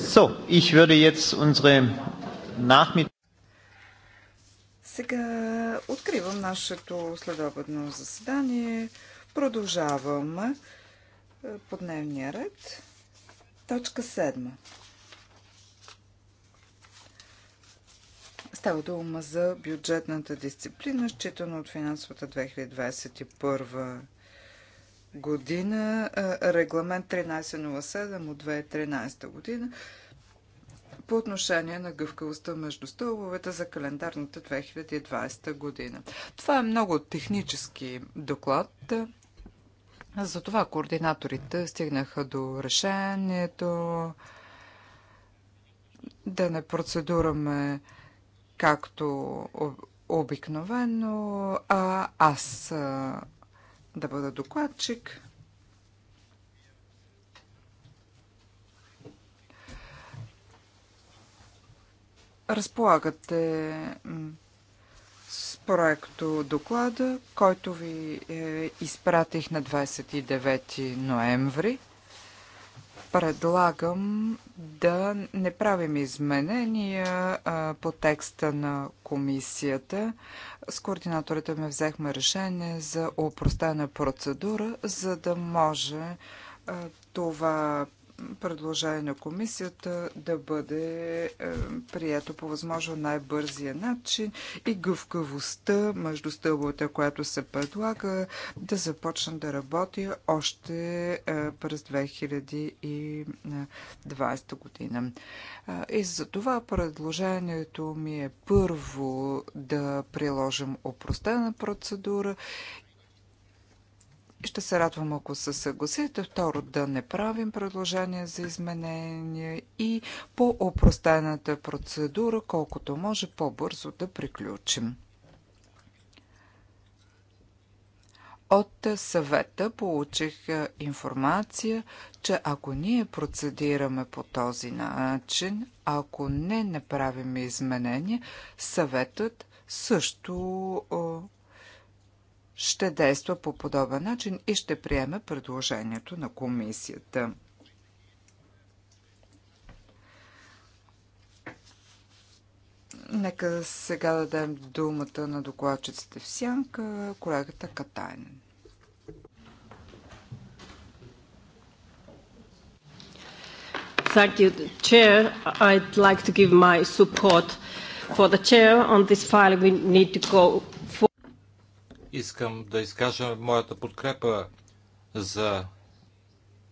So, ich würde jetzt unsere Nachmittag. Сега откривам нашето следобедно заседание. Продължаваме по дневния ред. Точка 7. Става дума за бюджетната дисциплина, считана от финансовата 2021 година, регламент 1307 от 2013 година по отношение на гъвкавостта между стълбовете за календарната 2020 година. Това е много технически доклад. Затова координаторите стигнаха до решението да не процедураме както обикновено, а аз да бъда докладчик. Разполагате с проекто доклада, който ви е изпратих на 29 ноември предлагам да не правим изменения а, по текста на комисията. С координаторите ме взехме решение за опростена процедура, за да може а, това предложение на комисията да бъде е, прието по възможно най-бързия начин и гъвкавостта между стълбовете, която се предлага, да започне да работи още е, през 2020 година. Е, и за това предложението ми е първо да приложим опростена процедура ще се радвам, ако се съгласите. Второ, да не правим предложения за изменения и по опростената процедура, колкото може по-бързо да приключим. От съвета получих информация, че ако ние процедираме по този начин, ако не направим изменения, съветът също ще действа по подобен начин и ще приеме предложението на комисията. Нека сега дадем думата на докладчиците в сянка, колегата Катайнен. Thank you, Chair. I'd like to give my support for the Chair on this file. We need to go Искам да изкажа моята подкрепа за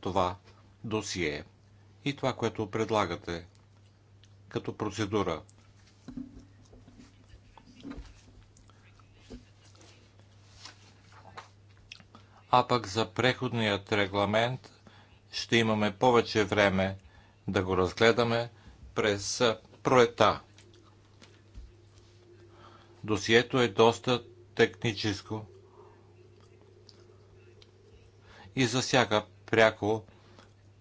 това досие и това, което предлагате като процедура. А пък за преходният регламент ще имаме повече време да го разгледаме през пролета. Досието е доста техническо и засяга пряко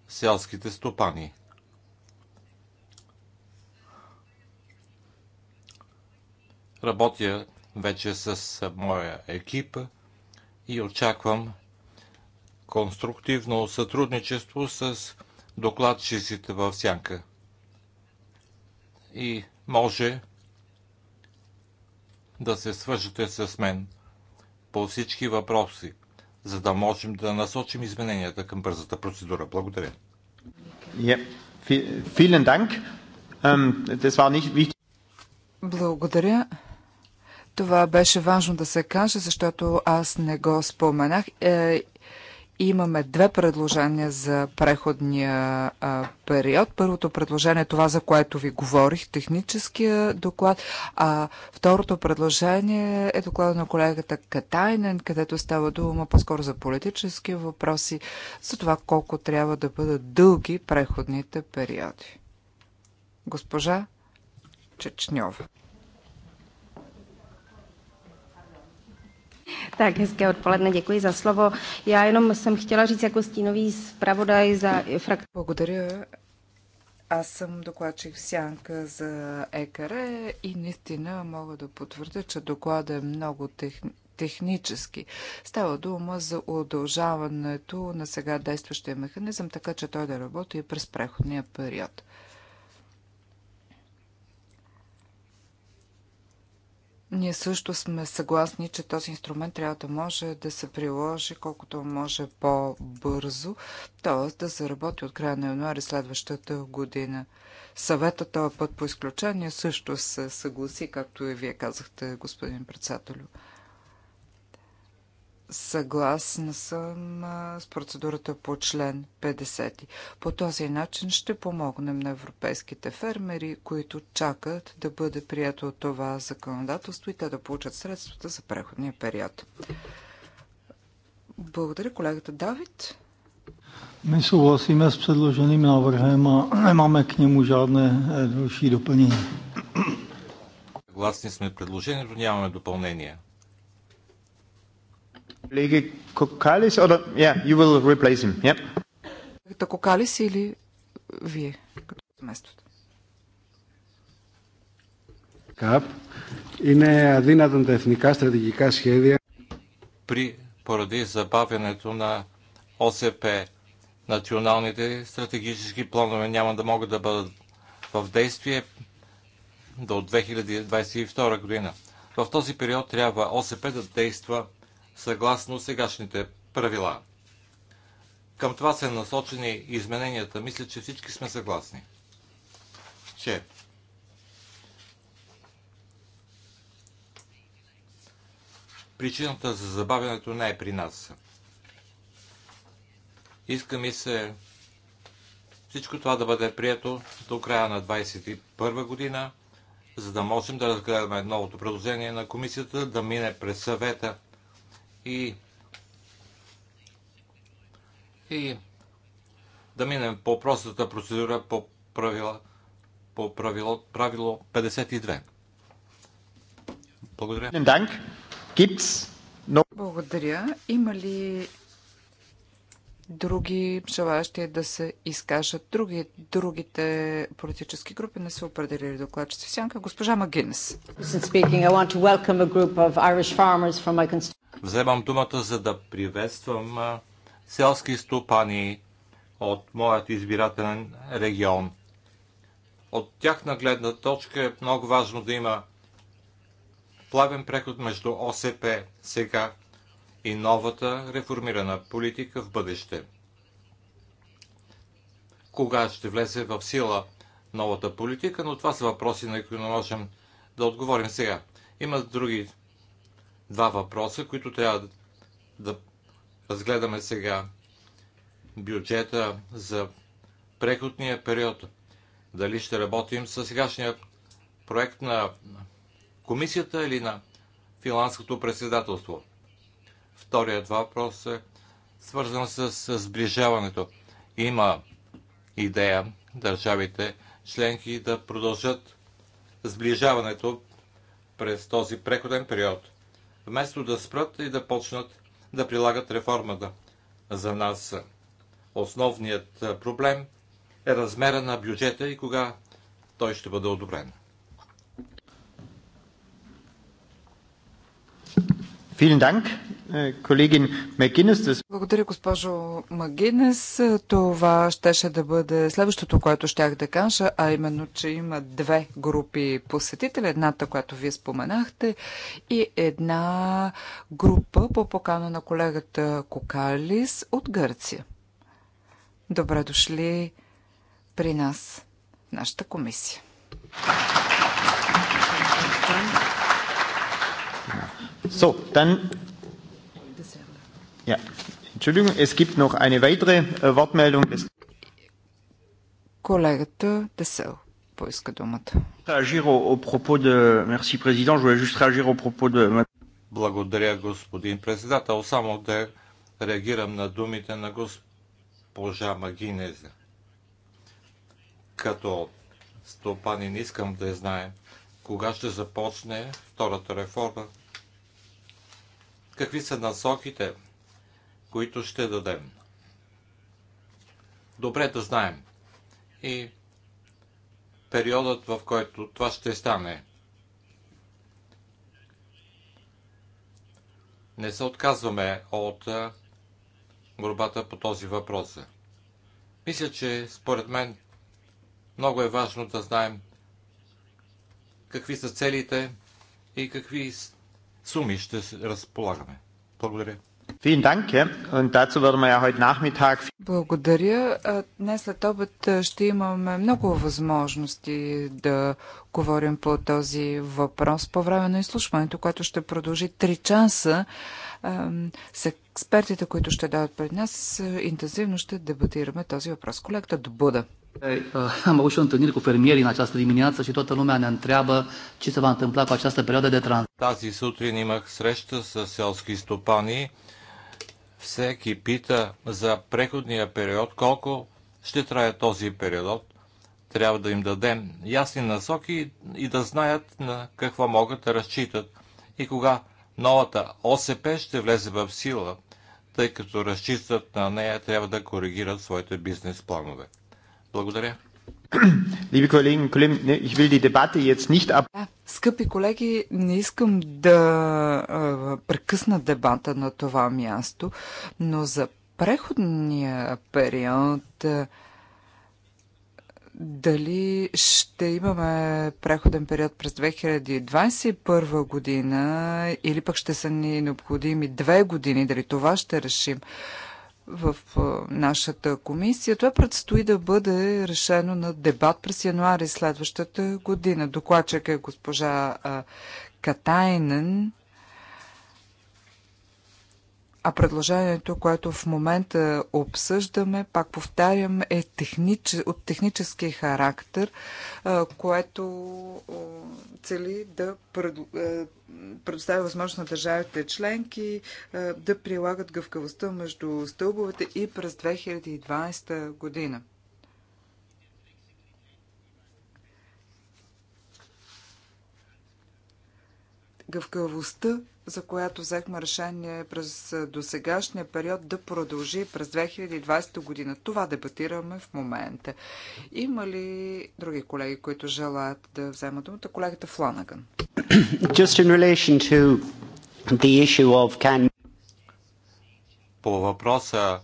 селските стопани. Работя вече с моя екип и очаквам конструктивно сътрудничество с докладчиците в Сянка. И може да се свържете с мен по всички въпроси, за да можем да насочим измененията към бързата процедура. Благодаря. Благодаря. Това беше важно да се каже, защото аз не го споменах. Е, имаме две предложения за преходния а, период. Първото предложение е това, за което ви говорих, техническия доклад, а второто предложение е доклада на колегата Катайнен, където става дума по-скоро за политически въпроси, за това колко трябва да бъдат дълги преходните периоди. Госпожа Чечньова. Tak hezké odpoledne, děkuji za slovo. Já jenom jsem chtěla říct jako stínový zpravodaj za frakci. Благодаря. Аз съм докладчик в сянка за ЕКР и наистина мога да потвърдя, че докладът е много тех... технически. Става дума за удължаването на сега действащия механизъм, така че той да работи и през преходния период. Ние също сме съгласни, че този инструмент трябва да може да се приложи колкото може по-бързо, т.е. да заработи от края на януари следващата година. Съвета този път по изключение също се съгласи, както и вие казахте, господин председателю. Съгласна съм с процедурата по член 50. По този начин ще помогнем на европейските фермери, които чакат да бъде прието от това законодателство и те да получат средствата за преходния период. Благодаря, колегата Давид. My souhlasíme s předloženým návrhem a nemáme k němu žádné další doplnění. Съгласни сме предложението, нямаме допълнение. Леги Кокалис, oder... yeah, you will replace him. Yeah. Та Кокалис или вие, като замествате? ΚΑΠ είναι αδύνατον τα εθνικά στρατηγικά σχέδια. При поради забавянето на ОСП, националните стратегически планове няма да могат да бъдат в действие до 2022 година. В този период трябва ОСП да действа съгласно сегашните правила. Към това са насочени измененията. Мисля, че всички сме съгласни. Че причината за забавянето не е при нас. Иска ми се всичко това да бъде прието до края на 2021 година, за да можем да разгледаме новото предложение на комисията, да мине през съвета и, и да минем по простата процедура по правила по правило, правило 52. Благодаря. Благодаря. Има ли други желаящи да се изкажат. Други, другите политически групи не са определили докладчици. Сянка, госпожа Магинес. Вземам думата, за да приветствам селски стопани от моят избирателен регион. От тяхна гледна точка е много важно да има плавен преход между ОСП сега и новата реформирана политика в бъдеще. Кога ще влезе в сила новата политика, но това са въпроси, на които не можем да отговорим сега. Има други два въпроса, които трябва да разгледаме сега. Бюджета за преходния период. Дали ще работим с сегашния проект на комисията или на финландското председателство. Вторият въпрос е свързан с сближаването. Има идея държавите членки да продължат сближаването през този преходен период, вместо да спрат и да почнат да прилагат реформата. За нас основният проблем е размера на бюджета и кога той ще бъде одобрен. Vielen Dank. Е, Благодаря, госпожо Магинес. Това щеше да бъде следващото, което щях да кажа, а именно, че има две групи посетители. Едната, която вие споменахте, и една група по покана на колегата Кокалис от Гърция. Добре дошли при нас, нашата комисия. So, dann Ja, Entschuldigung, es gibt noch eine weitere äh, Wortmeldung des... Колегата Десел поиска думата. Благодаря, господин председател. Само да реагирам на думите на госпожа Магинеза. Като стопанин искам да я знае кога ще започне втората реформа. Какви са насоките които ще дадем. Добре да знаем и периодът, в който това ще стане. Не се отказваме от борбата по този въпрос. Мисля, че според мен много е важно да знаем какви са целите и какви суми ще разполагаме. Благодаря. Благодаря. Днес след обед ще имаме много възможности да говорим по този въпрос по време на изслушването, което ще продължи 3 часа. С експертите, които ще дадат пред нас, интензивно ще дебатираме този въпрос. Колегата Добуда. Am avut și o întâlnire cu fermierii în această dimineață și toată lumea ne întreabă ce se va întâmpla cu această perioadă de tranziție. Тази сутрин имах среща с селски stupanii. Всеки пита за преходния период, колко ще трае този период. Трябва да им дадем ясни насоки и да знаят на какво могат да разчитат и кога новата ОСП ще влезе в сила, тъй като разчитат на нея, трябва да коригират своите бизнес планове. Благодаря. Liebe Kolleginnen und Kollegen, ich will die Debatte jetzt nicht ab. Скъпи колеги, не искам да а, прекъсна дебата на това място, но за преходния период а, дали ще имаме преходен период през 2021 година или пък ще са ни необходими две години, дали това ще решим в нашата комисия. Това предстои да бъде решено на дебат през януари следващата година. Докладчик е госпожа Катайнен. А предложението, което в момента обсъждаме, пак повтарям, е технич... от технически характер, което цели да пред... предоставя възможност на държавите членки да прилагат гъвкавостта между стълбовете и през 2020 година. Гъвкавостта за която взехме решение през досегашния период да продължи през 2020 година. Това дебатираме в момента. Има ли други колеги, които желаят да вземат думата? Колегата Фланаган. Can... По въпроса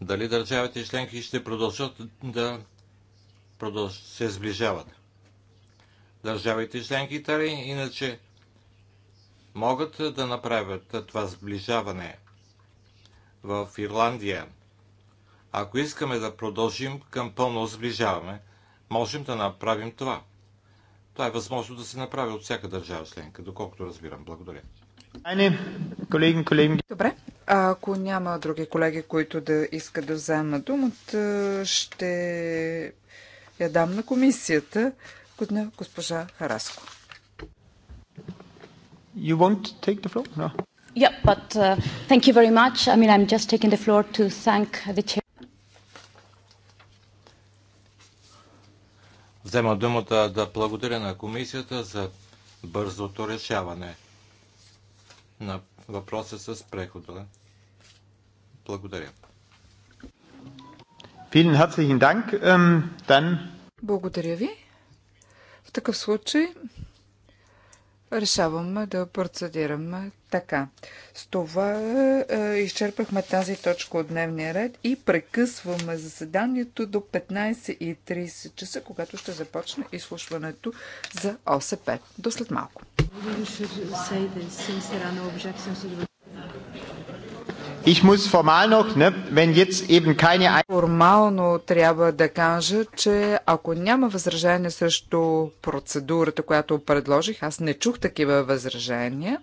дали държавите членки ще продължат да продълж... се сближават. Държавите членки, тали иначе могат да направят това сближаване в Ирландия. Ако искаме да продължим към пълно сближаване, можем да направим това. Това е възможно да се направи от всяка държава членка, доколкото разбирам. Благодаря. Добре. Ако няма други колеги, които да искат да вземат думата, ще я дам на комисията. Госпожа Хараско. You won't take the floor? No. Yeah, but uh, thank you very much. I mean, I'm just taking the floor to thank the chair. Взема думата да благодаря на комисията за бързото решаване на въпроса с прехода. Благодаря. Ähm, благодаря ви. В такъв случай решаваме да процедираме така. С това е, е, изчерпахме тази точка от дневния ред и прекъсваме заседанието до 15.30 часа, когато ще започне изслушването за ОСП. До след малко. Ich muss formal noch, ne, wenn jetzt eben keine... Формално трябва да кажа, че ако няма възражение срещу процедурата, която предложих, аз не чух такива възражения,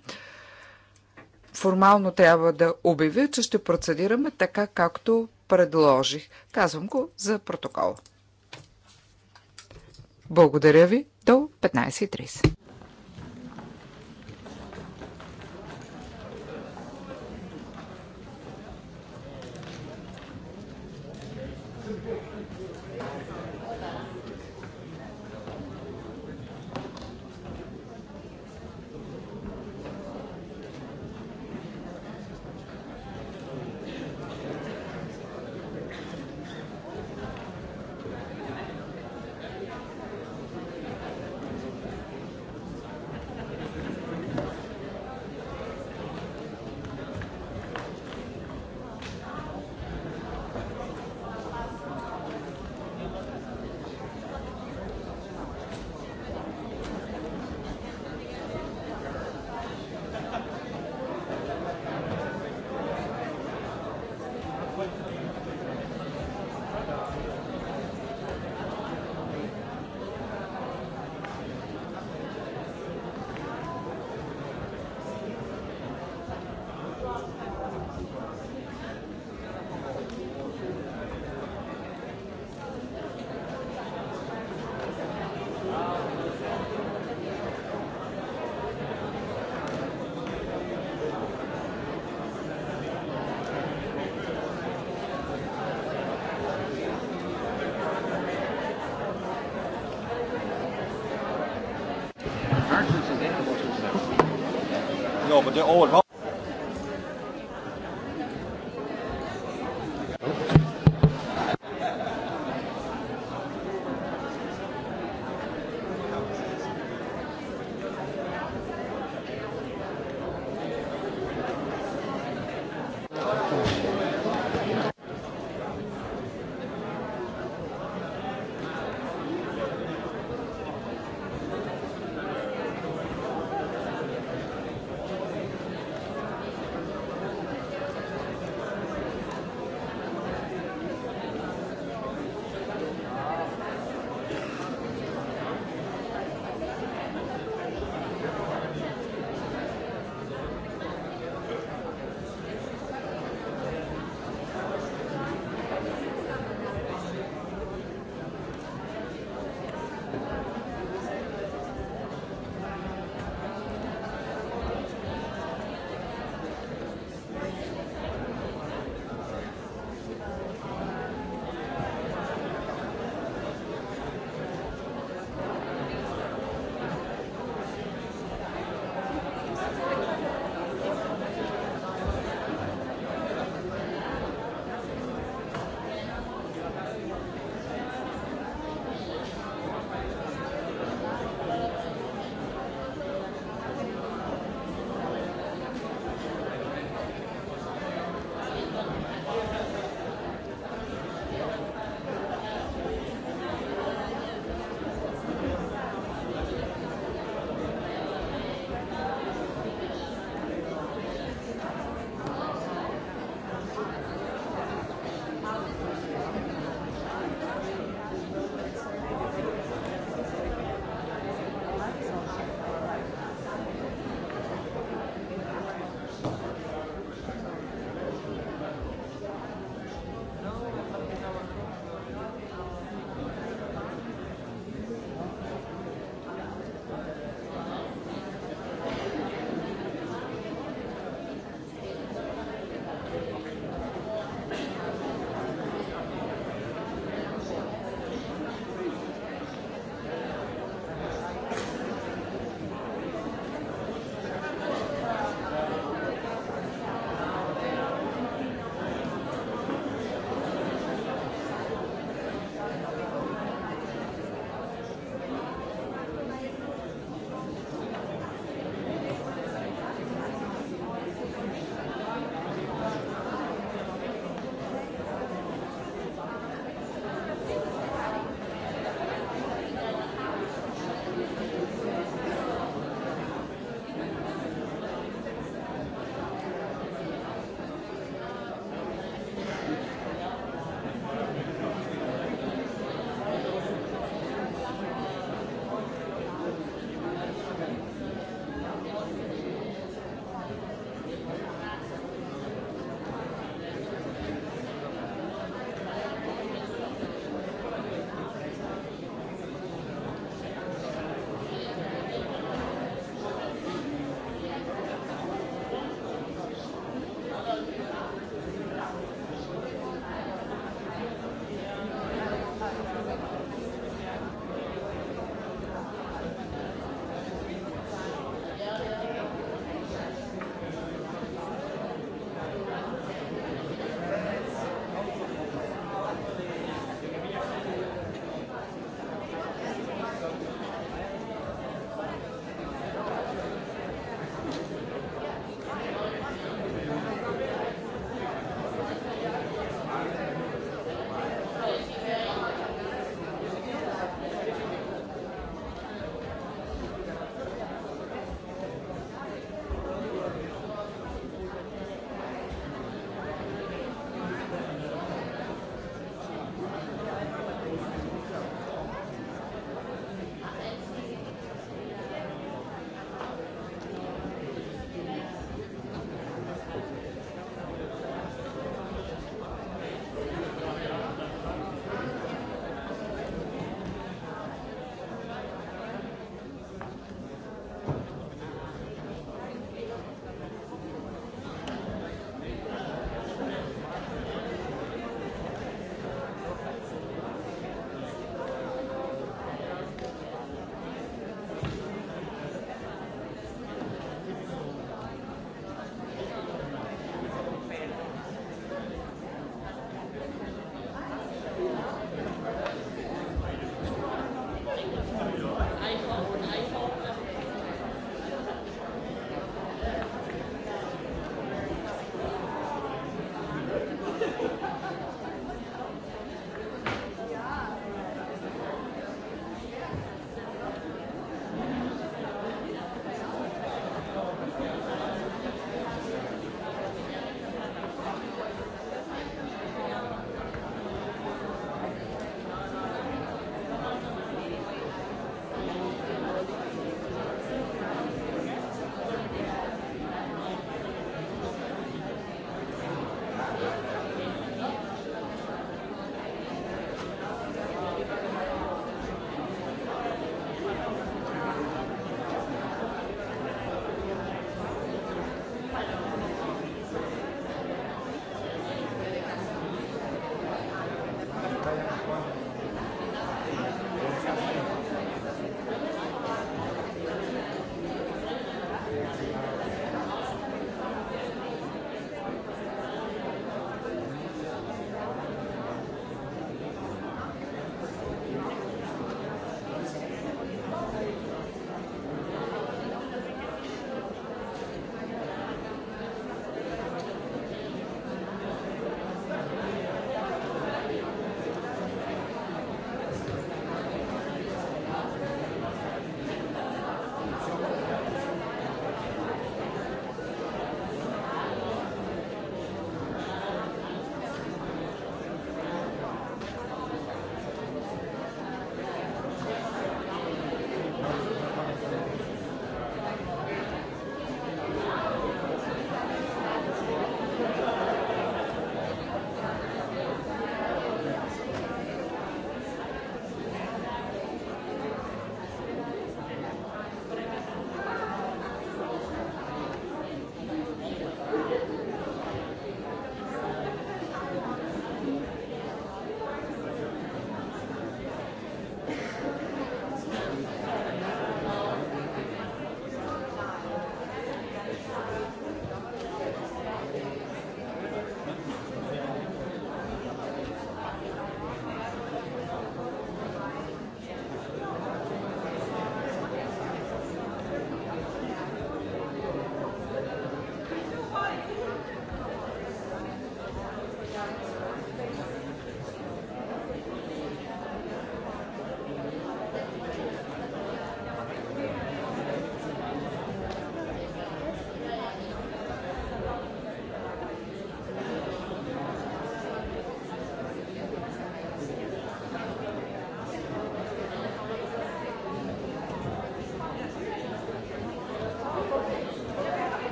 формално трябва да обявя, че ще процедираме така, както предложих. Казвам го за протокол. Благодаря ви. До 15.30. จะโอนเขา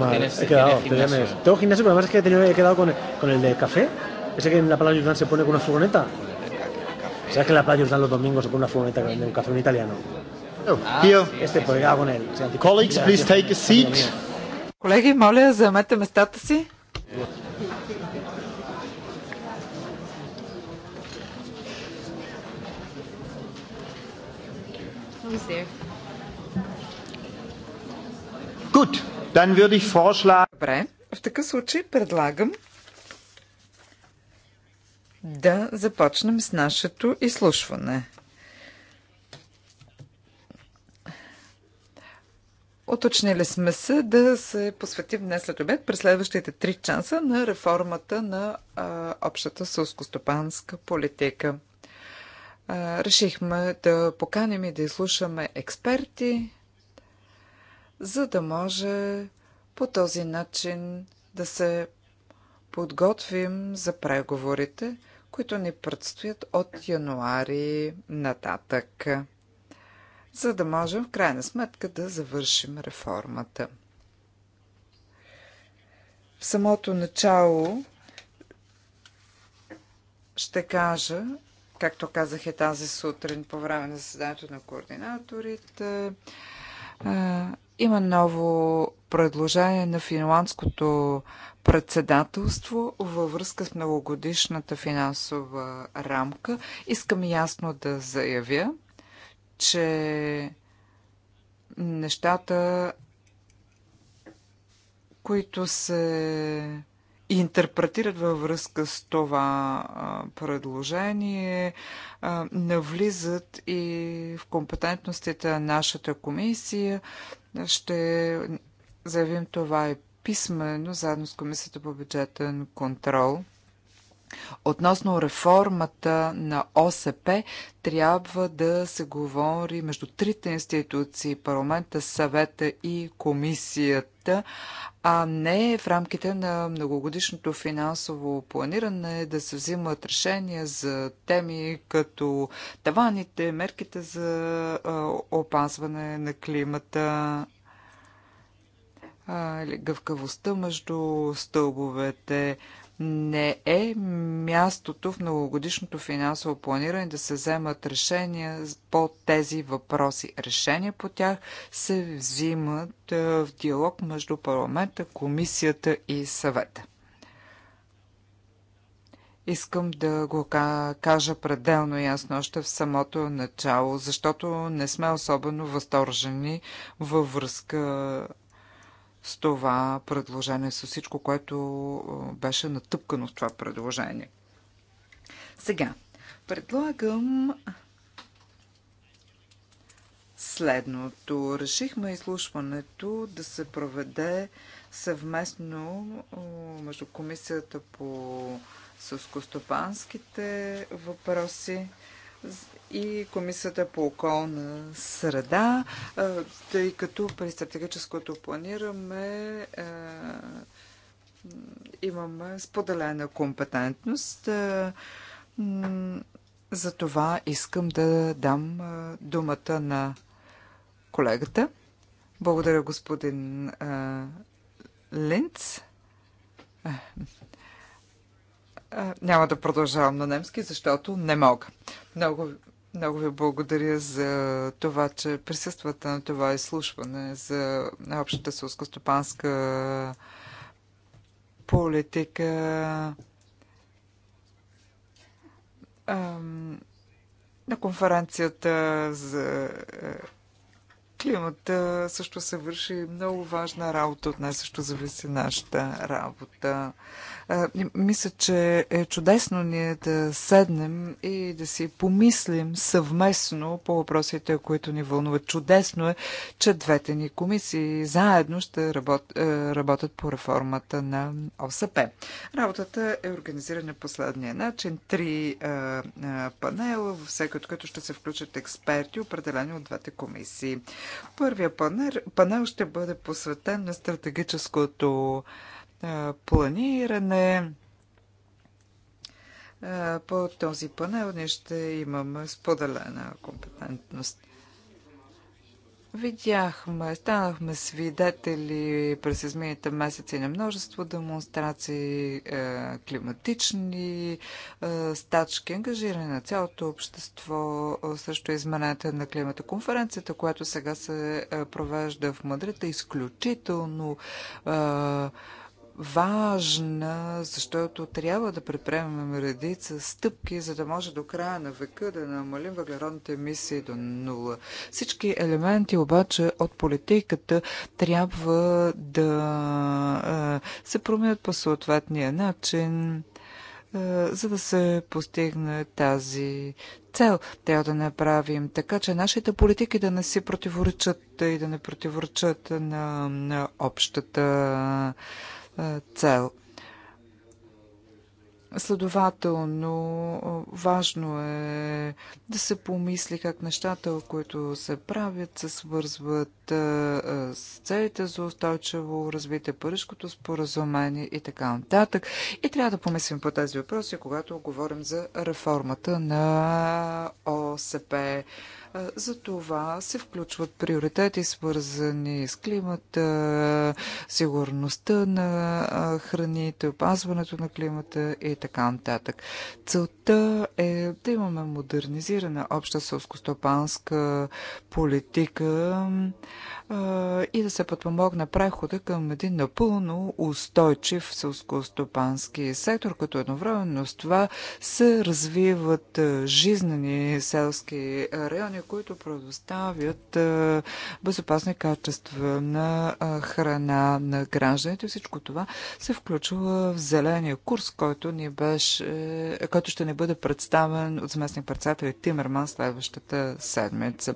Vale, tienes, he quedado, tienes gimnasio. Tienes. Tengo gimnasio, pero además es que he, tenido, he quedado con, con, el de café. Ese que en la playa Jordán se pone con una furgoneta. ¿Sabes que en la playa Jordán los domingos se pone una furgoneta de un café un italiano? Oh, ah, tío. Este, pues he quedado con él. O sea, Colleagues, please take a seat. Колеги, моля, заемете местата си. Dann würde ich vorschlagen... Добре, в такъв случай предлагам да започнем с нашето изслушване. Оточнили сме се да се посветим днес след обед през следващите 3 часа на реформата на а, общата сълскостопанска политика. А, решихме да поканим и да изслушаме експерти, за да може по този начин да се подготвим за преговорите, които ни предстоят от януари нататък, за да можем в крайна сметка да завършим реформата. В самото начало ще кажа, както казах и тази сутрин по време на заседанието на координаторите, има ново предложение на финландското председателство във връзка с многогодишната финансова рамка. Искам ясно да заявя, че нещата, които се интерпретират във връзка с това предложение, навлизат и в компетентностите на нашата комисия. Ще заявим това и писмено, заедно с Комисията по бюджетен контрол. Относно реформата на ОСП, трябва да се говори между трите институции парламента, съвета и комисията, а не в рамките на многогодишното финансово планиране да се взимат решения за теми като таваните, мерките за опазване на климата гъвкавостта между стълбовете, не е мястото в многогодишното финансово планиране да се вземат решения по тези въпроси. Решения по тях се взимат е, в диалог между парламента, комисията и съвета. Искам да го кажа пределно ясно още в самото начало, защото не сме особено възторжени във връзка с това предложение, с всичко, което беше натъпкано в това предложение. Сега, предлагам следното. Решихме изслушването да се проведе съвместно между Комисията по сълскостопанските въпроси и Комисията по околна среда, тъй като при стратегическото планираме имаме споделена компетентност. За това искам да дам думата на колегата. Благодаря, господин Линц. Няма да продължавам на немски, защото не мога. Много много ви благодаря за това, че присъствате на това изслушване за общата сълскостопанска политика. На конференцията за климата също се върши много важна работа. От нас също зависи нашата работа. Мисля, че е чудесно ние да седнем и да си помислим съвместно по въпросите, които ни вълнуват. Чудесно е, че двете ни комисии заедно ще работ, работят по реформата на ОСП. Работата е организирана последния начин. Три а, а, панела, във всеки от които ще се включат експерти, определени от двете комисии. Първия панел, панел ще бъде посветен на стратегическото планиране. По този панел ние ще имаме споделена компетентност. Видяхме, станахме свидетели през измините месеци на множество демонстрации, е, климатични е, стачки, ангажиране на цялото общество е, срещу измененията на климата. Конференцията, която сега се провежда в Мадрид, е изключително важна, защото трябва да предприемем редица стъпки, за да може до края на века да намалим въглеродните емисии до нула. Всички елементи обаче от политиката трябва да се променят по съответния начин за да се постигне тази цел. Трябва да направим така, че нашите политики да не си противоречат и да не противоречат на, на общата цел. Следователно, важно е да се помисли как нещата, които се правят, се свързват с целите за устойчиво развитие, парижското споразумение и така нататък. И трябва да помислим по тези въпроси, когато говорим за реформата на ОСП. За това се включват приоритети, свързани с климата, сигурността на храните, опазването на климата и така нататък. Целта е да имаме модернизирана обща селскостопанска политика, и да се подпомогне прехода към един напълно устойчив селскостопански сектор, като едновременно с това се развиват жизнени селски райони, които предоставят безопасни качества на храна на гражданите. Всичко това се включва в зеления курс, който, ни беше, който ще ни бъде представен от заместник председателя Тимерман следващата седмица.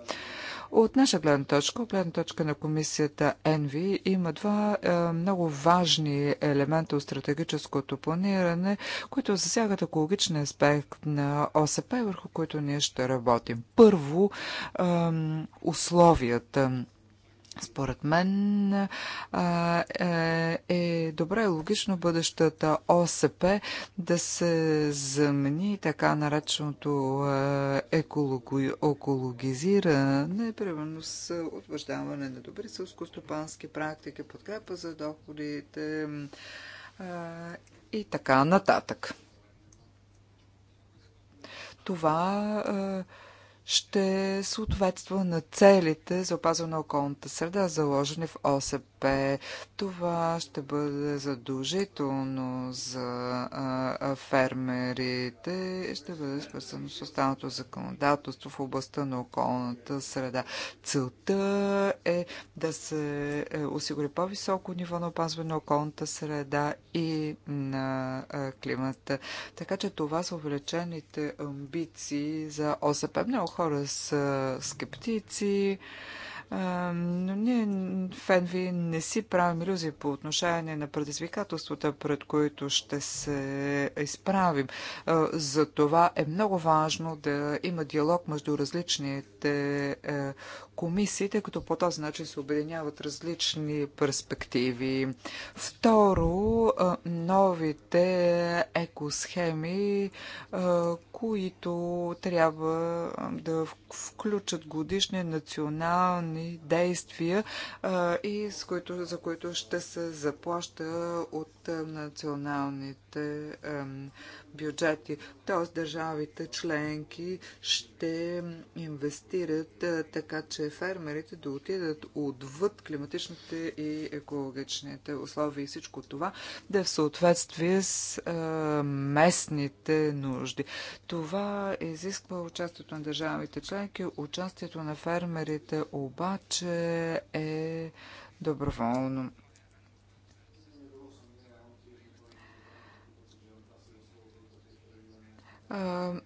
От наша гледна точка, от гледна точка на комисията ЕНВИ, има два е, много важни елемента от стратегическото планиране, които засягат екологичния аспект на ОСП, върху които ние ще работим. Първо, е, условията според мен е, е добре и логично бъдещата ОСП да се замени така нареченото екологизиране, примерно с утвърждаване на добри сълскостопански практики, подкрепа за доходите и така нататък. Това ще съответства на целите за опазване на околната среда, заложени в ОСП. Това ще бъде задължително за фермерите и ще бъде свързано с останалото законодателство в областта на околната среда. Целта е да се е, осигури по-високо ниво на опазване на околната среда и на климата. Така че това са увеличените амбиции за ОСП. Много хора са скептици, но ние, фенви, не си правим иллюзии по отношение на предизвикателствата, пред които ще се изправим. За това е много важно да има диалог между различните комисии, тъй като по този начин се объединяват различни перспективи. Второ, новите екосхеми, които трябва да включат годишни национални действия и за които ще се заплаща от националните бюджети. Тоест държавите членки ще инвестират е, така, че фермерите да отидат отвъд климатичните и екологичните условия и всичко това да е в съответствие с е, местните нужди. Това изисква участието на държавите членки. Участието на фермерите обаче е доброволно.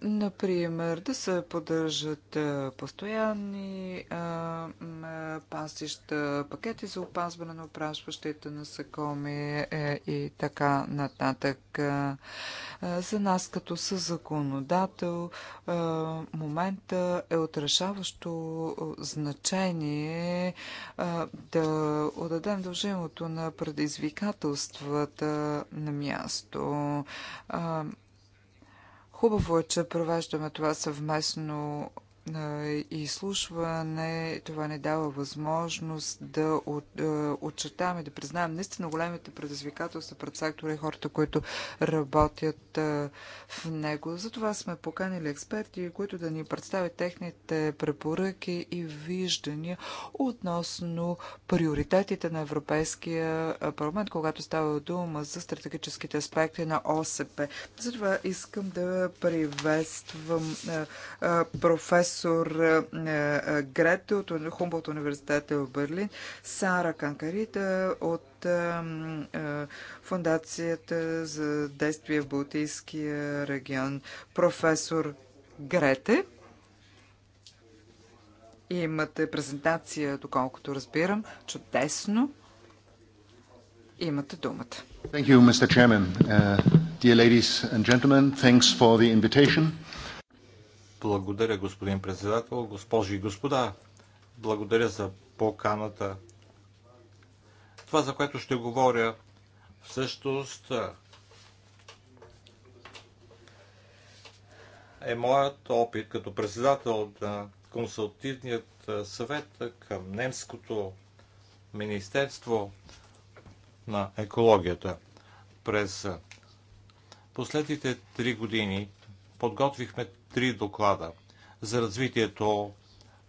Например, да се поддържат постоянни пасища, пакети за опазване на опрашващите насекоми е, и така нататък. За нас като съзаконодател момента е отрешаващо значение да отдадем дължимото на предизвикателствата на място Хубаво е, че провеждаме това съвместно изслушване, това не дава възможност да отчетаме, да признаем наистина големите предизвикателства пред сектора и хората, които работят в него. Затова сме поканили експерти, които да ни представят техните препоръки и виждания относно приоритетите на Европейския парламент, когато става дума за стратегическите аспекти на ОСП. Затова искам да приветствам професор професор е, е, Грете от Хумболт университета в Берлин, Сара Канкарита от е, Фундацията за действие в Балтийския регион, професор Грете. Имате презентация, доколкото разбирам. Чудесно. Имате думата. Thank you, Mr. Chairman. Uh, dear ladies and gentlemen, thanks for the invitation. Благодаря, господин председател. Госпожи и господа, благодаря за поканата. Това, за което ще говоря, всъщност е моят опит като председател на консултивният съвет към немското Министерство на екологията. През последните три години подготвихме три доклада за развитието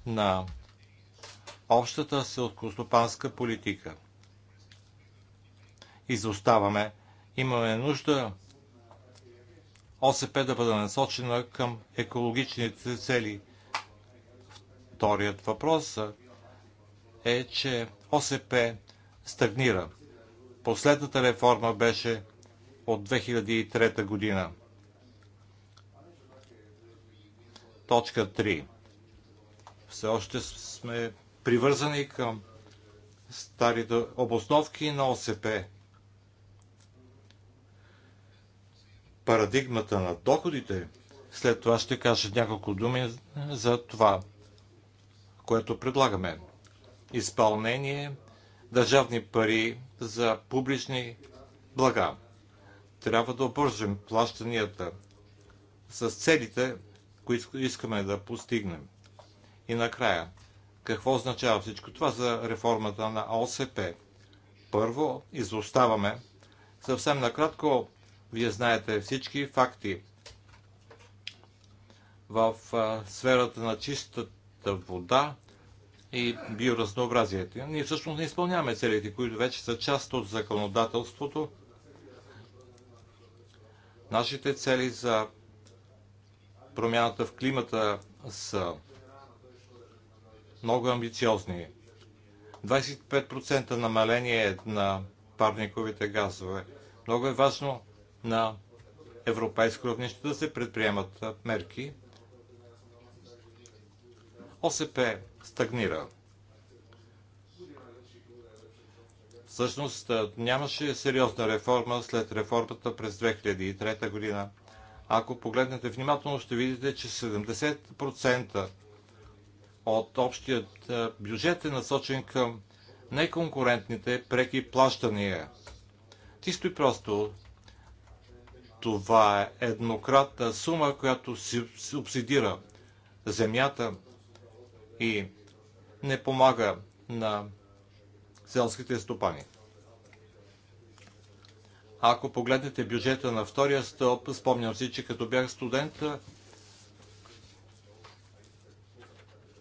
на общата селскостопанска политика. Изоставаме. Имаме нужда ОСП да бъде насочена към екологичните цели. Вторият въпрос е, че ОСП стагнира. Последната реформа беше от 2003 година. Точка 3. Все още сме привързани към старите обосновки на ОСП. Парадигмата на доходите. След това ще кажа няколко думи за това, което предлагаме. Изпълнение, държавни пари за публични блага. Трябва да обържем плащанията с целите които искаме да постигнем. И накрая, какво означава всичко това за реформата на ОСП? Първо, изоставаме. Съвсем накратко, вие знаете всички факти. В сферата на чистата вода и биоразнообразието. Ние всъщност не изпълняваме целите, които вече са част от законодателството. Нашите цели за промяната в климата са много амбициозни. 25% намаление на парниковите газове. Много е важно на европейско равнище да се предприемат мерки. ОСП стагнира. Всъщност нямаше сериозна реформа след реформата през 2003 година. Ако погледнете внимателно, ще видите, че 70% от общият е, бюджет е насочен към неконкурентните преки плащания. Чисто и просто това е еднократна сума, която субсидира земята и не помага на селските стопани. А ако погледнете бюджета на втория стълб, спомням си, че като бях студент,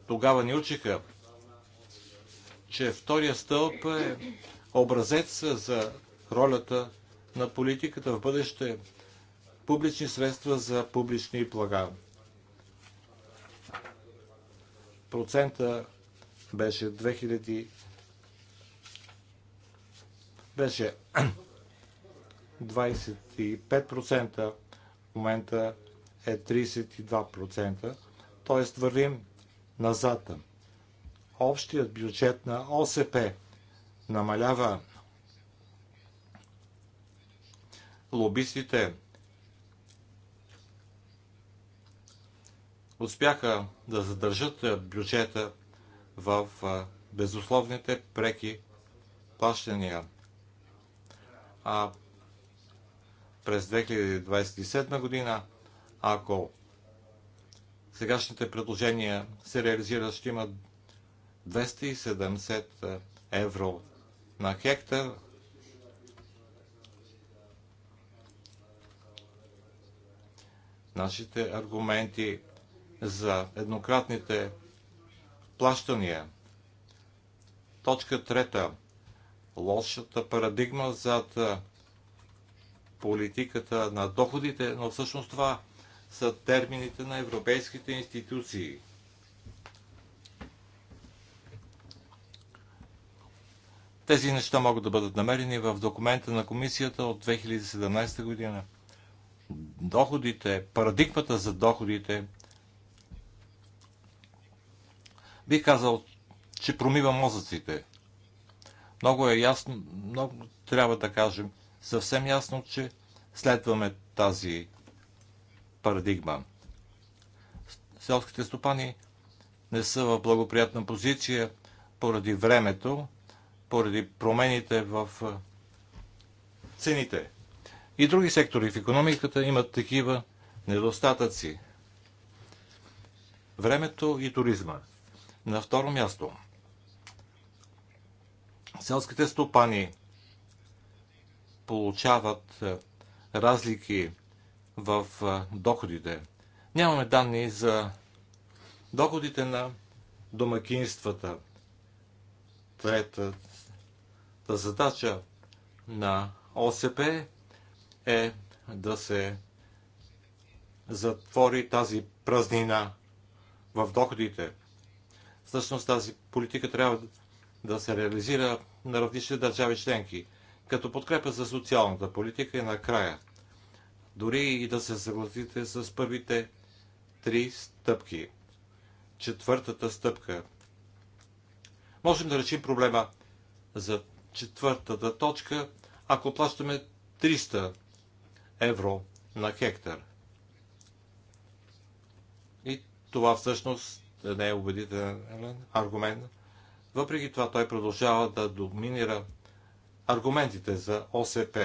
тогава ни учиха, че втория стълб е образец за ролята на политиката в бъдеще публични средства за публични блага. Процента беше 2000 беше 25%, в момента е 32%, т.е. вървим назад. Общият бюджет на ОСП намалява. Лобистите успяха да задържат бюджета в безусловните преки плащания. А през 2027 година. Ако сегашните предложения се реализират, ще има 270 евро на хектар. Нашите аргументи за еднократните плащания. Точка трета. Лошата парадигма зад политиката на доходите, но всъщност това са термините на европейските институции. Тези неща могат да бъдат намерени в документа на комисията от 2017 година. Доходите, парадигмата за доходите, би казал, че промива мозъците. Много е ясно, много трябва да кажем, съвсем ясно, че следваме тази парадигма. Селските стопани не са в благоприятна позиция поради времето, поради промените в цените. И други сектори в економиката имат такива недостатъци. Времето и туризма. На второ място. Селските стопани – получават е, разлики в е, доходите. Нямаме данни за доходите на домакинствата. Третата задача на ОСП е да се затвори тази празнина в доходите. Всъщност тази политика трябва да се реализира на различни държави членки – като подкрепа за социалната политика и накрая. Дори и да се съгласите с първите три стъпки. Четвъртата стъпка. Можем да решим проблема за четвъртата точка, ако плащаме 300 евро на хектар. И това всъщност не е убедителен аргумент. Въпреки това той продължава да доминира аргументите за ОСП.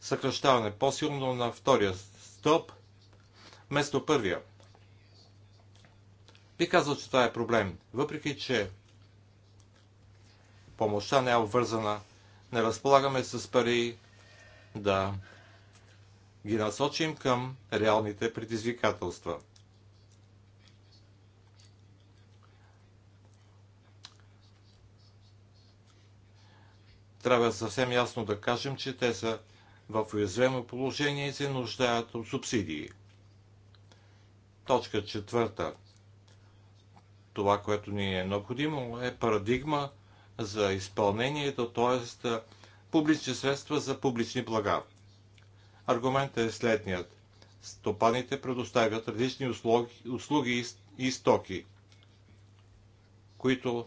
Съкръщаване по-силно на втория стълб, вместо първия. Би казал, че това е проблем, въпреки че помощта не е обвързана, не разполагаме с пари да ги насочим към реалните предизвикателства. трябва съвсем ясно да кажем, че те са в уязвено положение и се нуждаят от субсидии. Точка четвърта. Това, което ни е необходимо, е парадигма за изпълнението, т.е. публични средства за публични блага. Аргументът е следният. Стопаните предоставят различни услуги, услуги и стоки, които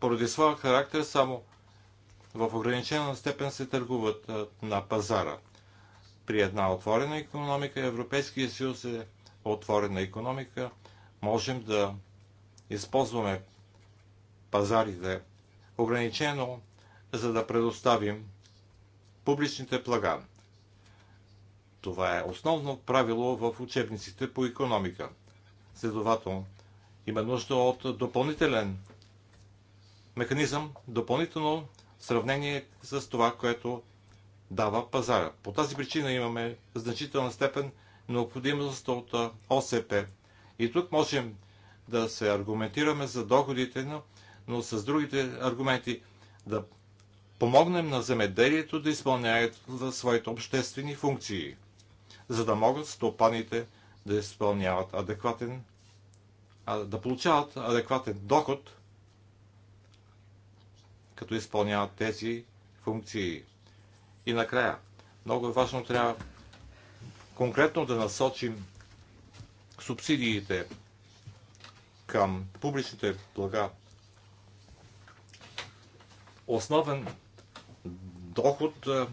поради своя характер само в ограничена степен се търгуват на пазара. При една отворена економика, Европейския съюз е отворена економика, можем да използваме пазарите ограничено, за да предоставим публичните плага. Това е основно правило в учебниците по економика. Следователно, има нужда от допълнителен механизъм, допълнително сравнение с това, което дава пазара. По тази причина имаме значителна степен необходимост от ОСП. И тук можем да се аргументираме за доходите, но, но с другите аргументи да помогнем на земеделието да изпълняват своите обществени функции, за да могат стопаните да изпълняват адекватен, да получават адекватен доход като изпълняват тези функции. И накрая, много е важно, трябва конкретно да насочим субсидиите към публичните блага. Основен доход е,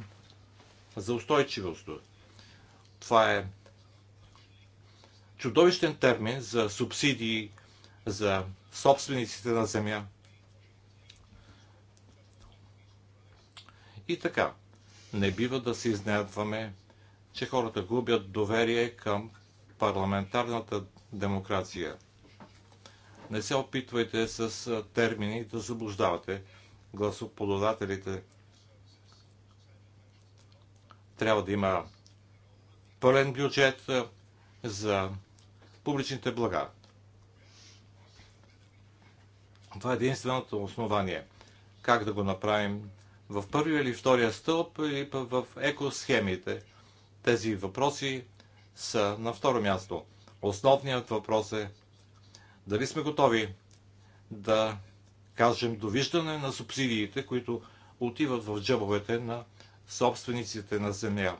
за устойчивост. Това е чудовищен термин за субсидии за собствениците на земя. И така, не бива да се изнедваме, че хората губят доверие към парламентарната демокрация. Не се опитвайте с термини да заблуждавате гласоподавателите. Трябва да има пълен бюджет за публичните блага. Това е единственото основание. Как да го направим в първия или втория стълб и в екосхемите. Тези въпроси са на второ място. Основният въпрос е дали сме готови да кажем довиждане на субсидиите, които отиват в джъбовете на собствениците на земя.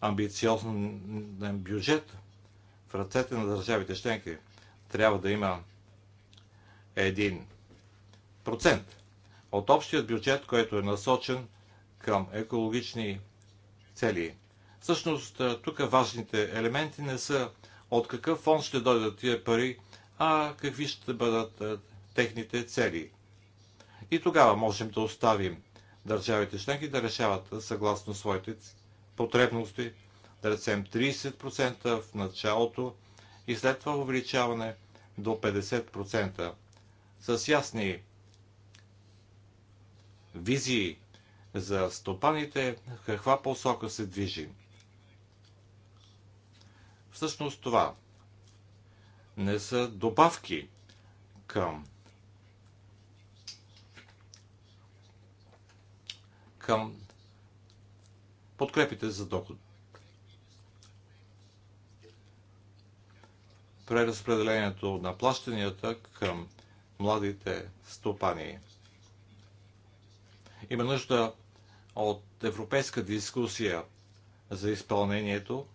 Амбициозен бюджет в ръцете на държавите членки трябва да има един процент от общият бюджет, който е насочен към екологични цели. Всъщност, тук важните елементи не са от какъв фонд ще дойдат тия пари, а какви ще бъдат техните цели. И тогава можем да оставим държавите членки да решават съгласно своите потребности, да речем 30% в началото и след това увеличаване до 50% с ясни визии за стопаните, каква посока се движи. Всъщност това не са добавки към към подкрепите за доход. Преразпределението на плащанията към младите стопани – има нужда от европейска дискусия за изпълнението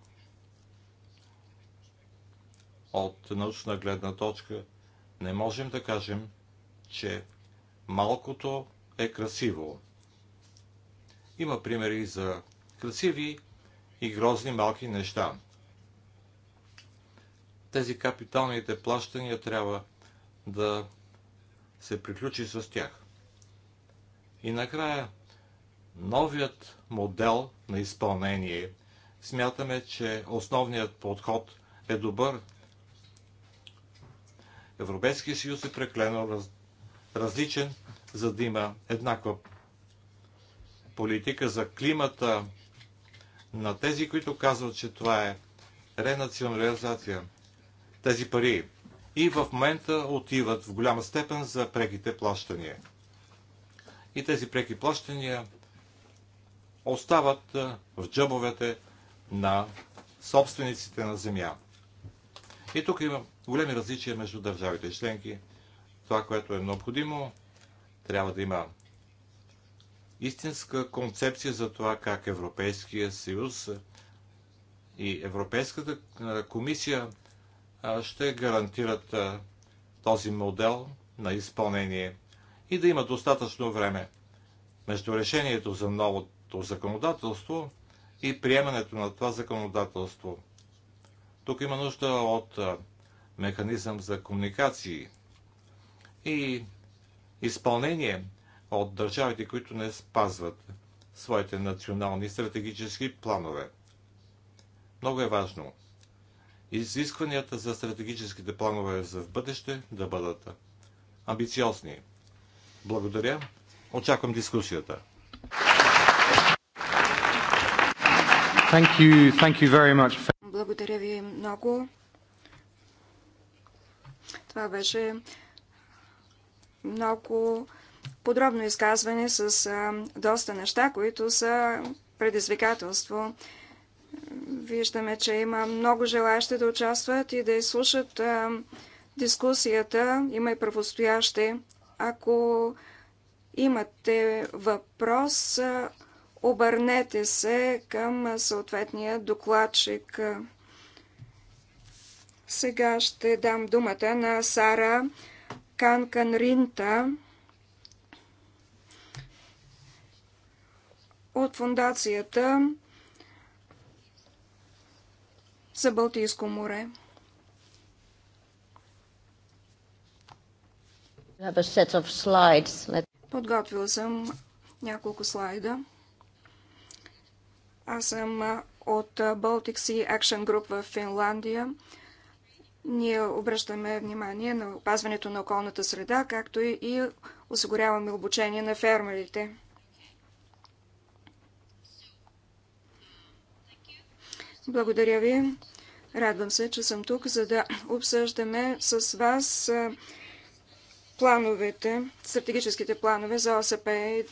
от научна гледна точка. Не можем да кажем, че малкото е красиво. Има примери за красиви и грозни малки неща. Тези капиталните плащания трябва да се приключи с тях. И накрая, новият модел на изпълнение. Смятаме, че основният подход е добър. Европейския съюз е преклено раз... различен, за да има еднаква политика за климата на тези, които казват, че това е ренационализация. Тези пари и в момента отиват в голяма степен за преките плащания и тези преки плащания остават в джъбовете на собствениците на земя. И тук има големи различия между държавите и членки. Това, което е необходимо, трябва да има истинска концепция за това как Европейския съюз и Европейската комисия ще гарантират този модел на изпълнение и да има достатъчно време между решението за новото законодателство и приемането на това законодателство. Тук има нужда от механизъм за комуникации и изпълнение от държавите, които не спазват своите национални стратегически планове. Много е важно изискванията за стратегическите планове за в бъдеще да бъдат амбициозни – благодаря. Очаквам дискусията. Thank you, thank you very much. Благодаря ви много. Това беше много подробно изказване с доста неща, които са предизвикателство. Виждаме, че има много желаящи да участват и да изслушат дискусията. Има и правостоящи. Ако имате въпрос, обърнете се към съответния докладчик. Сега ще дам думата на Сара Канканринта от фундацията за Балтийско море. Подготвил съм няколко слайда. Аз съм от Baltic Sea Action Group в Финландия. Ние обръщаме внимание на опазването на околната среда, както и осигуряваме обучение на фермерите. Благодаря ви. Радвам се, че съм тук, за да обсъждаме с вас плановете, стратегическите планове за ОСП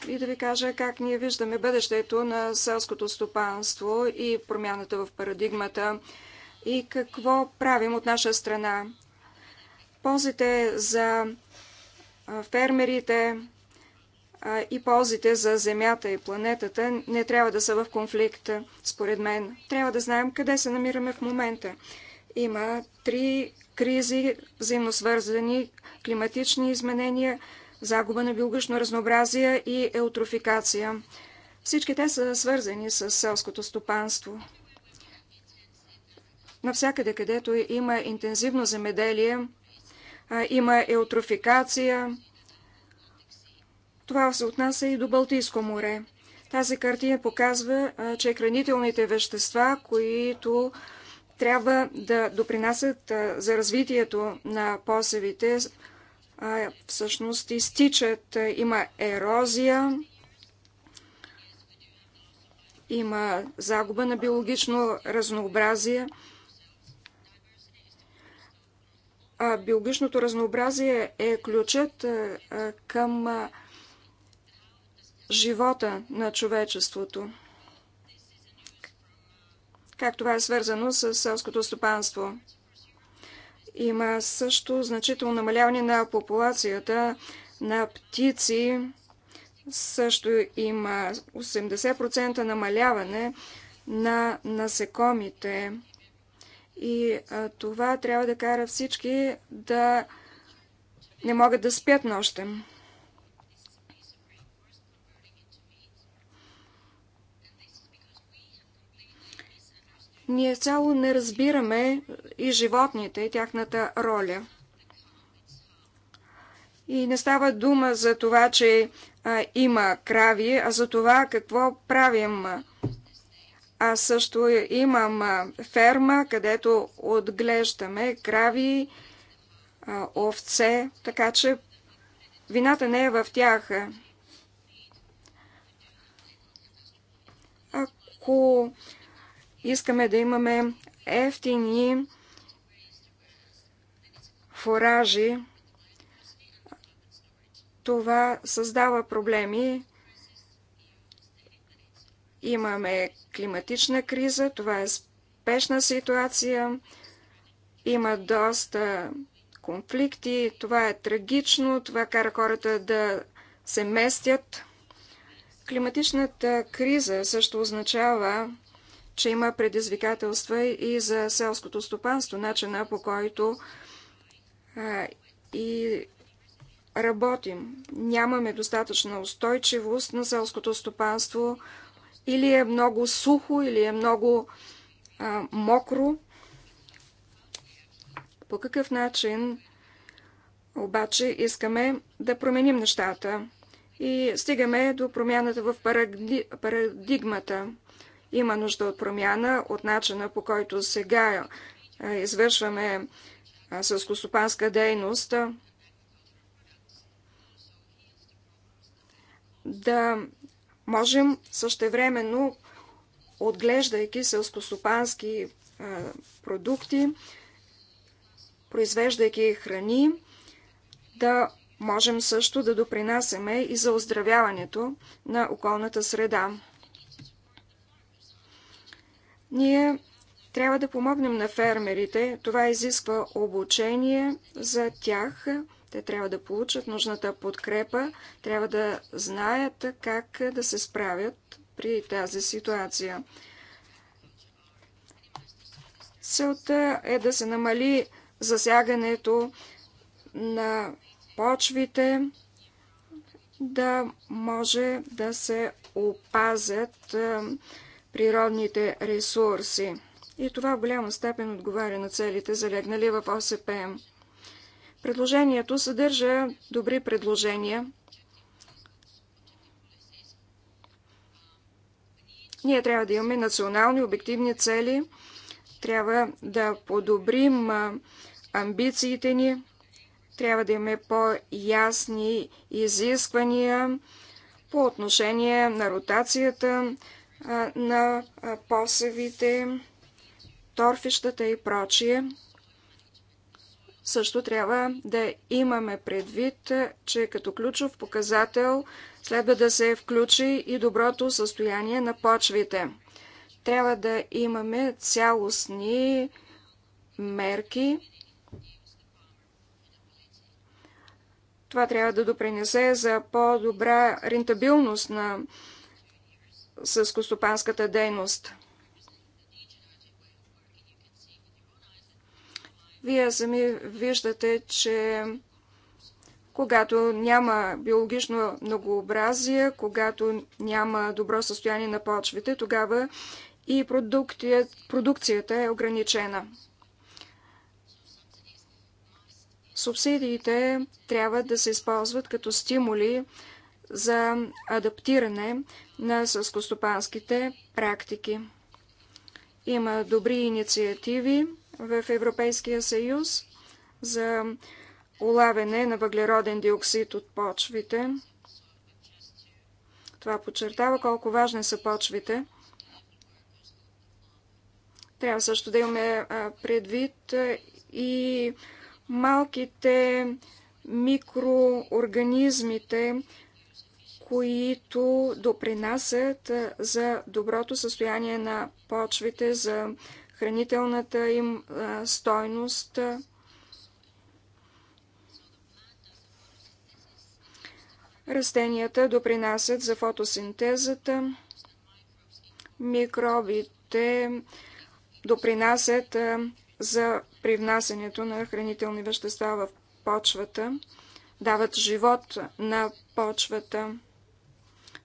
и да ви кажа как ние виждаме бъдещето на селското стопанство и промяната в парадигмата и какво правим от наша страна. Ползите за фермерите и ползите за земята и планетата не трябва да са в конфликт, според мен. Трябва да знаем къде се намираме в момента. Има три кризи, взаимно свързани: климатични изменения, загуба на биологично разнообразие и еутрофикация. Всички те са свързани с селското стопанство. Навсякъде, където има интензивно земеделие, има еутрофикация. Това се отнася и до Балтийско море. Тази картина показва, че хранителните вещества, които трябва да допринасят за развитието на посевите, всъщност изтичат. Има ерозия, има загуба на биологично разнообразие. А биологичното разнообразие е ключът към живота на човечеството как това е свързано с селското стопанство. Има също значително намаляване на популацията на птици. Също има 80% намаляване на насекомите. И а, това трябва да кара всички да не могат да спят нощем. ние цяло не разбираме и животните, и тяхната роля. И не става дума за това, че а, има крави, а за това какво правим. Аз също имам ферма, където отглеждаме крави, а, овце, така че вината не е в тях. Ако искаме да имаме ефтини фуражи, това създава проблеми. Имаме климатична криза, това е спешна ситуация, има доста конфликти, това е трагично, това кара хората да се местят. Климатичната криза също означава, че има предизвикателства и за селското стопанство, начина по който а, и работим. Нямаме достатъчна устойчивост на селското стопанство. Или е много сухо, или е много а, мокро. По какъв начин обаче искаме да променим нещата? И стигаме до промяната в парадигмата. Има нужда от промяна от начина по който сега е, извършваме е, сълскостопанска дейност. Е, да можем същевременно, отглеждайки сълскостопански продукти, произвеждайки храни, да можем също да допринасяме и за оздравяването на околната среда. Ние трябва да помогнем на фермерите. Това изисква обучение за тях. Те трябва да получат нужната подкрепа, трябва да знаят как да се справят при тази ситуация. Целта е да се намали засягането на почвите, да може да се опазят природните ресурси. И това в голяма степен отговаря на целите, залегнали в ОСПМ. Предложението съдържа добри предложения. Ние трябва да имаме национални обективни цели, трябва да подобрим амбициите ни, трябва да имаме по-ясни изисквания по отношение на ротацията, на посевите, торфищата и прочие. Също трябва да имаме предвид, че като ключов показател следва да се включи и доброто състояние на почвите. Трябва да имаме цялостни мерки. Това трябва да допринесе за по-добра рентабилност на селскостопанската дейност. Вие сами виждате, че когато няма биологично многообразие, когато няма добро състояние на почвите, тогава и продукцията е ограничена. Субсидиите трябва да се използват като стимули за адаптиране на съскостопанските практики. Има добри инициативи в Европейския съюз за улавяне на въглероден диоксид от почвите. Това подчертава колко важни са почвите. Трябва също да имаме предвид и малките микроорганизмите, които допринасят за доброто състояние на почвите, за хранителната им стойност. Растенията допринасят за фотосинтезата. Микробите допринасят за привнасянето на хранителни вещества в почвата, дават живот на почвата.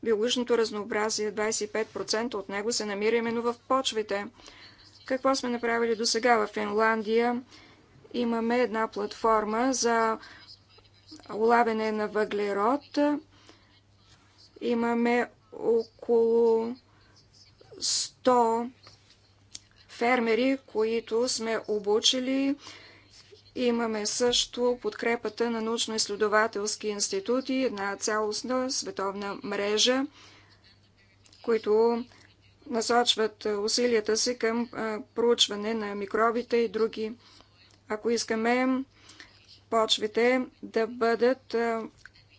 Биологичното разнообразие, 25% от него се намира именно в почвите. Какво сме направили до сега в Финландия? Имаме една платформа за улавяне на въглерод. Имаме около 100 фермери, които сме обучили Имаме също подкрепата на научно-изследователски институти, една цялостна световна мрежа, които насочват усилията си към проучване на микробите и други. Ако искаме почвите да бъдат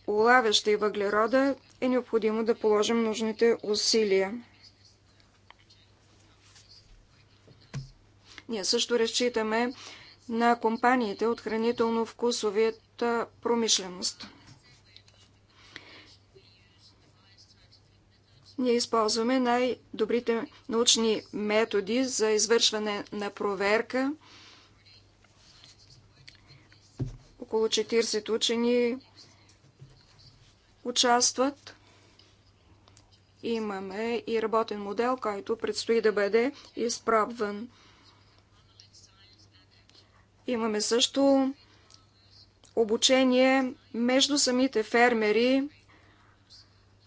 улавящи въглерода, е необходимо да положим нужните усилия. Ние също разчитаме на компаниите от хранително-вкусовията промишленост. Ние използваме най-добрите научни методи за извършване на проверка. Около 40 учени участват. Имаме и работен модел, който предстои да бъде изпробван. Имаме също обучение между самите фермери.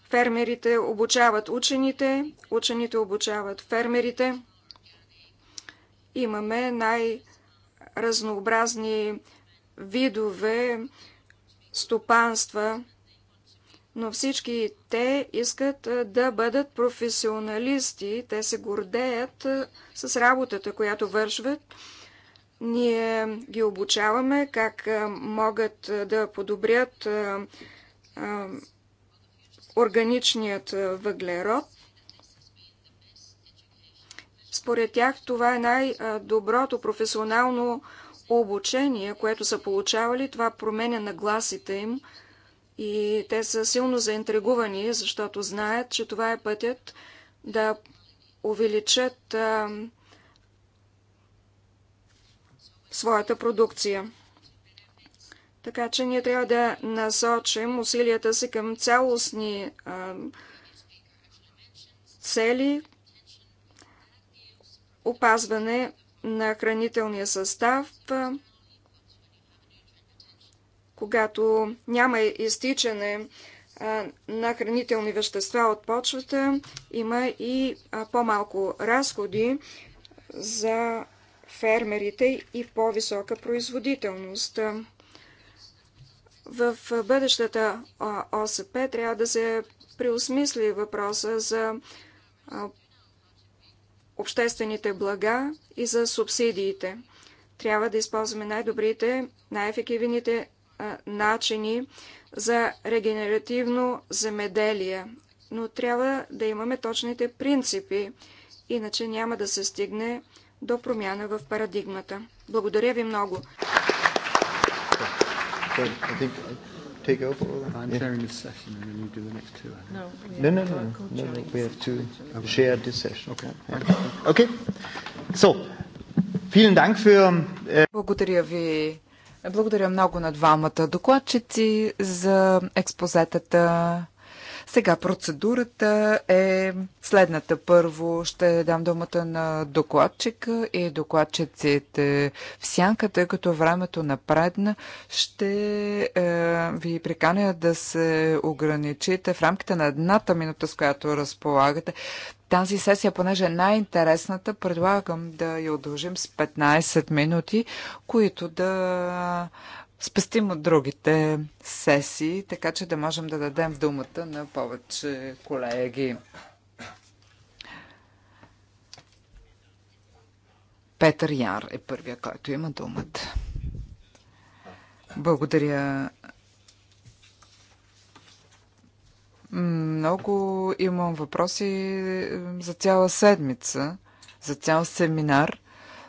Фермерите обучават учените, учените обучават фермерите. Имаме най-разнообразни видове стопанства, но всички те искат да бъдат професионалисти. Те се гордеят с работата, която вършват ние ги обучаваме как могат да подобрят органичният въглерод. Според тях това е най-доброто професионално обучение, което са получавали. Това променя нагласите им и те са силно заинтригувани, защото знаят, че това е пътят да увеличат своята продукция. Така че ние трябва да насочим усилията си към цялостни цели, опазване на хранителния състав, когато няма изтичане на хранителни вещества от почвата, има и по-малко разходи за фермерите и по-висока производителност. В бъдещата ОСП трябва да се преосмисли въпроса за обществените блага и за субсидиите. Трябва да използваме най-добрите, най-ефективните начини за регенеративно земеделие, но трябва да имаме точните принципи, иначе няма да се стигне до промяна в парадигмата. Благодаря ви много. Uh, Благодаря ви. Благодаря много на двамата докладчици за експозетата. Сега процедурата е следната. Първо ще дам думата на докладчика и докладчиците в сянка, тъй като времето напредна. Ще е, ви приканя да се ограничите в рамките на едната минута, с която разполагате. Тази сесия, понеже е най-интересната, предлагам да я удължим с 15 минути, които да спестим от другите сесии, така че да можем да дадем думата на повече колеги. Петър Яр е първия, който има думата. Благодаря. Много имам въпроси за цяла седмица, за цял семинар,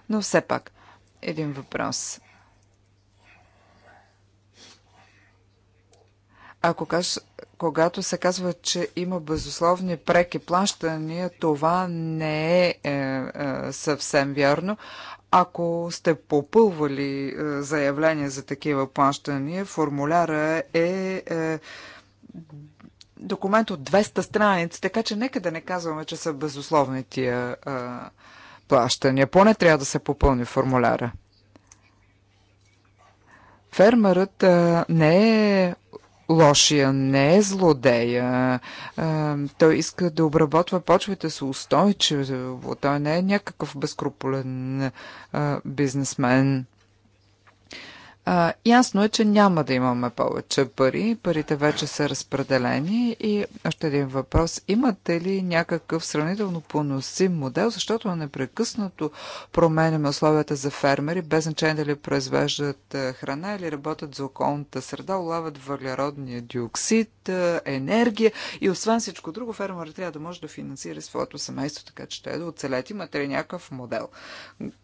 но все пак един въпрос. Ако каш, когато се казва, че има безусловни преки плащания, това не е, е, е съвсем вярно. Ако сте попълвали е, заявление за такива плащания, формуляра е, е документ от 200 страници, така че нека да не казваме, че са безусловни тия е, плащания. Поне трябва да се попълни формуляра. Фермерът е, не е Лошия не е злодея. А, той иска да обработва почвите с устойчиво. Той не е някакъв безкруполен а, бизнесмен. А, ясно е, че няма да имаме повече пари. Парите вече са разпределени. И още един въпрос. Имате ли някакъв сравнително поносим модел, защото непрекъснато променяме условията за фермери, без значение дали произвеждат храна или работят за околната среда, улавят въглеродния диоксид, енергия и освен всичко друго, фермерът трябва да може да финансира своето семейство, така че те да оцелят. Имате ли някакъв модел?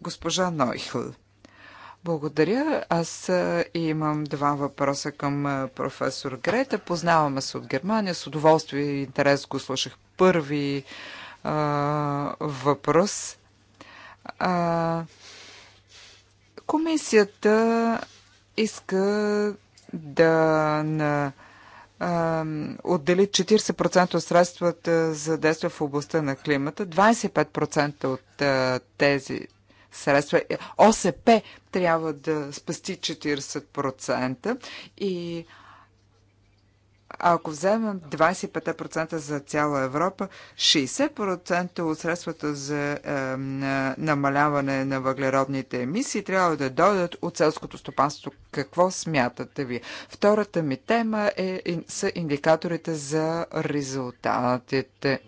Госпожа Нойхл. Благодаря. Аз имам два въпроса към професор Грета. Познаваме се от Германия. С удоволствие и интерес го слушах. Първи а, въпрос. А, комисията иска да на, а, отдели 40% от средствата за действия в областта на климата. 25% от а, тези средства. ОСП трябва да спасти 40% и ако вземем 25% за цяла Европа, 60% от средствата за е, намаляване на въглеродните емисии трябва да дойдат от селското стопанство. Какво смятате ви? Втората ми тема е, са индикаторите за резултатите.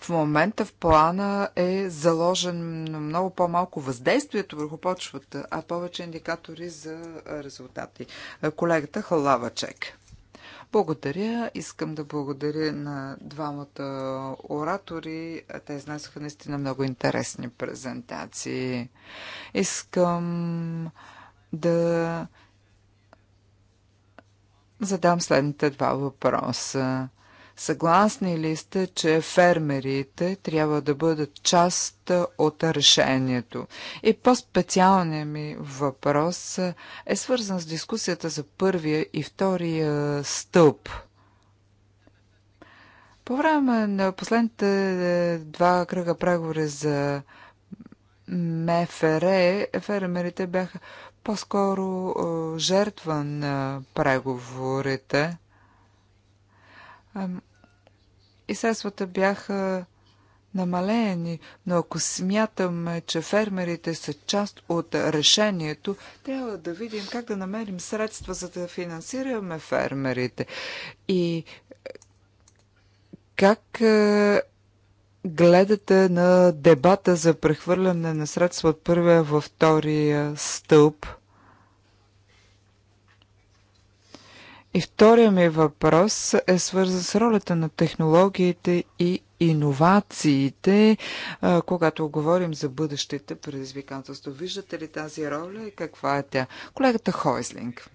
В момента в плана е заложен много по-малко въздействието върху почвата, а повече индикатори за резултати. Колегата Халавачек. Благодаря. Искам да благодаря на двамата оратори. Те изнесоха наистина много интересни презентации. Искам да задам следните два въпроса. Съгласни ли сте, че фермерите трябва да бъдат част от решението? И по-специалният ми въпрос е свързан с дискусията за първия и втория стълб. По време на последните два кръга преговори за МФР, фермерите бяха по-скоро жертва на преговорите и средствата бяха намалени. Но ако смятаме, че фермерите са част от решението, трябва да видим как да намерим средства, за да финансираме фермерите. И е, как е, гледате на дебата за прехвърляне на средства от първия във втория стълб – И втория ми въпрос е свързан с ролята на технологиите и иновациите, когато говорим за бъдещите предизвикателства. Виждате ли тази роля и каква е тя? Колегата Хойзлинг.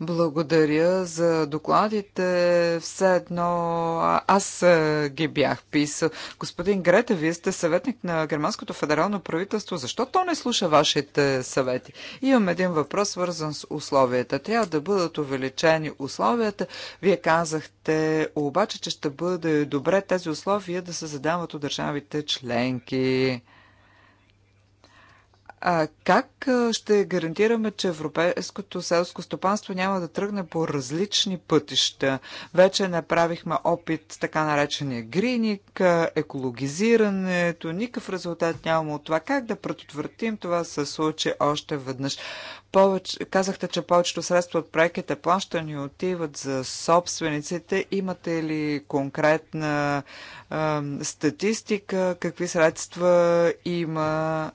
Благодаря за докладите. Все едно аз ги бях писал. Господин Грете, вие сте съветник на Германското федерално правителство. Защо то не слуша вашите съвети? Имам един въпрос, свързан с условията. Трябва да бъдат увеличени условията. Вие казахте обаче, че ще бъде добре тези условия да се задават от държавите членки. А как ще гарантираме, че европейското селско стопанство няма да тръгне по различни пътища? Вече направихме опит с така наречения гриник, екологизирането, никакъв резултат нямаме от това. Как да предотвратим това се случи още веднъж? Повече, казахте, че повечето средства от проектите плащани отиват за собствениците. Имате ли конкретна е, статистика? Какви средства има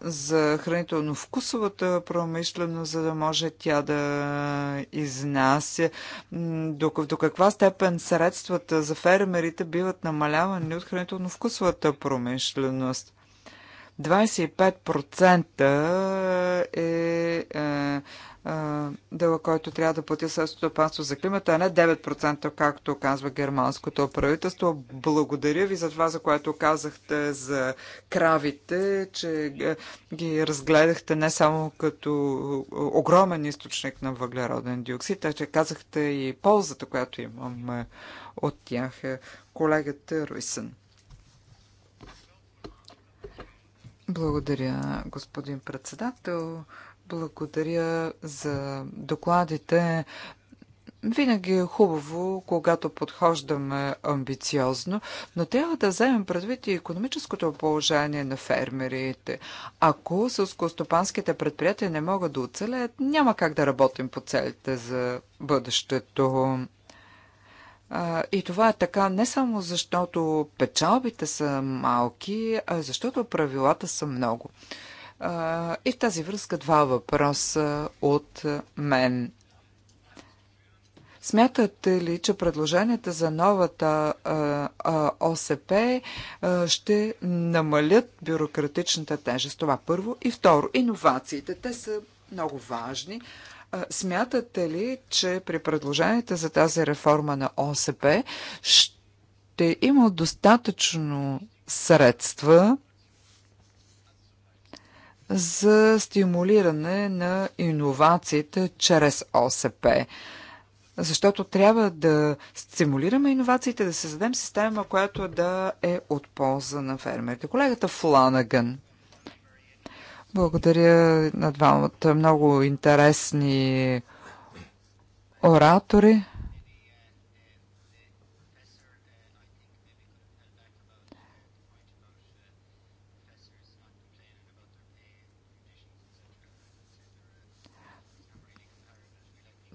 за хранително-вкусовата промишленост, за да може тя да изнася. До, до каква степен средствата за фермерите биват намалявани от хранително-вкусовата промишленост? 25% е, е, е дълъг, който трябва да плати селското опасство за климата, а не 9%, както казва германското правителство. Благодаря ви за това, за което казахте за кравите, че ги разгледахте не само като огромен източник на въглероден диоксид, а че казахте и ползата, която имаме от тях. Е, колегата Руйсън. Благодаря, господин председател. Благодаря за докладите. Винаги е хубаво, когато подхождаме амбициозно, но трябва да вземем предвид и економическото положение на фермерите. Ако сълскостопанските предприятия не могат да оцелят, няма как да работим по целите за бъдещето. И това е така не само защото печалбите са малки, а защото правилата са много. И в тази връзка два въпроса от мен. Смятате ли, че предложенията за новата ОСП ще намалят бюрократичната тежест? Това първо. И второ, иновациите. Те са много важни. Смятате ли, че при предложенията за тази реформа на ОСП ще има достатъчно средства за стимулиране на иновациите чрез ОСП? Защото трябва да стимулираме иновациите, да създадем система, която да е от полза на фермерите. Колегата Фланаган. Благодаря на двамата много интересни оратори.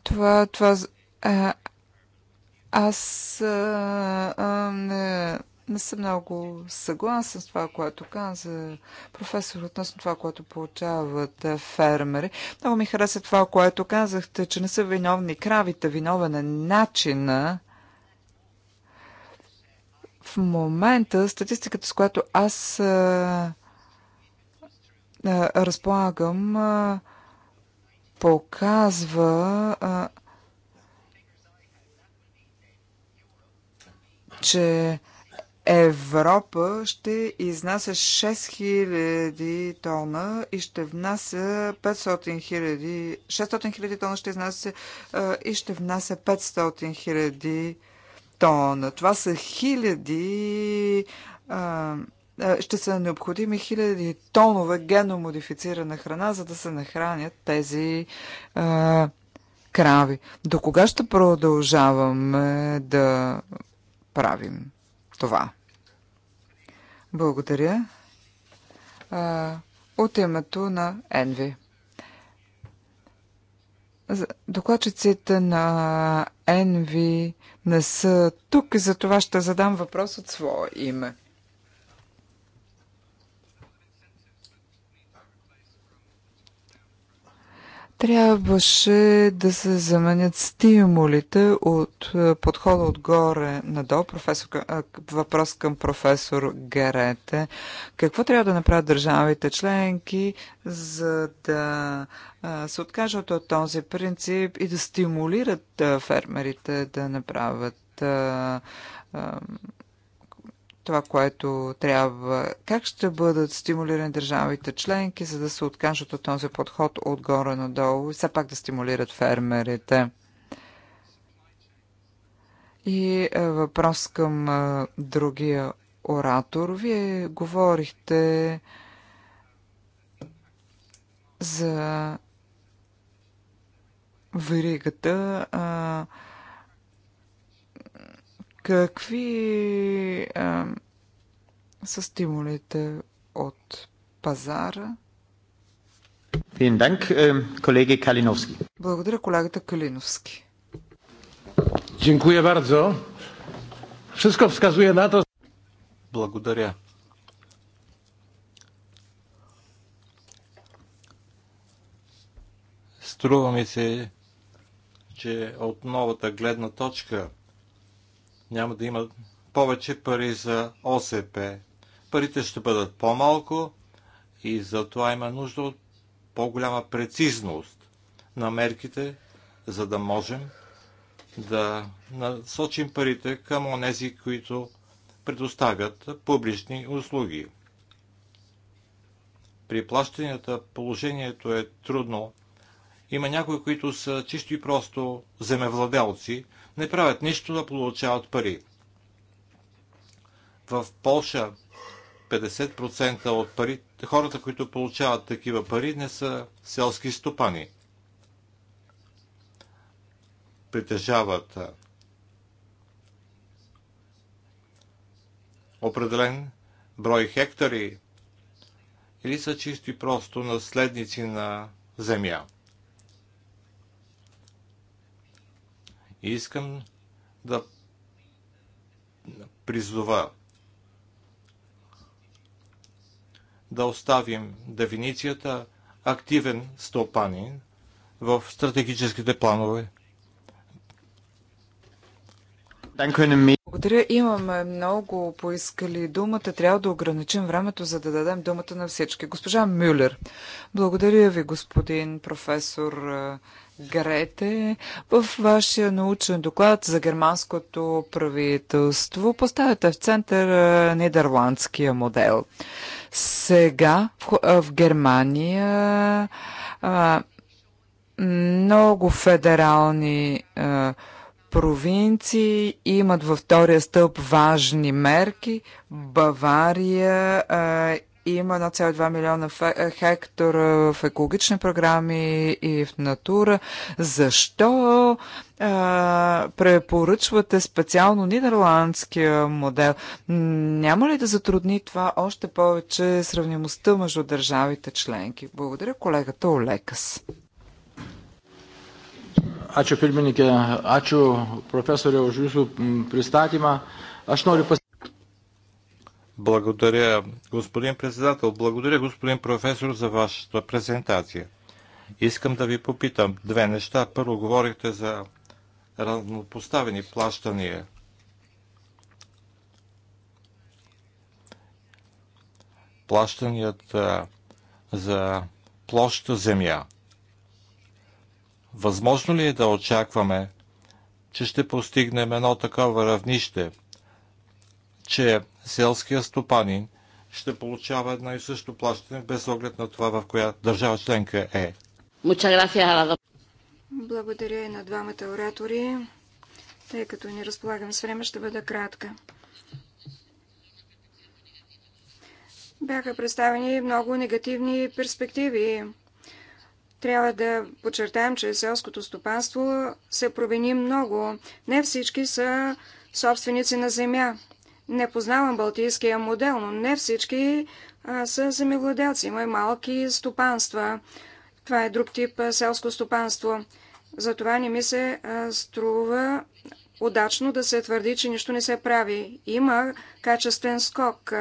Това, това, а, аз а, а, не, не съм много съгласен с това, което каза професор относно това, което получават е, фермери. Много ми хареса това, което казахте, че не са виновни кравите, виновен е начина. В момента статистиката, с която аз а, е, а, е, разполагам, а, показва. А, че Европа ще изнася 6000 тона и ще внася 500 000, 600 хиляди тона ще изнася и ще внася 500 хиляди тона. Това са хиляди. Ще са необходими хиляди тонове геномодифицирана храна, за да се нахранят тези а, крави. До кога ще продължаваме да правим това. Благодаря. От името на Енви. Докладчиците на Енви не са тук и за това ще задам въпрос от свое име. Трябваше да се заменят стимулите от е, подхода отгоре надолу, професор, въпрос към професор Герете. Какво трябва да направят държавите членки, за да се откажат от този принцип и да стимулират фермерите да направят това, което трябва. Как ще бъдат стимулирани държавите членки, за да се откажат от този подход отгоре надолу и все пак да стимулират фермерите? И е, въпрос към е, другия оратор. Вие говорихте за веригата. А, Какви а, са стимулите от пазара? Ähm, Благодаря, колегата Калиновски. Dziękuję bardzo. Wszystko Благодаря. Струва ми се, че от новата гледна точка няма да има повече пари за ОСП. Парите ще бъдат по-малко и затова има нужда от по-голяма прецизност на мерките, за да можем да насочим парите към онези, които предоставят публични услуги. При плащанията положението е трудно. Има някои, които са чисто и просто земевладелци – не правят нищо да получават пари. В Польша 50% от парите, хората, които получават такива пари, не са селски стопани. Притежават определен брой хектари или са чисти просто наследници на земя. И искам да призова да оставим дефиницията активен стопанин в стратегическите планове. Благодаря. Имаме много поискали думата. Трябва да ограничим времето, за да дадем думата на всички. Госпожа Мюлер, благодаря ви, господин професор Грете, в вашия научен доклад за германското правителство поставяте в център нидерландския модел. Сега в, в Германия а, много федерални а, провинции имат във втория стълб важни мерки. Бавария а, има 1,2 милиона е, хектора е, в екологични програми и в натура. Защо а, е, препоръчвате специално нидерландския модел? Няма ли да затрудни това още повече сравнимостта между държавите членки? Благодаря колегата Олекас. Ачо, pirmininkė, ačiū profesorė už jūsų благодаря, господин председател. Благодаря, господин професор, за вашата презентация. Искам да ви попитам две неща. Първо, говорихте за равнопоставени плащания. Плащанията за площа земя. Възможно ли е да очакваме, че ще постигнем едно такова равнище – че селския стопанин ще получава едно и също плащане без оглед на това в коя държава членка е. Благодаря и на двамата оратори. Тъй като не разполагам с време, ще бъда кратка. Бяха представени много негативни перспективи. Трябва да подчертаем, че селското стопанство се промени много. Не всички са собственици на земя. Не познавам балтийския модел, но не всички а, са земевладелци. Има и малки стопанства. Това е друг тип селско стопанство. Затова не ми се а, струва удачно да се твърди, че нищо не се прави. Има качествен скок.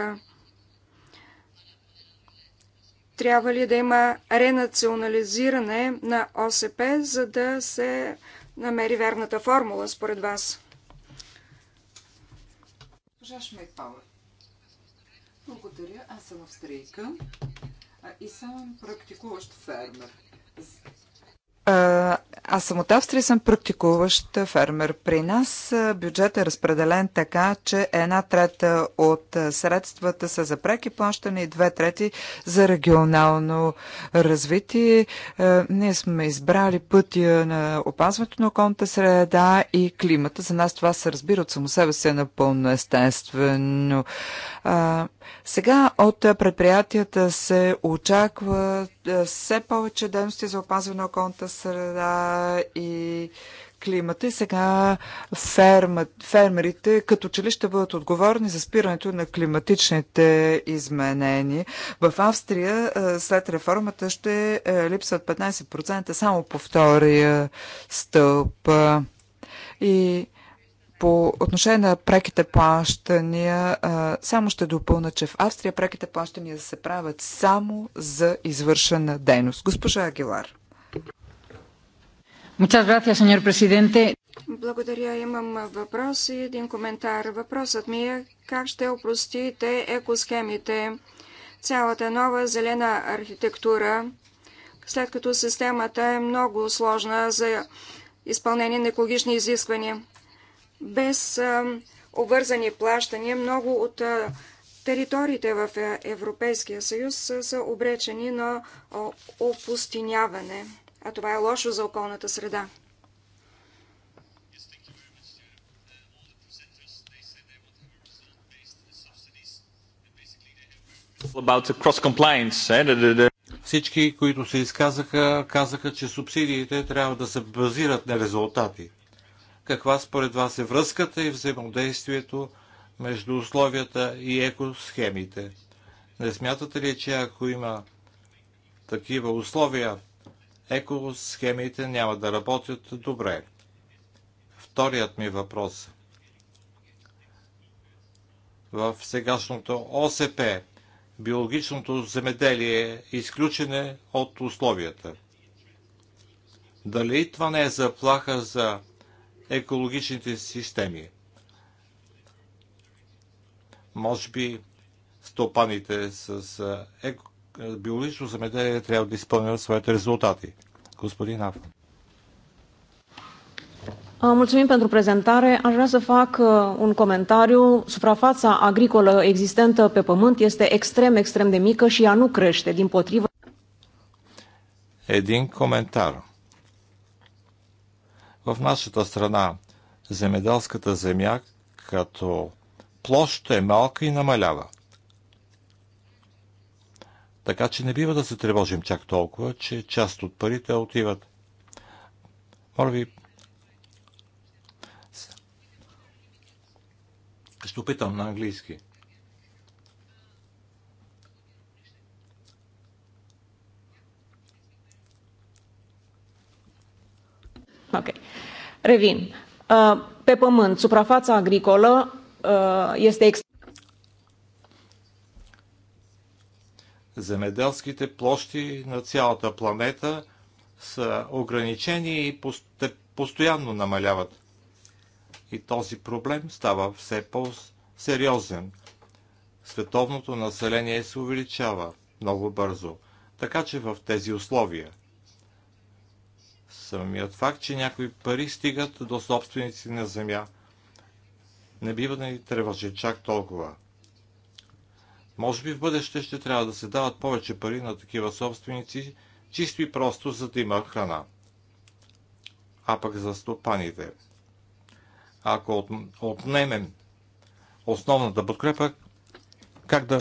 Трябва ли да има ренационализиране на ОСП, за да се намери верната формула според вас? Госпожа Шмейпауер. Благодаря. Аз съм австрийка и съм практикуващ фермер. Аз съм от Австрия, съм практикуващ фермер. При нас бюджет е разпределен така, че една трета от средствата са за преки плащане и две трети за регионално развитие. Ние сме избрали пътя на опазването на околната среда и климата. За нас това се разбира от само себе си е напълно естествено. Сега от предприятията се очаква все повече дейности за опазване на околната среда, и климата и сега ферма, фермерите като че ли ще бъдат отговорни за спирането на климатичните изменения. В Австрия след реформата ще липсват 15% само по втория стълб. И по отношение на преките плащания, само ще допълна, че в Австрия преките плащания се правят само за извършена дейност. Госпожа Агилар señor presidente. Благодаря. Имам въпрос и един коментар. Въпросът ми е как ще опростите екосхемите, цялата нова зелена архитектура, след като системата е много сложна за изпълнение на екологични изисквания. Без обвързани плащания много от териториите в Европейския съюз са обречени на опустиняване а това е лошо за околната среда. Eh? Всички, които се изказаха, казаха, че субсидиите трябва да се базират на резултати. Каква според вас е връзката и взаимодействието между условията и екосхемите? Не смятате ли, че ако има такива условия, екосхемите няма да работят добре. Вторият ми въпрос. В сегашното ОСП биологичното земеделие е изключене от условията. Дали това не е заплаха за екологичните системи? Може би стопаните с еко биологично замеделие трябва да изпълнява своите резултати. Господин Аф. Mulțumim pentru prezentare. Aș vrea să fac un comentariu. Suprafața agricolă existentă pe pământ este extrem, extrem de mică și ea nu crește, din potrivă. E Един коментар. В нашата страна земеделската земя като площ е малка и намалява. Така че не бива да се тревожим чак толкова, че част от парите отиват. Моля ви, ще опитам на английски. Ok. Revin. Uh, pe pământ, suprafața agricolă uh, este extrem земеделските площи на цялата планета са ограничени и постоянно намаляват. И този проблем става все по-сериозен. Световното население се увеличава много бързо. Така че в тези условия самият факт, че някои пари стигат до собственици на земя, не бива да ни тревожи чак толкова – може би в бъдеще ще трябва да се дават повече пари на такива собственици, чисто и просто, за да има храна. А пък за стопаните. Ако отнемем основната подкрепа, как да...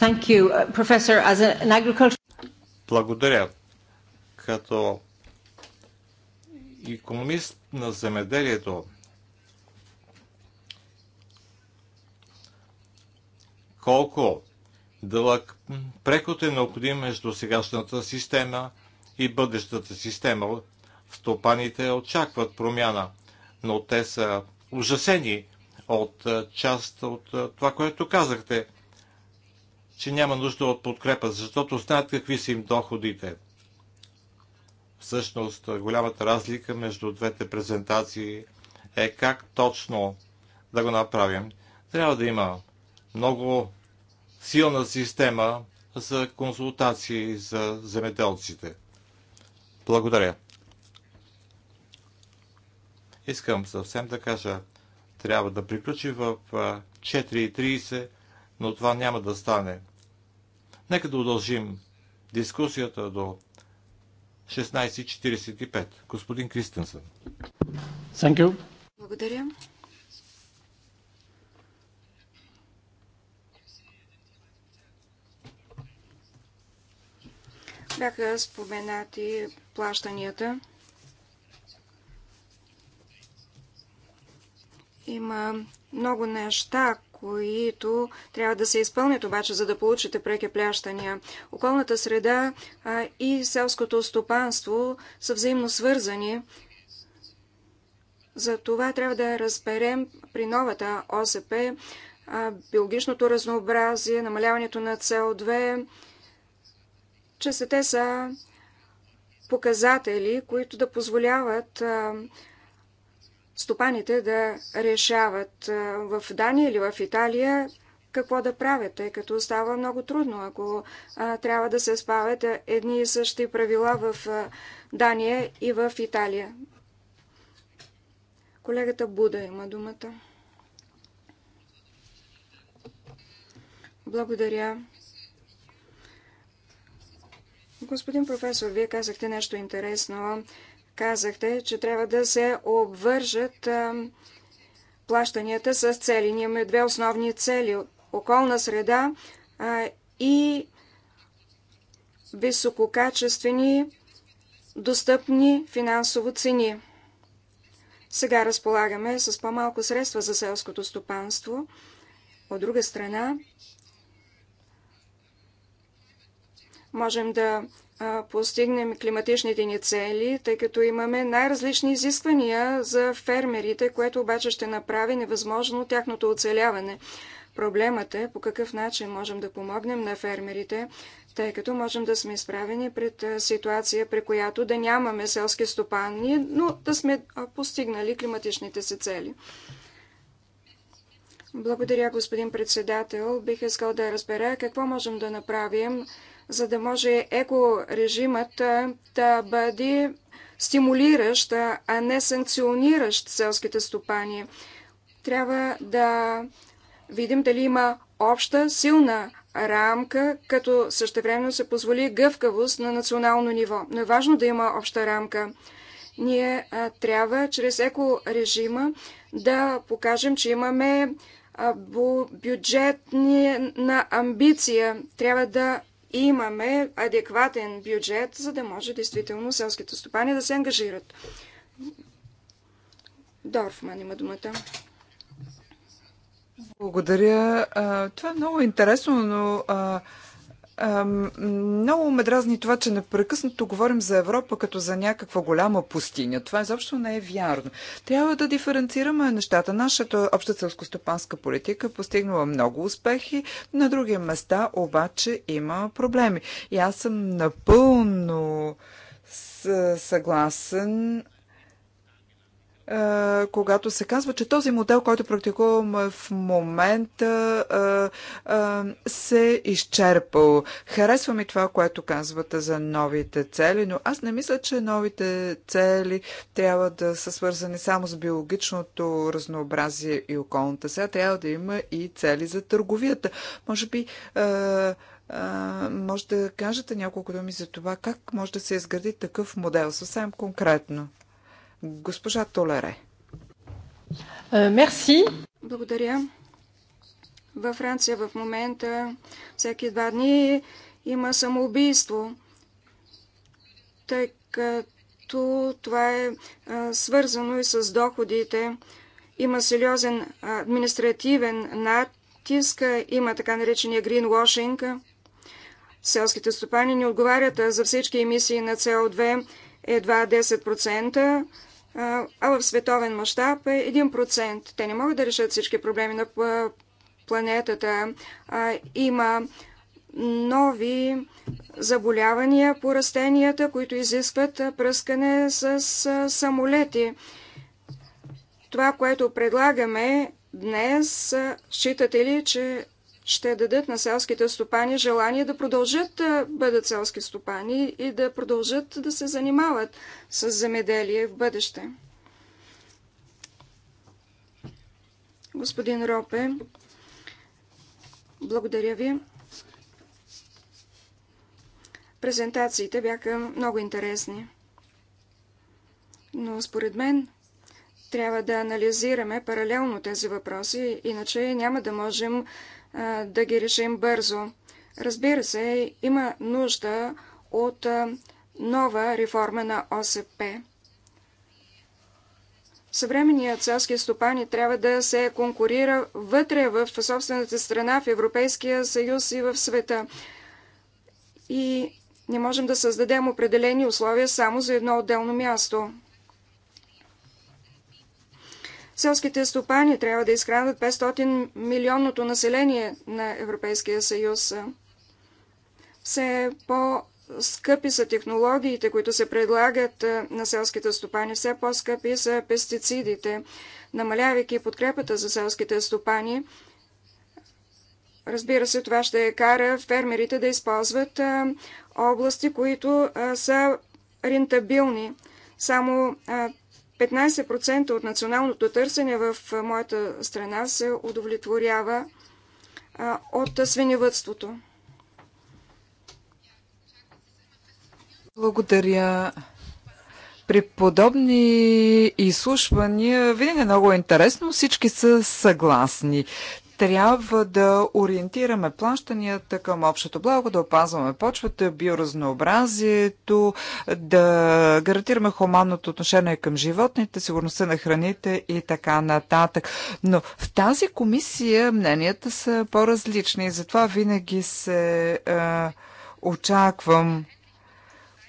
Thank you, uh, professor, as an agriculture... Благодаря. Като економист на земеделието, колко дълъг преход е необходим между сегашната система и бъдещата система. Стопаните очакват промяна, но те са ужасени от част от това, което казахте, че няма нужда от подкрепа, защото знаят какви са им доходите. Всъщност, голямата разлика между двете презентации е как точно да го направим. Трябва да има много силна система за консултации за земеделците. Благодаря. Искам съвсем да кажа, трябва да приключи в 4.30, но това няма да стане. Нека да удължим дискусията до 16.45. Господин Кристенсън. Благодаря. Бяха споменати плащанията. Има много неща, които трябва да се изпълнят обаче, за да получите преки плящания. Околната среда а, и селското стопанство са взаимно свързани. За това трябва да разберем при новата ОСП а, биологичното разнообразие, намаляването на СО2, че са те са показатели, които да позволяват стопаните да решават в Дания или в Италия какво да правят, тъй като става много трудно, ако а, трябва да се спавят едни и същи правила в а, Дания и в Италия. Колегата Буда има думата. Благодаря. Господин професор, вие казахте нещо интересно. Казахте, че трябва да се обвържат плащанията с цели. Ние имаме две основни цели – околна среда и висококачествени, достъпни финансово цени. Сега разполагаме с по-малко средства за селското стопанство. От друга страна, можем да постигнем климатичните ни цели, тъй като имаме най-различни изисквания за фермерите, което обаче ще направи невъзможно тяхното оцеляване. Проблемът е по какъв начин можем да помогнем на фермерите, тъй като можем да сме изправени пред ситуация, при която да нямаме селски стопани, но да сме постигнали климатичните си цели. Благодаря, господин председател. Бих искал да разбера какво можем да направим за да може екорежимът да бъде стимулиращ, а не санкциониращ селските стопани. Трябва да видим дали има обща, силна рамка, като същевременно се позволи гъвкавост на национално ниво. Но е важно да има обща рамка. Ние а, трябва чрез екорежима да покажем, че имаме бюджетна амбиция. Трябва да имаме адекватен бюджет, за да може действително селските стопани да се ангажират. Дорфман има думата. Благодаря. Това е много интересно, но много ме дразни това, че непрекъснато говорим за Европа като за някаква голяма пустиня. Това изобщо не е вярно. Трябва да диференцираме нещата. Нашата обща целскостопанска политика е постигнала много успехи, на други места обаче има проблеми. И аз съм напълно съгласен е, когато се казва, че този модел, който практикуваме в момента, е, е, се изчерпал. Харесва ми това, което казвате за новите цели, но аз не мисля, че новите цели трябва да са свързани само с биологичното разнообразие и околната сега. Трябва да има и цели за търговията. Може би може да кажете няколко думи за това, как може да се изгради такъв модел, съвсем конкретно. Госпожа Толере. Е, мерси. Благодаря. Във Франция в момента всеки два дни има самоубийство, тъй като това е, е свързано и с доходите. Има сериозен е, административен натиск, има така наречения гринвошинг. Селските стопани не отговарят за всички емисии на СО2 едва 10%, а в световен мащаб е 1%. Те не могат да решат всички проблеми на планетата. Има нови заболявания по растенията, които изискват пръскане с самолети. Това, което предлагаме днес, считате ли, че ще дадат на селските стопани желание да продължат да бъдат селски стопани и да продължат да се занимават с земеделие в бъдеще. Господин Ропе, благодаря ви. Презентациите бяха много интересни. Но според мен трябва да анализираме паралелно тези въпроси, иначе няма да можем да ги решим бързо. Разбира се, има нужда от нова реформа на ОСП. Съвременният царски стопани трябва да се конкурира вътре в собствената страна, в Европейския съюз и в света. И не можем да създадем определени условия само за едно отделно място. Селските стопани трябва да изхранват 500 милионното население на Европейския съюз. Все по-скъпи са технологиите, които се предлагат на селските стопани, все по-скъпи са пестицидите. Намалявайки подкрепата за селските стопани, разбира се, това ще кара фермерите да използват области, които са рентабилни. Само 15% от националното търсене в моята страна се удовлетворява от свиневътството. Благодаря. При подобни изслушвания винаги е много интересно, всички са съгласни трябва да ориентираме плащанията към общото благо, да опазваме почвата, биоразнообразието, да гарантираме хуманното отношение към животните, сигурността на храните и така нататък. Но в тази комисия мненията са по-различни и затова винаги се е, очаквам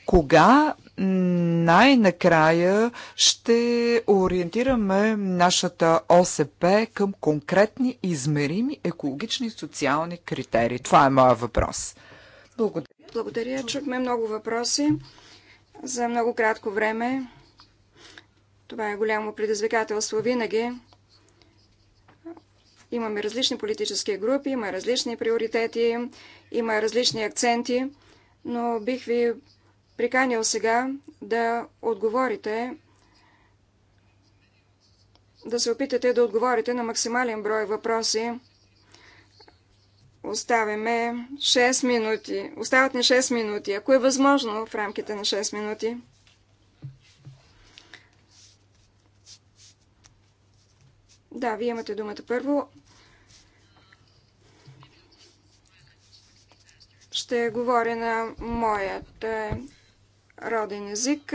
кога най-накрая ще ориентираме нашата ОСП към конкретни измерими екологични и социални критерии. Това е моят въпрос. Благодаря. Благодаря. Чухме много въпроси за много кратко време. Това е голямо предизвикателство винаги. Имаме различни политически групи, има различни приоритети, има различни акценти, но бих ви приканил сега да отговорите, да се опитате да отговорите на максимален брой въпроси. Оставяме 6 минути. Остават ни 6 минути. Ако е възможно, в рамките на 6 минути. Да, вие имате думата първо. Ще говоря на моят роден език.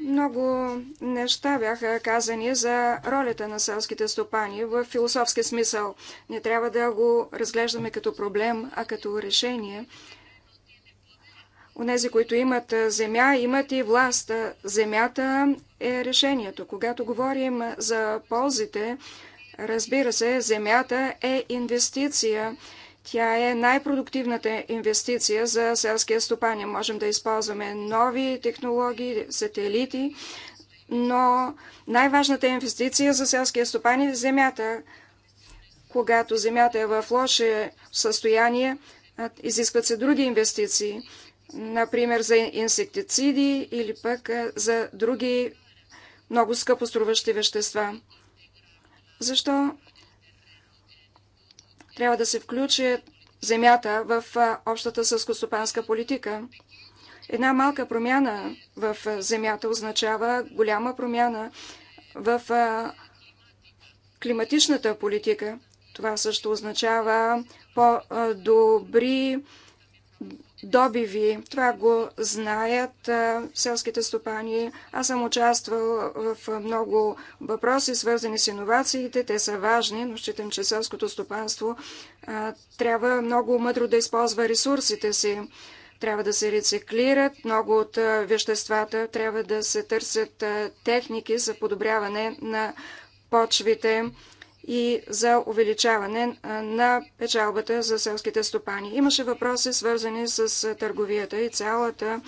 Много неща бяха казани за ролята на селските стопани в философски смисъл. Не трябва да го разглеждаме като проблем, а като решение. Онези, които имат земя, имат и власт. Земята е решението. Когато говорим за ползите Разбира се, земята е инвестиция. Тя е най-продуктивната инвестиция за селския стопани. Можем да използваме нови технологии, сателити, но най-важната инвестиция за селския стопани е земята. Когато земята е в лоше състояние, изискват се други инвестиции, например за инсектициди или пък за други много скъпо струващи вещества. Защо трябва да се включи земята в общата съскостопанска политика? Една малка промяна в земята означава голяма промяна в климатичната политика. Това също означава по-добри добиви. Това го знаят а, селските стопани. Аз съм участвал в много въпроси, свързани с иновациите. Те са важни, но считам, че селското стопанство а, трябва много мъдро да използва ресурсите си. Трябва да се рециклират много от а, веществата, трябва да се търсят техники за подобряване на почвите и за увеличаване на печалбата за селските стопани. Имаше въпроси свързани с търговията и цялата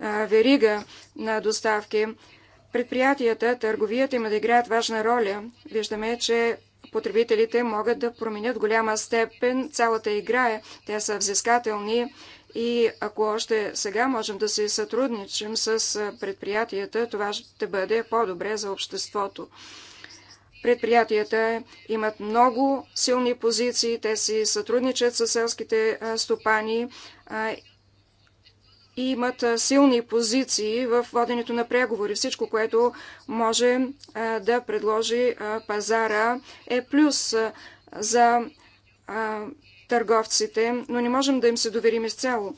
верига на доставки. Предприятията, търговията има да играят важна роля. Виждаме, че потребителите могат да променят голяма степен цялата игра. Те са взискателни и ако още сега можем да се сътрудничим с предприятията, това ще бъде по-добре за обществото. Предприятията имат много силни позиции, те си сътрудничат с селските стопани и имат силни позиции в воденето на преговори. Всичко, което може да предложи пазара е плюс за търговците, но не можем да им се доверим изцяло.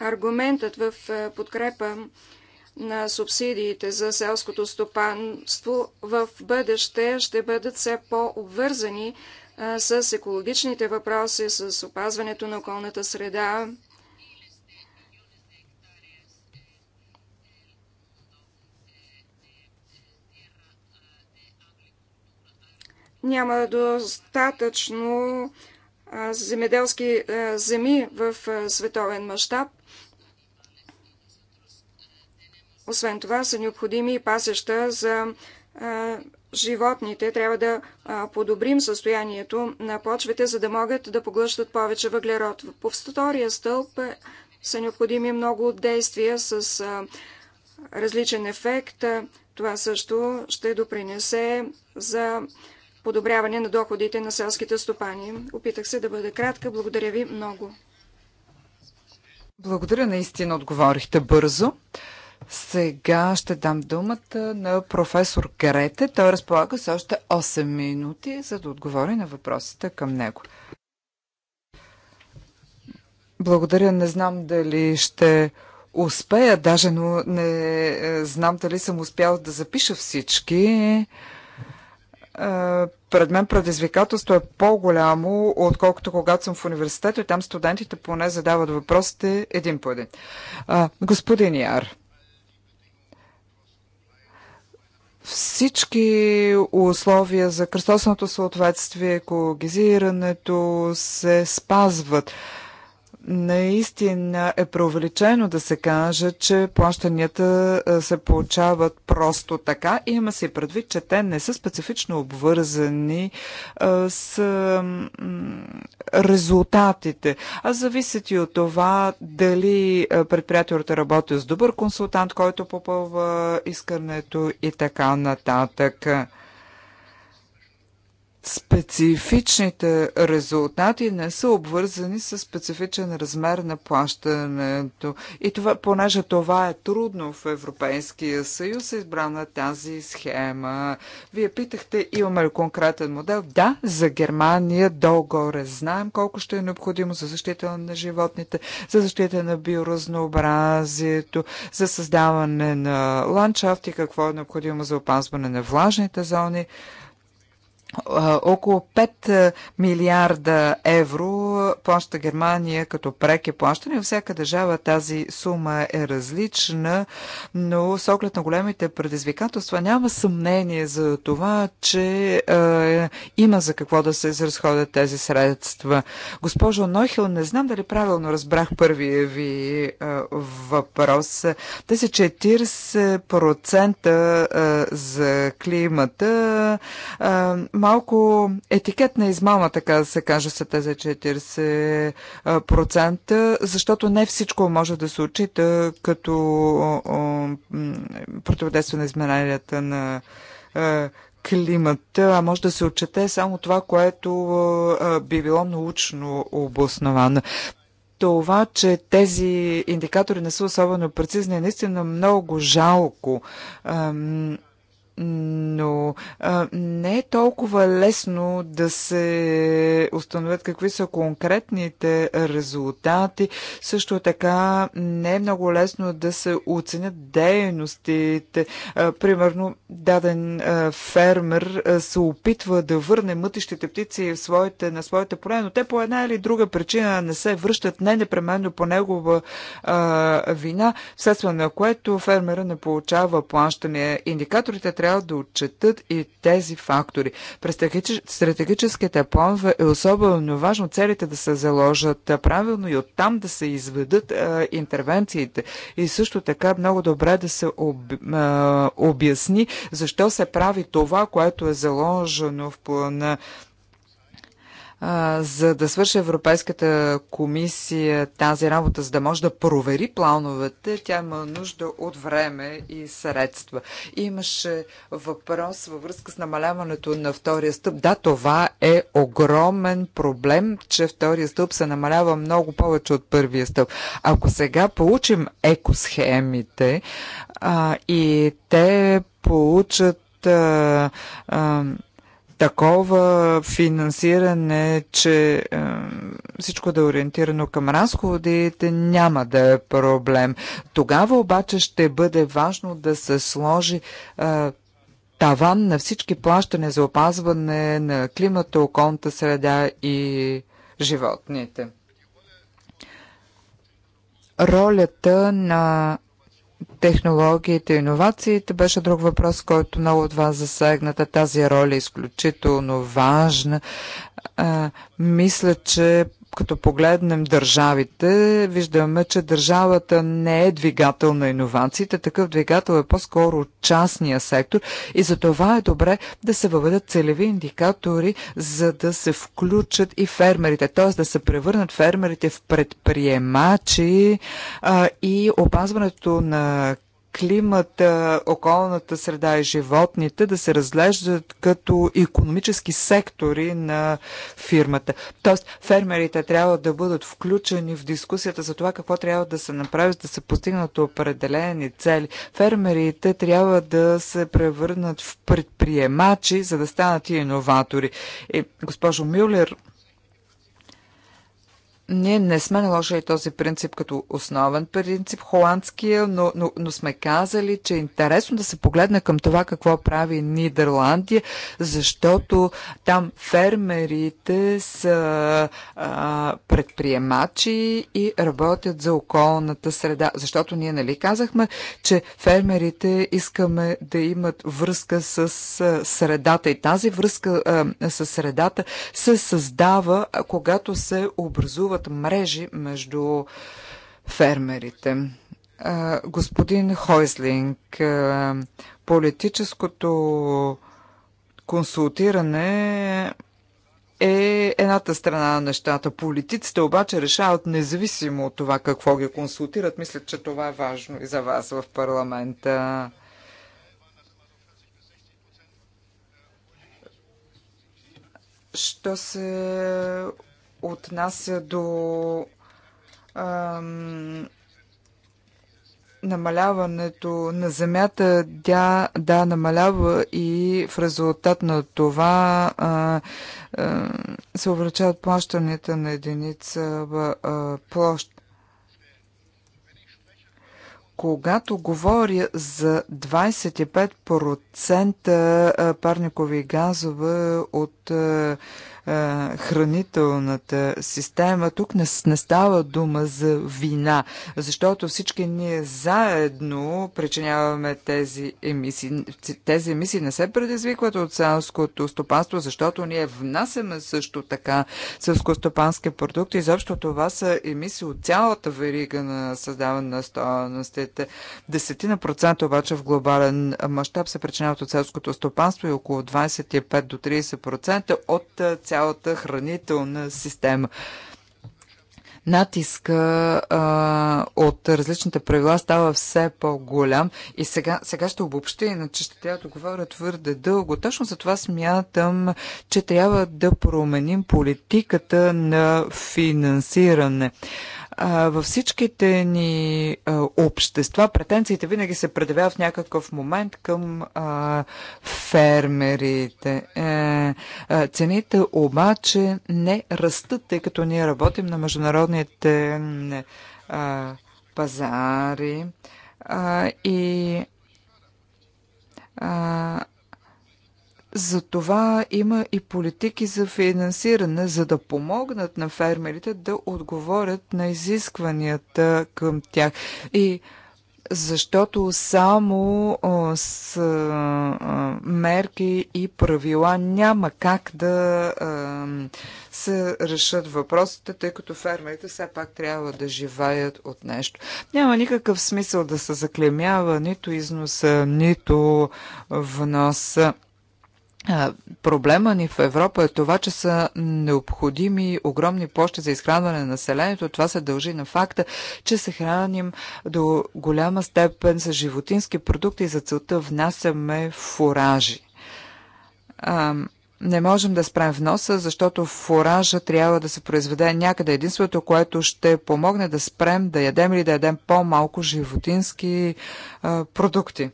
Аргументът в подкрепа на субсидиите за селското стопанство в бъдеще ще бъдат все по-обвързани с екологичните въпроси, с опазването на околната среда. Няма достатъчно земеделски земи в световен мащаб освен това са необходими и пасеща за животните. Трябва да подобрим състоянието на почвите, за да могат да поглъщат повече въглерод. По втория стълб е, са необходими много действия с различен ефект. Това също ще допринесе за подобряване на доходите на селските стопани. Опитах се да бъда кратка. Благодаря ви много. Благодаря, наистина отговорихте бързо. Сега ще дам думата на професор Грете. Той разполага с още 8 минути, за да отговори на въпросите към него. Благодаря. Не знам дали ще успея, даже но не е, знам дали съм успял да запиша всички. Е, пред мен предизвикателство е по-голямо, отколкото когато съм в университета и там студентите поне задават въпросите един по един. Господин Яр, всички условия за кръстосното съответствие, екологизирането се спазват наистина е преувеличено да се каже, че плащанията е, се получават просто така. има се предвид, че те не са специфично обвързани е, с резултатите, а зависят и от това дали е, предприятието работи с добър консултант, който попълва искането и така нататък специфичните резултати не са обвързани с специфичен размер на плащането. И това, понеже това е трудно в Европейския съюз, е избрана тази схема. Вие питахте, имаме ли конкретен модел? Да, за Германия долу-горе знаем колко ще е необходимо за защита на животните, за защита на биоразнообразието, за създаване на ландшафти, какво е необходимо за опазване на влажните зони около 5 милиарда евро плаща Германия като преки плащане. Всяка държава тази сума е различна, но с оглед на големите предизвикателства няма съмнение за това, че е, има за какво да се изразходят тези средства. Госпожо Нойхил, не знам дали правилно разбрах първия ви е, въпрос. Тези 40% за климата е, малко етикет на измама, така да се каже, са тези 40%, защото не всичко може да се отчита като противодействие на измененията на климата, а може да се отчете само това, което би било научно обосновано това, че тези индикатори не са особено прецизни, е наистина много жалко. Ам, но а, не е толкова лесно да се установят какви са конкретните резултати. Също така не е много лесно да се оценят дейностите. А, примерно, даден а, фермер а, се опитва да върне мътищите птици в своите, на своите поле, но те по една или друга причина не се връщат, не непременно по негова а, вина, вследствие на което фермера не получава плащане. Индикаторите трябва трябва да отчетат и тези фактори. През стратегическите планове е особено важно целите да се заложат правилно и оттам да се изведат а, интервенциите. И също така много добре да се об, а, обясни защо се прави това, което е заложено в плана а, за да свърши Европейската комисия тази работа, за да може да провери плановете, тя има нужда от време и средства. И имаше въпрос във връзка с намаляването на втория стъп. Да, това е огромен проблем, че втория стъп се намалява много повече от първия стъп. Ако сега получим екосхемите а, и те получат а, а, такова финансиране, че е, всичко да е ориентирано към разходите, няма да е проблем. Тогава обаче ще бъде важно да се сложи е, таван на всички плащане за опазване на климата, околната среда и животните. Ролята на технологиите и иновациите беше друг въпрос, който много от вас засегната. Тази роля е изключително важна. А, мисля, че като погледнем държавите, виждаме, че държавата не е двигател на иновациите. Такъв двигател е по-скоро частния сектор и за това е добре да се въведат целеви индикатори, за да се включат и фермерите, т.е. да се превърнат фермерите в предприемачи а, и опазването на климата, околната среда и животните да се разглеждат като економически сектори на фирмата. Тоест, фермерите трябва да бъдат включени в дискусията за това какво трябва да се направи, да се постигнат определени цели. Фермерите трябва да се превърнат в предприемачи, за да станат и иноватори. И, госпожо Мюллер, ние не сме наложили този принцип като основен принцип холандския, но, но, но сме казали, че е интересно да се погледне към това какво прави Нидерландия, защото там фермерите са а, предприемачи и работят за околната среда. Защото ние нали казахме, че фермерите искаме да имат връзка с а, средата и тази връзка а, с средата се създава, когато се образува образуват мрежи между фермерите. Господин Хойслинг, политическото консултиране е едната страна на нещата. Политиците обаче решават независимо от това какво ги консултират. Мисля, че това е важно и за вас в парламента. Що се отнася до ам, намаляването на земята, тя да намалява и в резултат на това а, а, се увеличават плащанията на единица а, площ. Когато говоря за 25% парникови газове от а, е, хранителната система. Тук не, не става дума за вина, защото всички ние заедно причиняваме тези емисии. Тези емисии не се предизвикват от селското стопанство, защото ние внасяме също така селскостопански продукти. Изобщо това са емисии от цялата верига на създаване на стоеностите. Десетина процента обаче в глобален мащаб се причиняват от селското стопанство и около 25 до 30% от е, цялата цялата хранителна система натиска а, от различните правила става все по-голям. И сега, сега ще обобщя, иначе ще трябва да говоря твърде дълго. Точно за това смятам, че трябва да променим политиката на финансиране във всичките ни общества претенциите винаги се предявяват в някакъв момент към фермерите. Е, цените обаче не растат, тъй като ние работим на международните пазари и за това има и политики за финансиране, за да помогнат на фермерите да отговорят на изискванията към тях. И защото само с мерки и правила няма как да се решат въпросите, тъй като фермерите все пак трябва да живеят от нещо. Няма никакъв смисъл да се заклемява нито износа, нито вноса. Проблема ни в Европа е това, че са необходими огромни площи за изхранване на населението. Това се дължи на факта, че се храним до голяма степен с животински продукти и за целта внасяме фуражи. Не можем да спрем вноса, защото фуража трябва да се произведе някъде. Единството, което ще помогне да спрем да ядем или да ядем по-малко животински а, продукти.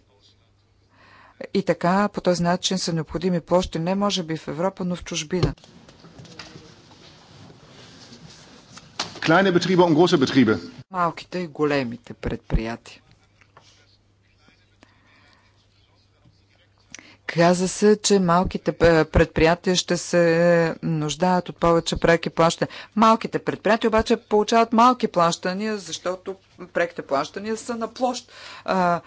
И така, по този начин са необходими площи не може би в Европа, но в чужбина. Kleine Betriebe und große Betriebe. Малките и големите предприятия. Каза се, че малките е, предприятия ще се е, нуждаят от повече преки плащания. Малките предприятия обаче получават малки плащания, защото преките плащания са на площ. А,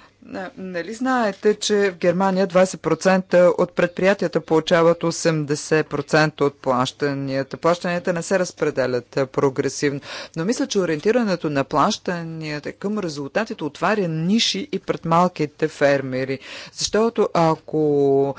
нали знаете, че в Германия 20% от предприятията получават 80% от плащанията. Плащанията не се разпределят прогресивно. Но мисля, че ориентирането на плащанията към резултатите отваря ниши и пред малките фермери. Защото ако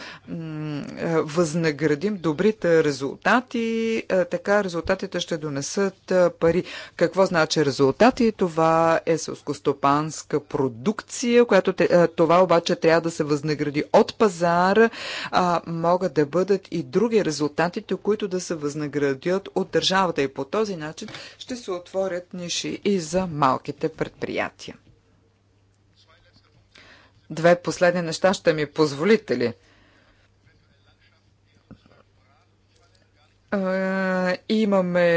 възнаградим добрите резултати, така резултатите ще донесат пари. Какво значи резултати? Това е селскостопанска продукция, която това обаче трябва да се възнагради от пазара. А, могат да бъдат и други резултатите, които да се възнаградят от държавата. И по този начин ще се отворят ниши и за малките предприятия. Две последни неща ще ми позволите ли? имаме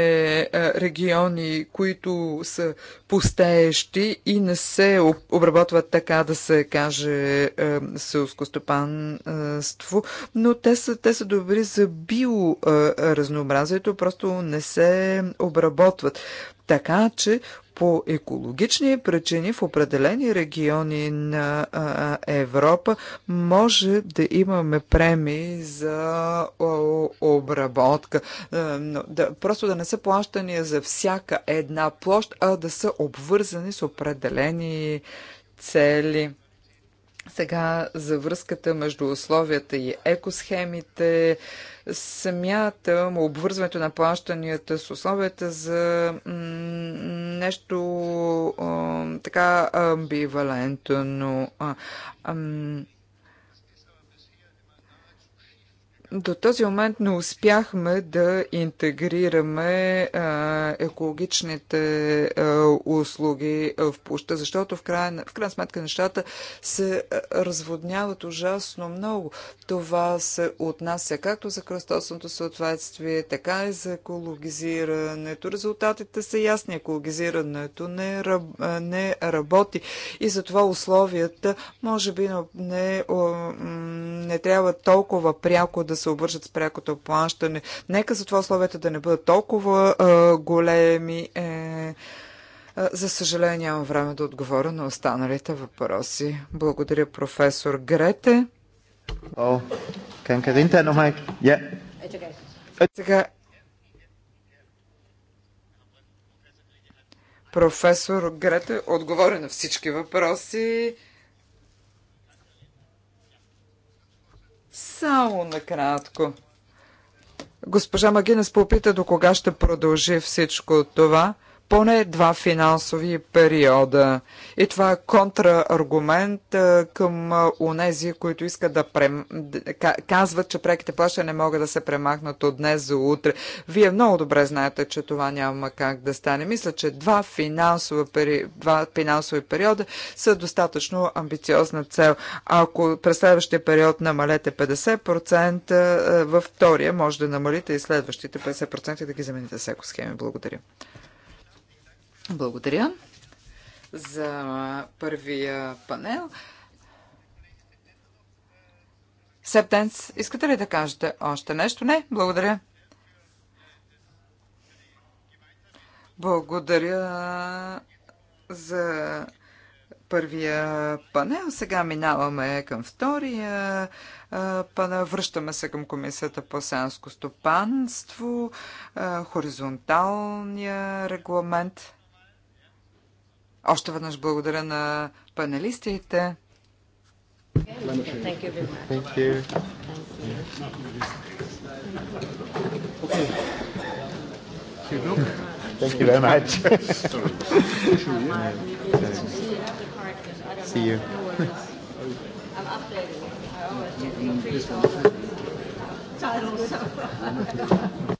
региони, които са пустеещи и не се обработват така да се каже селско стопанство, но те са, те са добри за биоразнообразието, просто не се обработват. Така че по екологични причини в определени региони на Европа може да имаме премии за обработка. Да, просто да не са плащания за всяка една площ, а да са обвързани с определени цели. Сега за връзката между условията и екосхемите, самята му обвързването на плащанията с условията за нещо така амбивалентно. А, До този момент не успяхме да интегрираме а, екологичните а, услуги в пуща, защото в крайна, в крайна сметка нещата се разводняват ужасно много. Това се отнася както за кръстосното съответствие, така и за екологизирането. Резултатите са ясни. Екологизирането не, не работи и затова условията може би не, не, не трябва толкова пряко да се обвържат с прякото плащане. Нека това условията да не бъдат толкова а, големи. Е... За съжаление нямам време да отговоря на останалите въпроси. Благодаря, професор Грете. О, канкаринте, но Сега професор Грете отговори на всички въпроси. Само накратко. Госпожа Магинес попита до кога ще продължи всичко това поне два финансови периода. И това е контрааргумент е, към е, онези, които искат да прем... казват, че преките плаща не могат да се премахнат от днес за утре. Вие много добре знаете, че това няма как да стане. Мисля, че два финансови, пери... два финансови периода са достатъчно амбициозна цел. Ако през следващия период намалете 50%, е, във втория може да намалите и следващите 50% да ги замените с екосхеми. Благодаря. Благодаря за първия панел. Септенс, искате ли да кажете още нещо? Не, благодаря. Благодаря за първия панел. Сега минаваме към втория панел. Връщаме се към Комисията по сенско стопанство, хоризонталния регламент. Още веднъж благодаря на панелистите. Thank you very much. Thank you. Thank you. Thank you very much. See you. I'm updating. I always get the increase titles.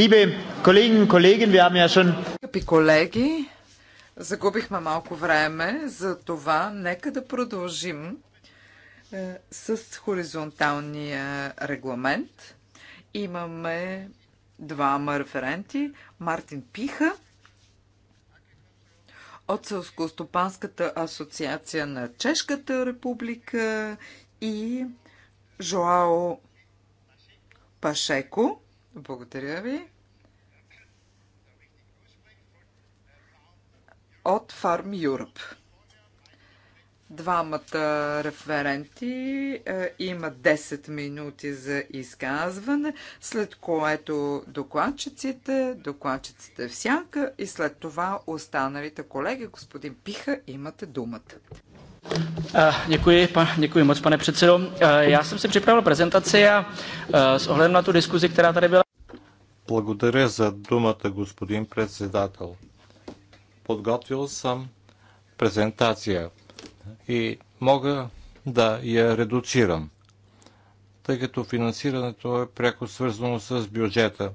Liebe Kolleginnen und Kollegen, wir haben ja schon... колеги, загубихме малко време, за това нека да продължим е, с хоризонталния регламент. Имаме двама референти. Мартин Пиха от Селскостопанската асоциация на Чешката република и Жоао Пашеко благодаря ви. От Farm Europe. Двамата референти е, има 10 минути за изказване, след което докладчиците, докладчиците всяка и след това останалите колеги. Господин Пиха, имате думата. Děkuji, pan, děkuji moc, pane předsedo. Já jsem si připravil prezentaci a s ohledem na tu diskuzi, která tady byla... Благодаря за думата, господин председател. Подготвил съм презентация и мога да я редуцирам, тъй като финансирането е пряко свързано с бюджета.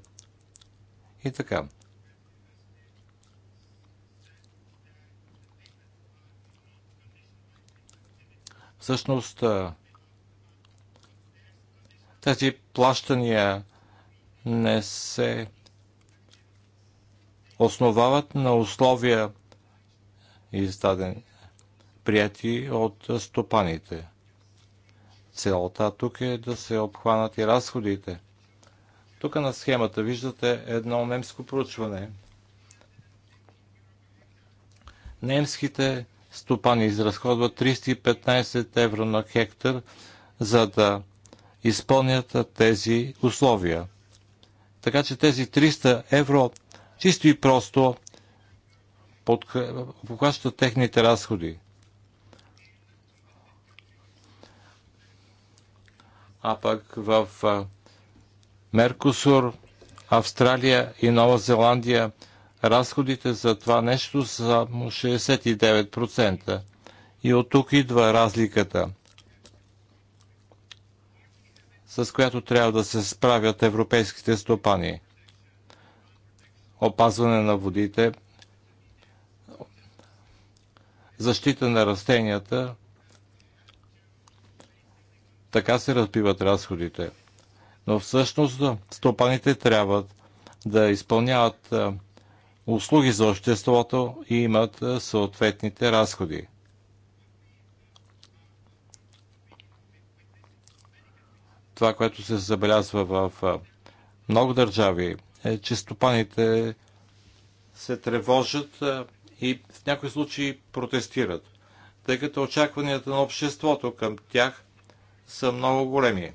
И така. Всъщност, тези плащания не се основават на условия, издадени, прияти от стопаните. Целта тук е да се обхванат и разходите. Тук на схемата виждате едно немско проучване. Немските стопани изразходват 315 евро на хектар, за да изпълнят тези условия – така че тези 300 евро чисто и просто покащат техните разходи. А пък в Меркосур, Австралия и Нова Зеландия разходите за това нещо са 69%. И от тук идва разликата – с която трябва да се справят европейските стопани. Опазване на водите, защита на растенията. Така се разбиват разходите. Но всъщност стопаните трябва да изпълняват услуги за обществото и имат съответните разходи. Това, което се забелязва в много държави, е, че стопаните се тревожат и в някои случаи протестират, тъй като очакванията на обществото към тях са много големи.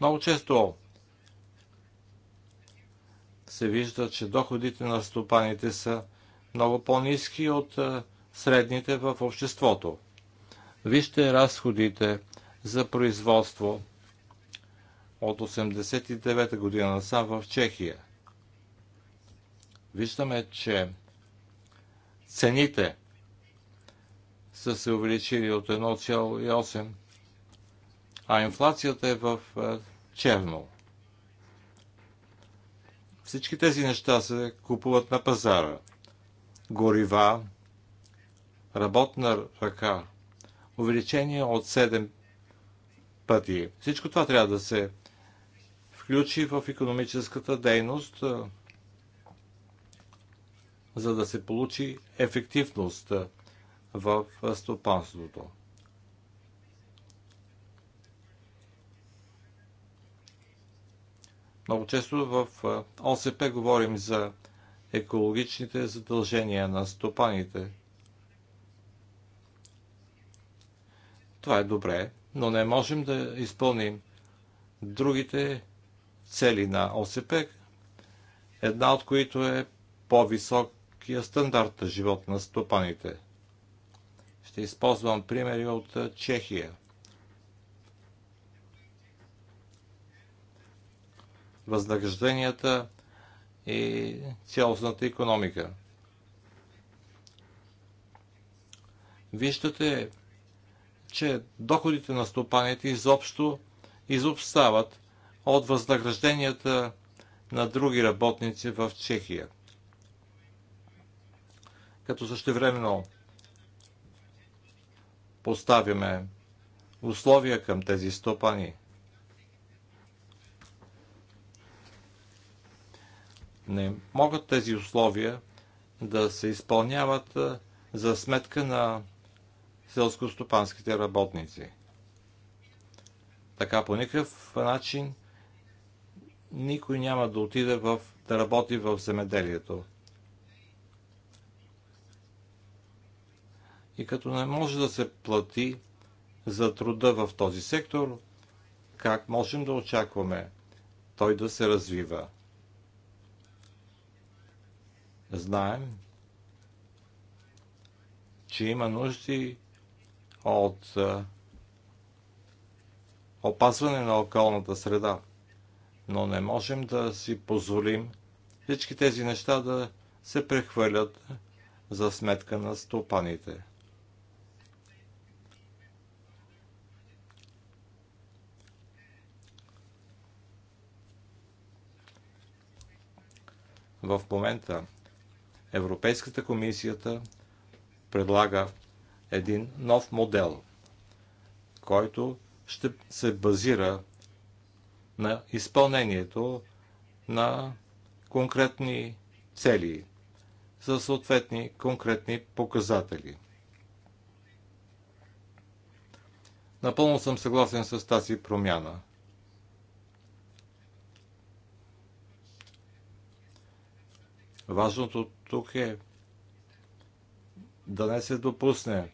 Много често се вижда, че доходите на стопаните са много по-низки от средните в обществото. Вижте разходите за производство от 89 година насам в Чехия. Виждаме, че цените са се увеличили от 1,8, а инфлацията е в черно. Всички тези неща се купуват на пазара – горива, работна ръка, увеличение от 7 пъти. Всичко това трябва да се включи в економическата дейност, за да се получи ефективност в стопанството. Много често в ОСП говорим за екологичните задължения на стопаните. Това е добре, но не можем да изпълним другите цели на ОСП, една от които е по-високия стандарт на живот на стопаните. Ще използвам примери от Чехия. Възнагражденията и цялостната економика. Виждате, че доходите на стопаните изобщо изобстават от възнагражденията на други работници в Чехия. Като същевременно поставяме условия към тези стопани – Не могат тези условия да се изпълняват за сметка на селскостопанските работници. Така по никакъв начин никой няма да отиде в, да работи в земеделието. И като не може да се плати за труда в този сектор, как можем да очакваме той да се развива? знаем, че има нужди от опазване на околната среда. Но не можем да си позволим всички тези неща да се прехвърлят за сметка на стопаните. В момента Европейската комисията предлага един нов модел, който ще се базира на изпълнението на конкретни цели за съответни конкретни показатели. Напълно съм съгласен с тази промяна. Важното тук е да не се допусне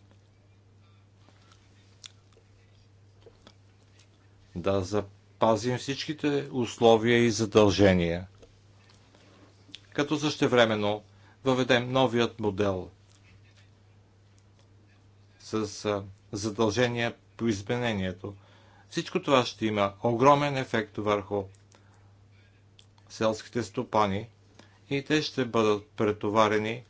да запазим всичките условия и задължения, като същевременно въведем новият модел с задължения по изменението. Всичко това ще има огромен ефект върху селските стопани и те ще бъдат претоварени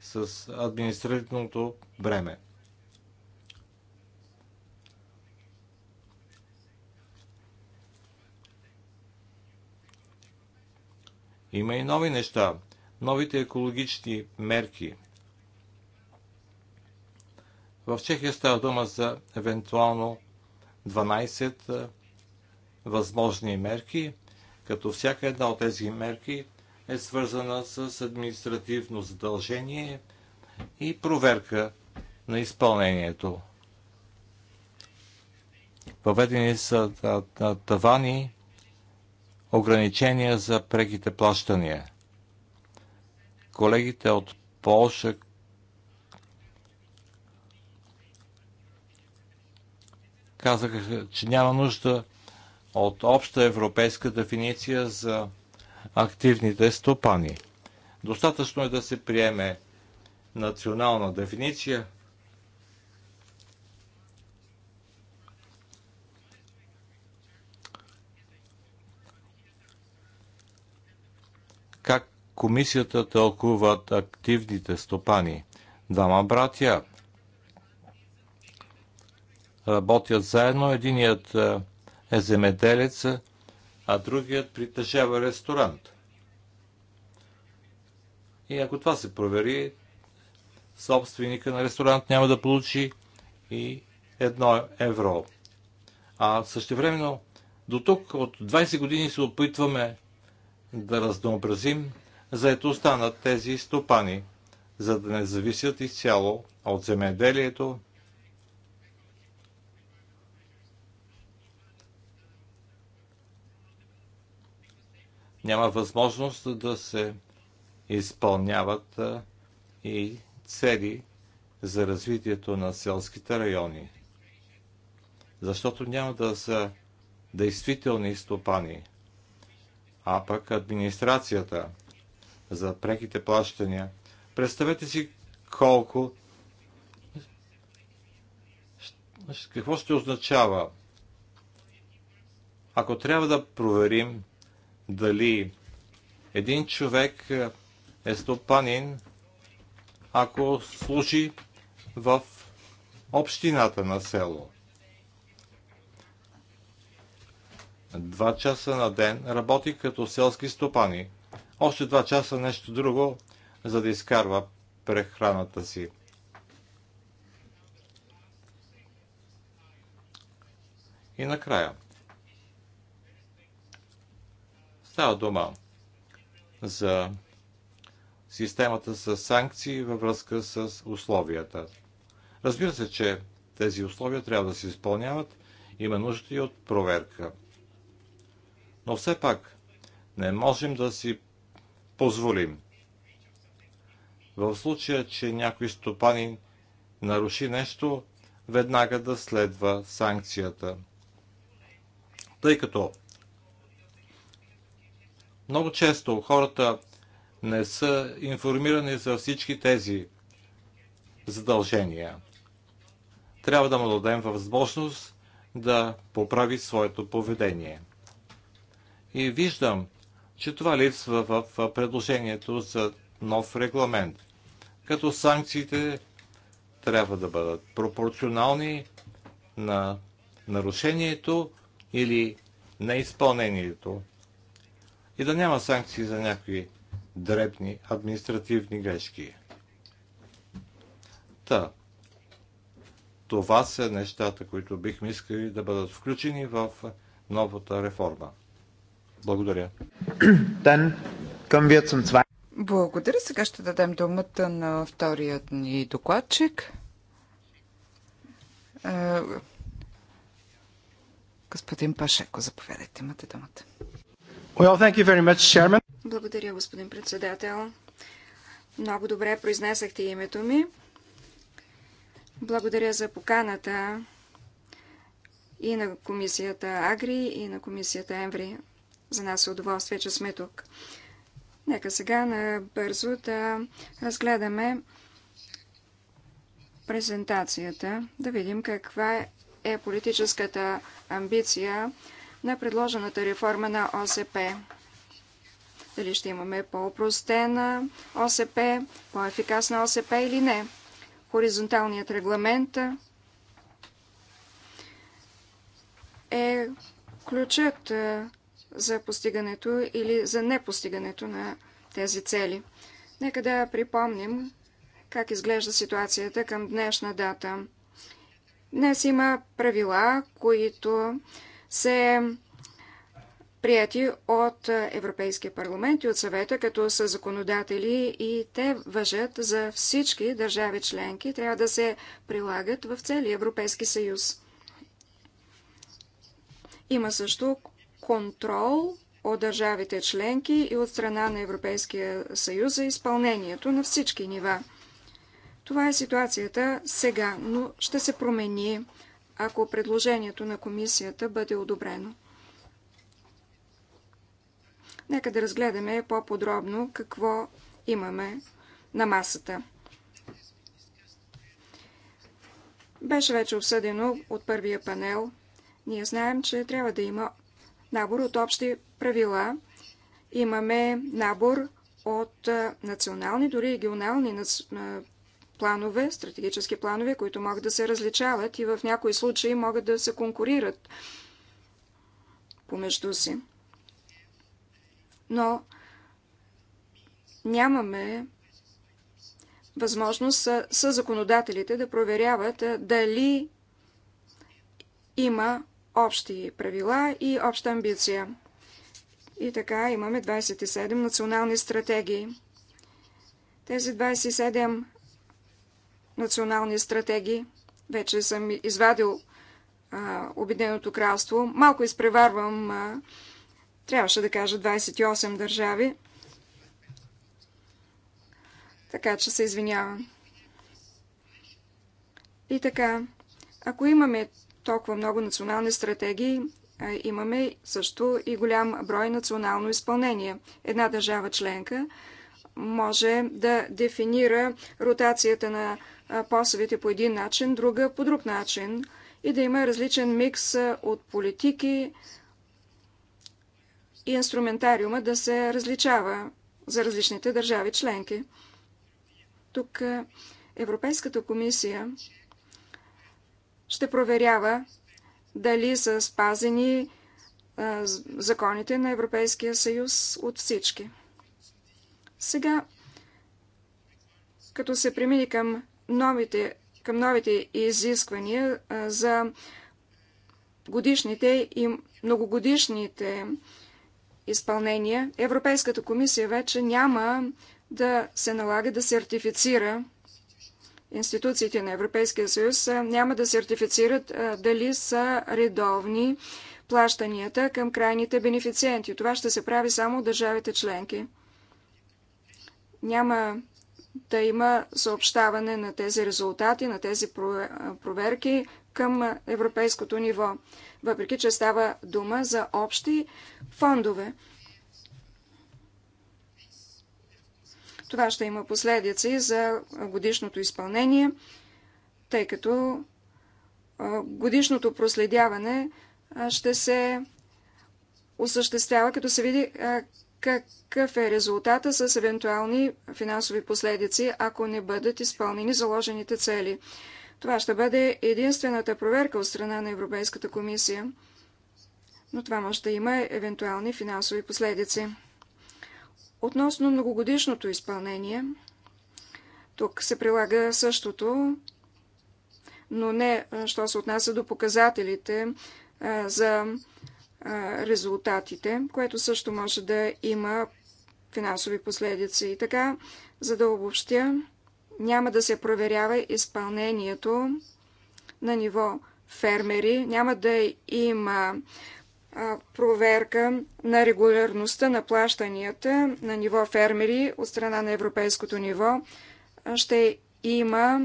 с административното бреме. Има и нови неща, новите екологични мерки. В Чехия става дума за евентуално 12 възможни мерки като всяка една от тези мерки е свързана с административно задължение и проверка на изпълнението. Въведени са тавани, ограничения за преките плащания. Колегите от Полша казаха, че няма нужда от обща европейска дефиниция за активните стопани. Достатъчно е да се приеме национална дефиниция. Как комисията тълкуват активните стопани? Двама братя работят заедно. Единият е, е земеделеца, а другият притежава ресторант. И ако това се провери, собственика на ресторант няма да получи и едно евро. А същевременно до тук от 20 години се опитваме да разнообразим ето на тези стопани, за да не зависят изцяло от земеделието няма възможност да се изпълняват и цели за развитието на селските райони. Защото няма да са действителни стопани. А пък администрацията за преките плащания. Представете си колко какво ще означава? Ако трябва да проверим дали един човек е стопанин, ако служи в общината на село. Два часа на ден работи като селски стопани. Още два часа нещо друго, за да изкарва прехраната си. И накрая – Става дума за системата с санкции във връзка с условията. Разбира се, че тези условия трябва да се изпълняват. Има нужда и от проверка. Но все пак не можем да си позволим. В случая, че някой стопанин наруши нещо, веднага да следва санкцията. Тъй като много често хората не са информирани за всички тези задължения. Трябва да му дадем възможност да поправи своето поведение. И виждам, че това липсва в предложението за нов регламент. Като санкциите трябва да бъдат пропорционални на нарушението или неизпълнението и да няма санкции за някои дребни административни грешки. Та, това са нещата, които бихме искали да бъдат включени в новата реформа. Благодаря. Благодаря. Сега ще дадем думата на вторият ни докладчик. Е, господин Пашеко, заповядайте, имате думата. Well, thank you very much, Chairman. Благодаря, господин председател. Много добре произнесахте името ми. Благодаря за поканата и на комисията Агри, и на комисията Ември. За нас е удоволствие, че сме тук. Нека сега набързо да разгледаме презентацията, да видим каква е политическата амбиция на предложената реформа на ОСП. Дали ще имаме по-опростена ОСП, по-ефикасна ОСП или не. Хоризонталният регламент е ключът е, за постигането или за непостигането на тези цели. Нека да припомним как изглежда ситуацията към днешна дата. Днес има правила, които се прияти от Европейския парламент и от съвета, като са законодатели и те въжат за всички държави членки, трябва да се прилагат в целия Европейски съюз. Има също контрол от държавите членки и от страна на Европейския съюз за изпълнението на всички нива. Това е ситуацията сега, но ще се промени ако предложението на комисията бъде одобрено. Нека да разгледаме по-подробно какво имаме на масата. Беше вече обсъдено от първия панел. Ние знаем, че трябва да има набор от общи правила. Имаме набор от национални дори регионални планове, стратегически планове, които могат да се различават и в някои случаи могат да се конкурират помежду си. Но нямаме възможност с законодателите да проверяват дали има общи правила и обща амбиция. И така имаме 27 национални стратегии. Тези 27 национални стратегии. Вече съм извадил а, Обединеното кралство. Малко изпреварвам. А, трябваше да кажа 28 държави. Така че се извинявам. И така, ако имаме толкова много национални стратегии, имаме също и голям брой национално изпълнение. Една държава членка може да дефинира ротацията на Посовите по един начин, друга по друг начин и да има различен микс от политики и инструментариума да се различава за различните държави членки. Тук Европейската комисия ще проверява дали са спазени законите на Европейския съюз от всички. Сега, като се премини към новите, към новите изисквания за годишните и многогодишните изпълнения. Европейската комисия вече няма да се налага да сертифицира институциите на Европейския съюз няма да сертифицират дали са редовни плащанията към крайните бенефициенти. Това ще се прави само от държавите членки. Няма да има съобщаване на тези резултати, на тези проверки към европейското ниво, въпреки че става дума за общи фондове. Това ще има последици за годишното изпълнение, тъй като годишното проследяване ще се осъществява, като се види какъв е резултата с евентуални финансови последици, ако не бъдат изпълнени заложените цели. Това ще бъде единствената проверка от страна на Европейската комисия, но това може да има евентуални финансови последици. Относно многогодишното изпълнение, тук се прилага същото, но не що се отнася до показателите за резултатите, което също може да има финансови последици. И така, за да обобщя, няма да се проверява изпълнението на ниво фермери, няма да има проверка на регулярността на плащанията на ниво фермери от страна на европейското ниво. Ще има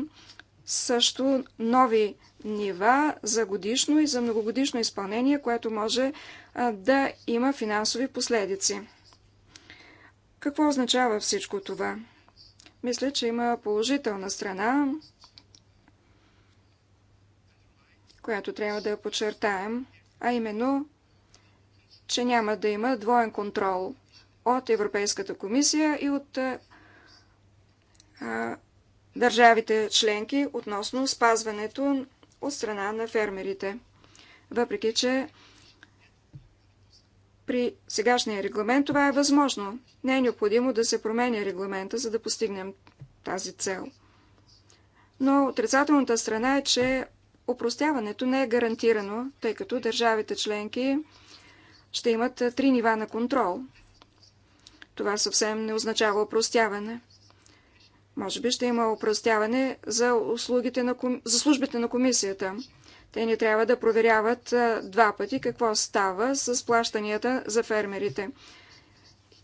също нови нива за годишно и за многогодишно изпълнение, което може да има финансови последици. Какво означава всичко това? Мисля, че има положителна страна, която трябва да подчертаем, а именно, че няма да има двоен контрол от Европейската комисия и от а, държавите членки относно спазването от страна на фермерите. Въпреки, че при сегашния регламент това е възможно. Не е необходимо да се променя регламента, за да постигнем тази цел. Но отрицателната страна е, че Опростяването не е гарантирано, тъй като държавите членки ще имат три нива на контрол. Това съвсем не означава опростяване. Може би ще има упростяване за, услугите на, ком... за службите на комисията. Те не трябва да проверяват два пъти какво става с плащанията за фермерите.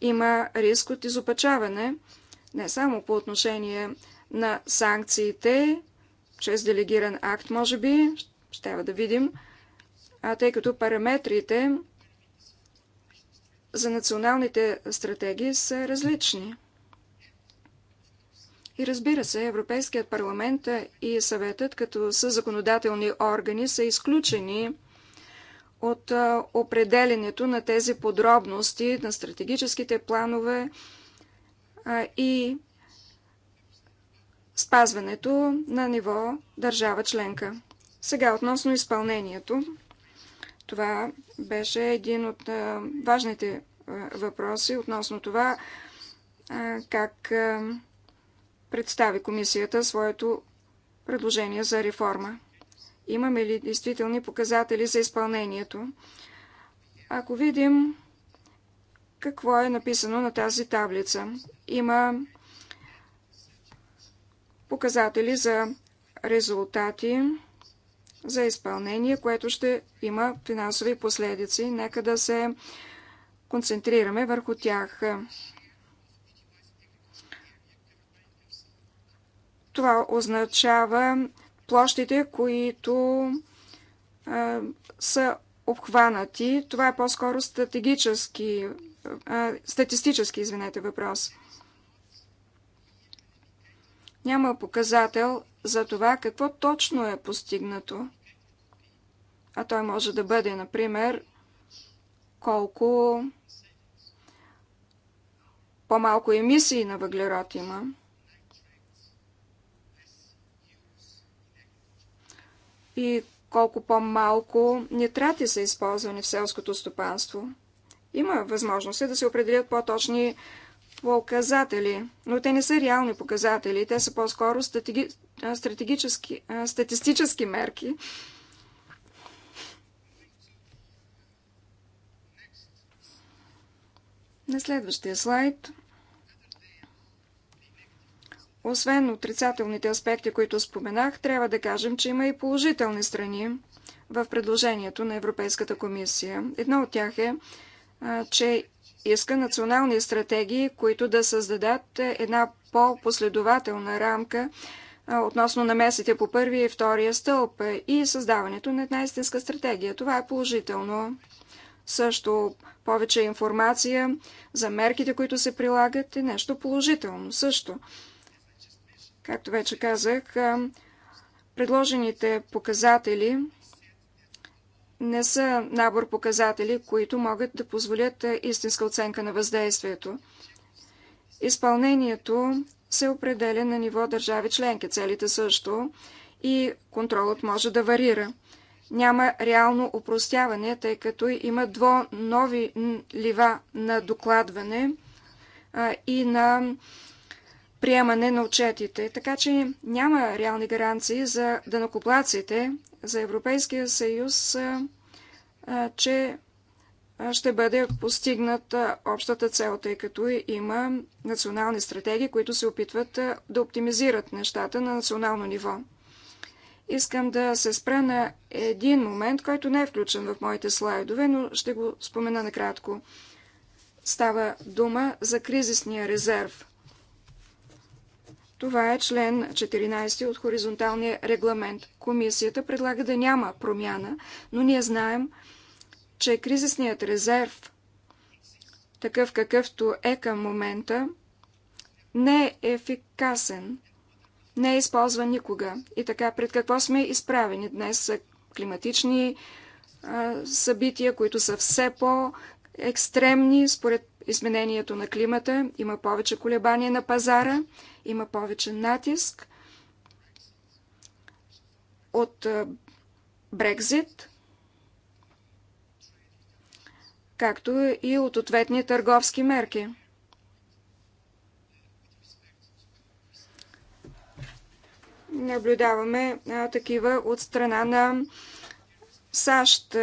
Има риск от изопачаване, не само по отношение на санкциите, чрез делегиран акт, може би, ще трябва да видим, а тъй като параметрите за националните стратегии са различни. И разбира се, Европейският парламент и съветът като са законодателни органи са изключени от определенето на тези подробности на стратегическите планове и спазването на ниво държава членка. Сега относно изпълнението. Това беше един от важните въпроси относно това как представи комисията своето предложение за реформа. Имаме ли действителни показатели за изпълнението? Ако видим какво е написано на тази таблица, има показатели за резултати за изпълнение, което ще има финансови последици. Нека да се концентрираме върху тях. Това означава площите, които а, са обхванати. Това е по-скоро стратегически, а, статистически, извинете, въпрос. Няма показател за това какво точно е постигнато. А той може да бъде, например, колко по-малко емисии на въглерод има. и колко по-малко нитрати са използвани в селското стопанство. Има възможност да се определят по-точни показатели, но те не са реални показатели, те са по-скоро стратеги... стратегически... статистически мерки. На следващия слайд – освен отрицателните аспекти, които споменах, трябва да кажем, че има и положителни страни в предложението на Европейската комисия. Едно от тях е, че иска национални стратегии, които да създадат една по-последователна рамка относно намесите по първия и втория стълб и създаването на една истинска стратегия. Това е положително. Също повече информация за мерките, които се прилагат е нещо положително. Също Както вече казах, предложените показатели не са набор показатели, които могат да позволят истинска оценка на въздействието. Изпълнението се определя на ниво държави членки, целите също и контролът може да варира. Няма реално упростяване, тъй като има дво нови лива на докладване и на приемане на отчетите. Така че няма реални гаранции за данокоплаците, за Европейския съюз, че ще бъде постигната общата цел, тъй като има национални стратегии, които се опитват да оптимизират нещата на национално ниво. Искам да се спра на един момент, който не е включен в моите слайдове, но ще го спомена накратко. Става дума за кризисния резерв – това е член 14 от хоризонталния регламент. Комисията предлага да няма промяна, но ние знаем, че кризисният резерв, такъв какъвто е към момента, не е ефикасен, не е използван никога. И така, пред какво сме изправени днес са климатични а, събития, които са все по-екстремни според изменението на климата, има повече колебания на пазара – има повече натиск от Брекзит, както и от ответни търговски мерки. Наблюдаваме а, такива от страна на САЩ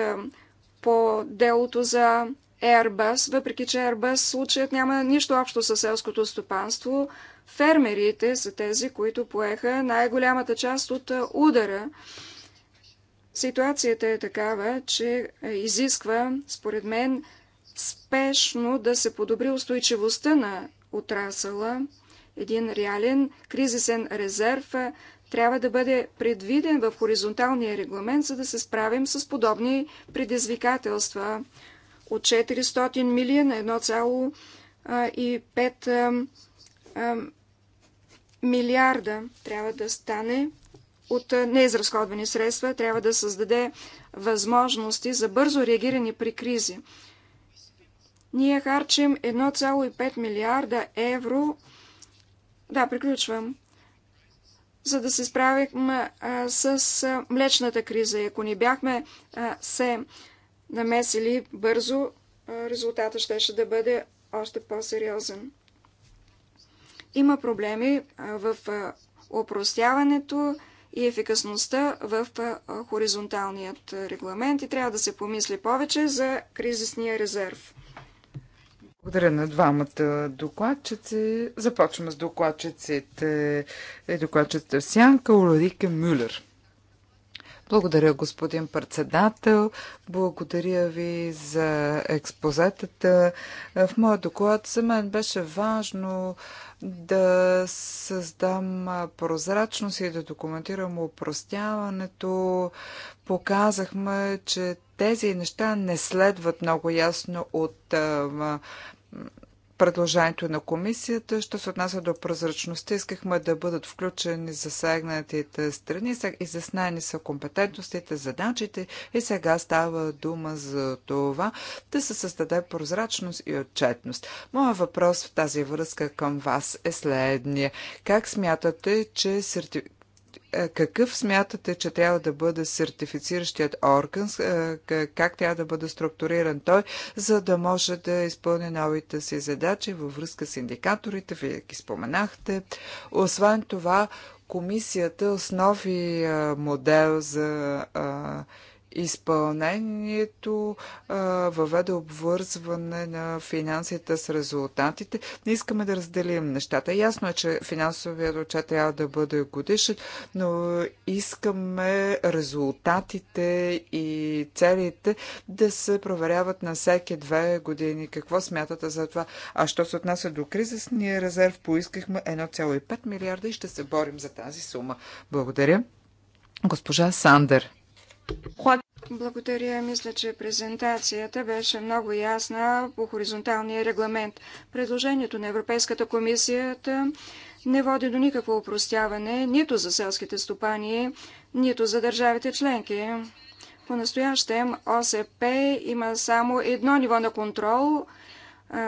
по делото за Airbus, въпреки че Airbus случаят няма нищо общо със селското стопанство, Фермерите са тези, които поеха най-голямата част от удара. Ситуацията е такава, че изисква, според мен, спешно да се подобри устойчивостта на отрасъла. Един реален кризисен резерв трябва да бъде предвиден в хоризонталния регламент, за да се справим с подобни предизвикателства от 400 мили на 1,5 милиарда трябва да стане от неизразходвани средства, трябва да създаде възможности за бързо реагиране при кризи. Ние харчим 1,5 милиарда евро. Да, приключвам. За да се справим а, с а, млечната криза. Ако не бяхме а, се намесили бързо, резултата ще, ще да бъде още по-сериозен. Има проблеми в опростяването и ефикасността в хоризонталният регламент и трябва да се помисли повече за кризисния резерв. Благодаря на двамата докладчици. Започваме с докладчиците. Е, докладчицата Сянка Улрике Мюллер. Благодаря, господин председател. Благодаря ви за експозетата. В моя доклад за мен беше важно да създам прозрачност и да документирам упростяването. Показахме, че тези неща не следват много ясно от предложението на комисията. Що се отнася до прозрачността, искахме да бъдат включени засегнатите страни, изяснени са компетентностите, задачите и сега става дума за това да се създаде прозрачност и отчетност. Моя въпрос в тази връзка към вас е следния. Как смятате, че сертификат е, какъв смятате, че трябва да бъде сертифициращият орган, е, как трябва да бъде структуриран той, за да може да изпълни новите си задачи във връзка с индикаторите, вие ги споменахте. Освен това, комисията основи е, модел за изпълнението въведе обвързване на финансите с резултатите. Не искаме да разделим нещата. Ясно е, че финансовият отчет трябва да бъде годишен, но искаме резултатите и целите да се проверяват на всеки две години. Какво смятате за това? А що се отнася до кризисния резерв, поискахме 1,5 милиарда и ще се борим за тази сума. Благодаря. Госпожа Сандер. Благодаря. Мисля, че презентацията беше много ясна по хоризонталния регламент. Предложението на Европейската комисията не води до никакво упростяване нито за селските стопани, нито за държавите членки. По-настоящем ОСП има само едно ниво на контрол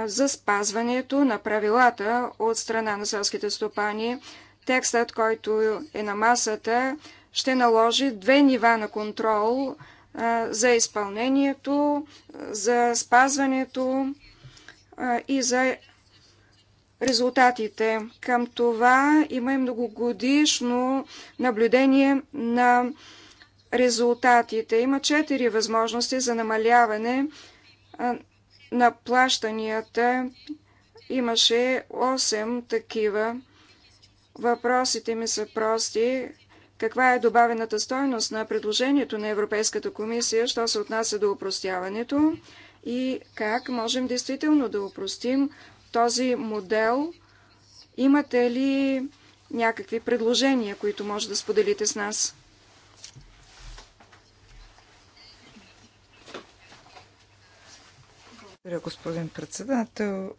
за спазването на правилата от страна на селските стопани. Текстът, който е на масата, ще наложи две нива на контрол – за изпълнението, за спазването и за резултатите. Към това има и многогодишно наблюдение на резултатите. Има четири възможности за намаляване на плащанията. Имаше 8 такива. Въпросите ми са прости каква е добавената стойност на предложението на Европейската комисия, що се отнася до упростяването и как можем действително да упростим този модел. Имате ли някакви предложения, които може да споделите с нас? Благодаря, господин председател.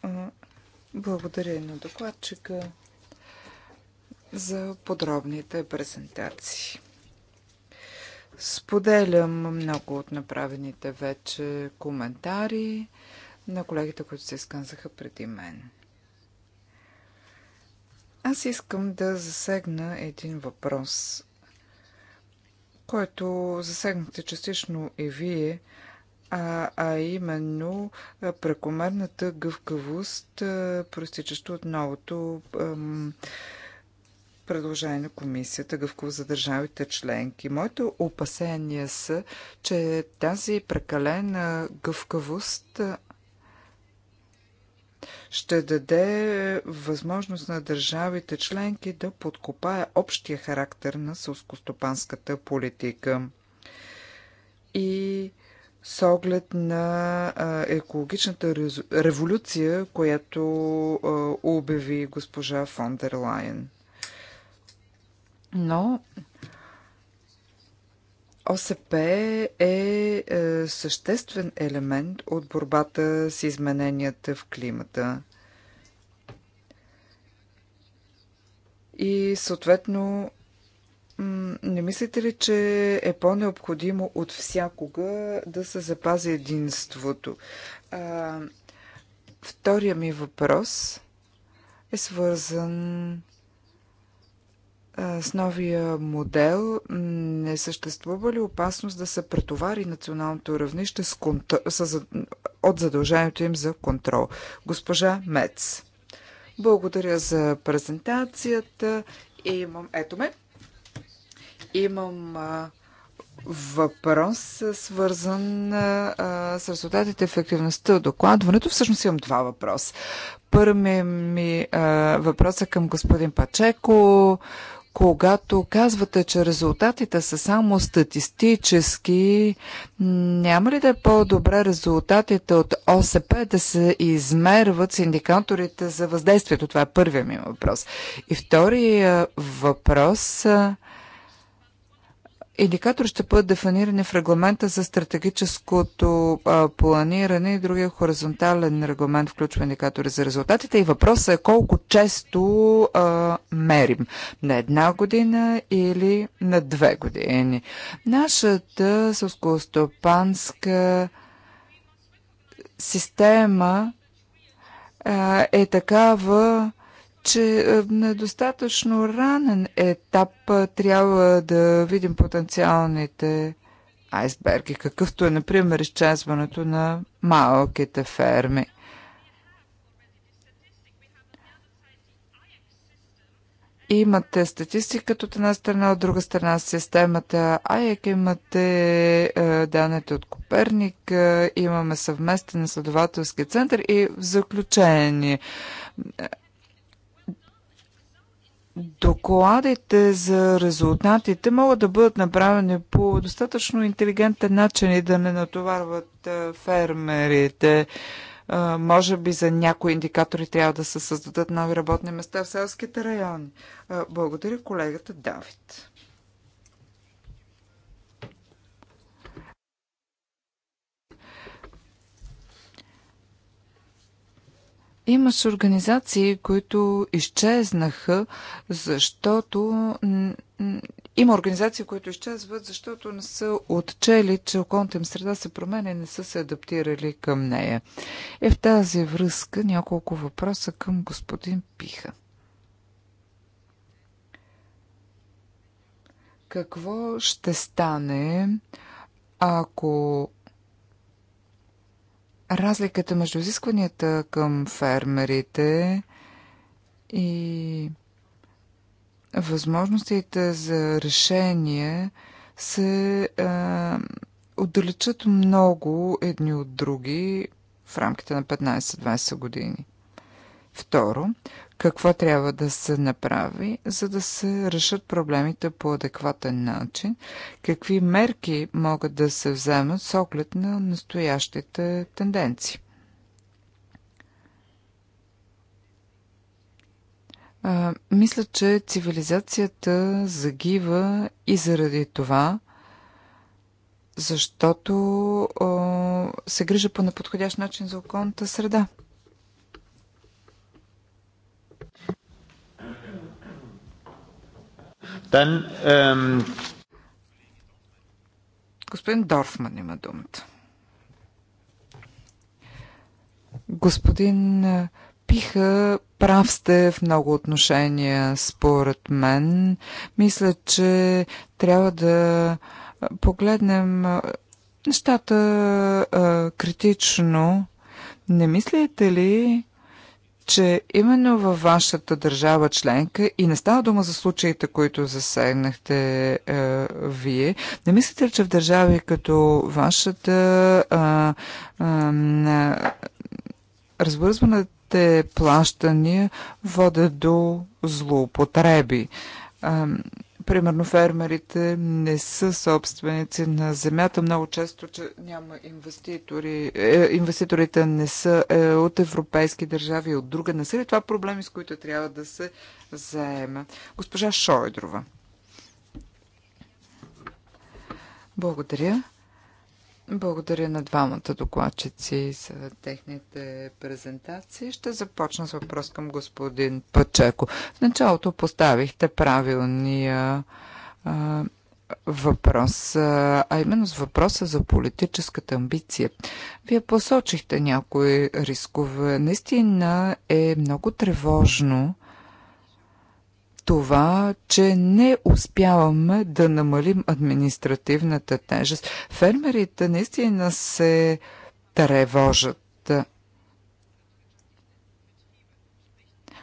Благодаря и на докладчика за подробните презентации. Споделям много от направените вече коментари на колегите, които се изказаха преди мен. Аз искам да засегна един въпрос, който засегнахте частично и вие, а, а именно прекомерната гъвкавост, проистичаща от новото ам, предложение на комисията, гъвкаво за държавите членки. Моите опасения са, че тази прекалена гъвкавост ще даде възможност на държавите членки да подкопае общия характер на сълскостопанската политика. И с оглед на екологичната революция, която обяви госпожа фон Лайен. Но ОСП е, е, съществен елемент от борбата с измененията в климата. И съответно, не мислите ли, че е по-необходимо от всякога да се запази единството? втория ми въпрос е свързан с новия модел не съществува ли опасност да се претовари националното равнище с контр... с... от задължението им за контрол? Госпожа Мец. Благодаря за презентацията. Имам... Ето ме. Имам а, въпрос, свързан а, с резултатите ефективността от докладването. Всъщност имам два въпроса. Първият ми а, въпрос е към господин Пачеко когато казвате, че резултатите са само статистически, няма ли да е по-добре резултатите от ОСП да се измерват с индикаторите за въздействието? Това е първият ми въпрос. И втория въпрос Индикатори ще бъдат дефинирани в регламента за стратегическото а, планиране и другия хоризонтален регламент включва индикатори за резултатите и въпросът е колко често а, мерим. На една година или на две години. Нашата сълскостопанска система а, е такава, че е, на достатъчно ранен етап е, трябва да видим потенциалните айсберги, какъвто е, например, изчезването на малките ферми. имате статистиката от една страна, от друга страна системата АЕК, имате е, данните от Коперник, е, имаме съвместен изследователски център и в заключение. Докладите за резултатите могат да бъдат направени по достатъчно интелигентен начин и да не натоварват фермерите. Може би за някои индикатори трябва да се създадат нови работни места в селските райони. Благодаря колегата Давид. Имаш организации, които изчезнаха, защото има организации, които изчезват, защото не са отчели, че околната им среда се променя и не са се адаптирали към нея. И в тази връзка няколко въпроса към господин Пиха. Какво ще стане, ако разликата между изискванията към фермерите и възможностите за решение се а, отдалечат много едни от други в рамките на 15-20 години. Второ, какво трябва да се направи, за да се решат проблемите по адекватен начин, какви мерки могат да се вземат с оглед на настоящите тенденции. А, мисля, че цивилизацията загива и заради това, защото а, се грижа по неподходящ начин за околната среда. Dann, ähm, um, Господин Дорфман има думата. Господин Пиха, прав сте в много отношения, според мен. Мисля, че трябва да погледнем нещата критично. Не мислите ли, че именно във вашата държава членка, и не става дума за случаите, които засегнахте е, вие, не мислите ли, че в държави като вашата е, е, развързваните плащания водят до злоупотреби? Е, Примерно фермерите не са собственици на земята. Много често че няма инвеститори. Е, инвеститорите не са е, от европейски държави и от друга не са. ли това проблеми, с които трябва да се заема. Госпожа Шойдрова. Благодаря. Благодаря на двамата докладчици за техните презентации. Ще започна с въпрос към господин Пачеко. В началото поставихте правилния а, въпрос, а именно с въпроса за политическата амбиция. Вие посочихте някои рискове. Наистина е много тревожно, това, че не успяваме да намалим административната тежест. Фермерите наистина се тревожат.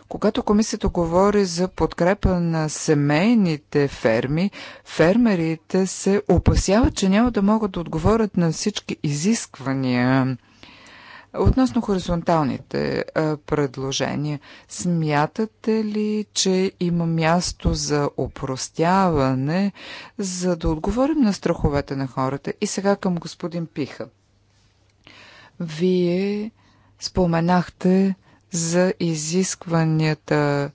Когато комисията говори за подкрепа на семейните ферми, фермерите се опасяват, че няма да могат да отговорят на всички изисквания Относно хоризонталните предложения, смятате ли, че има място за опростяване, за да отговорим на страховете на хората? И сега към господин Пиха. Вие споменахте за изискванията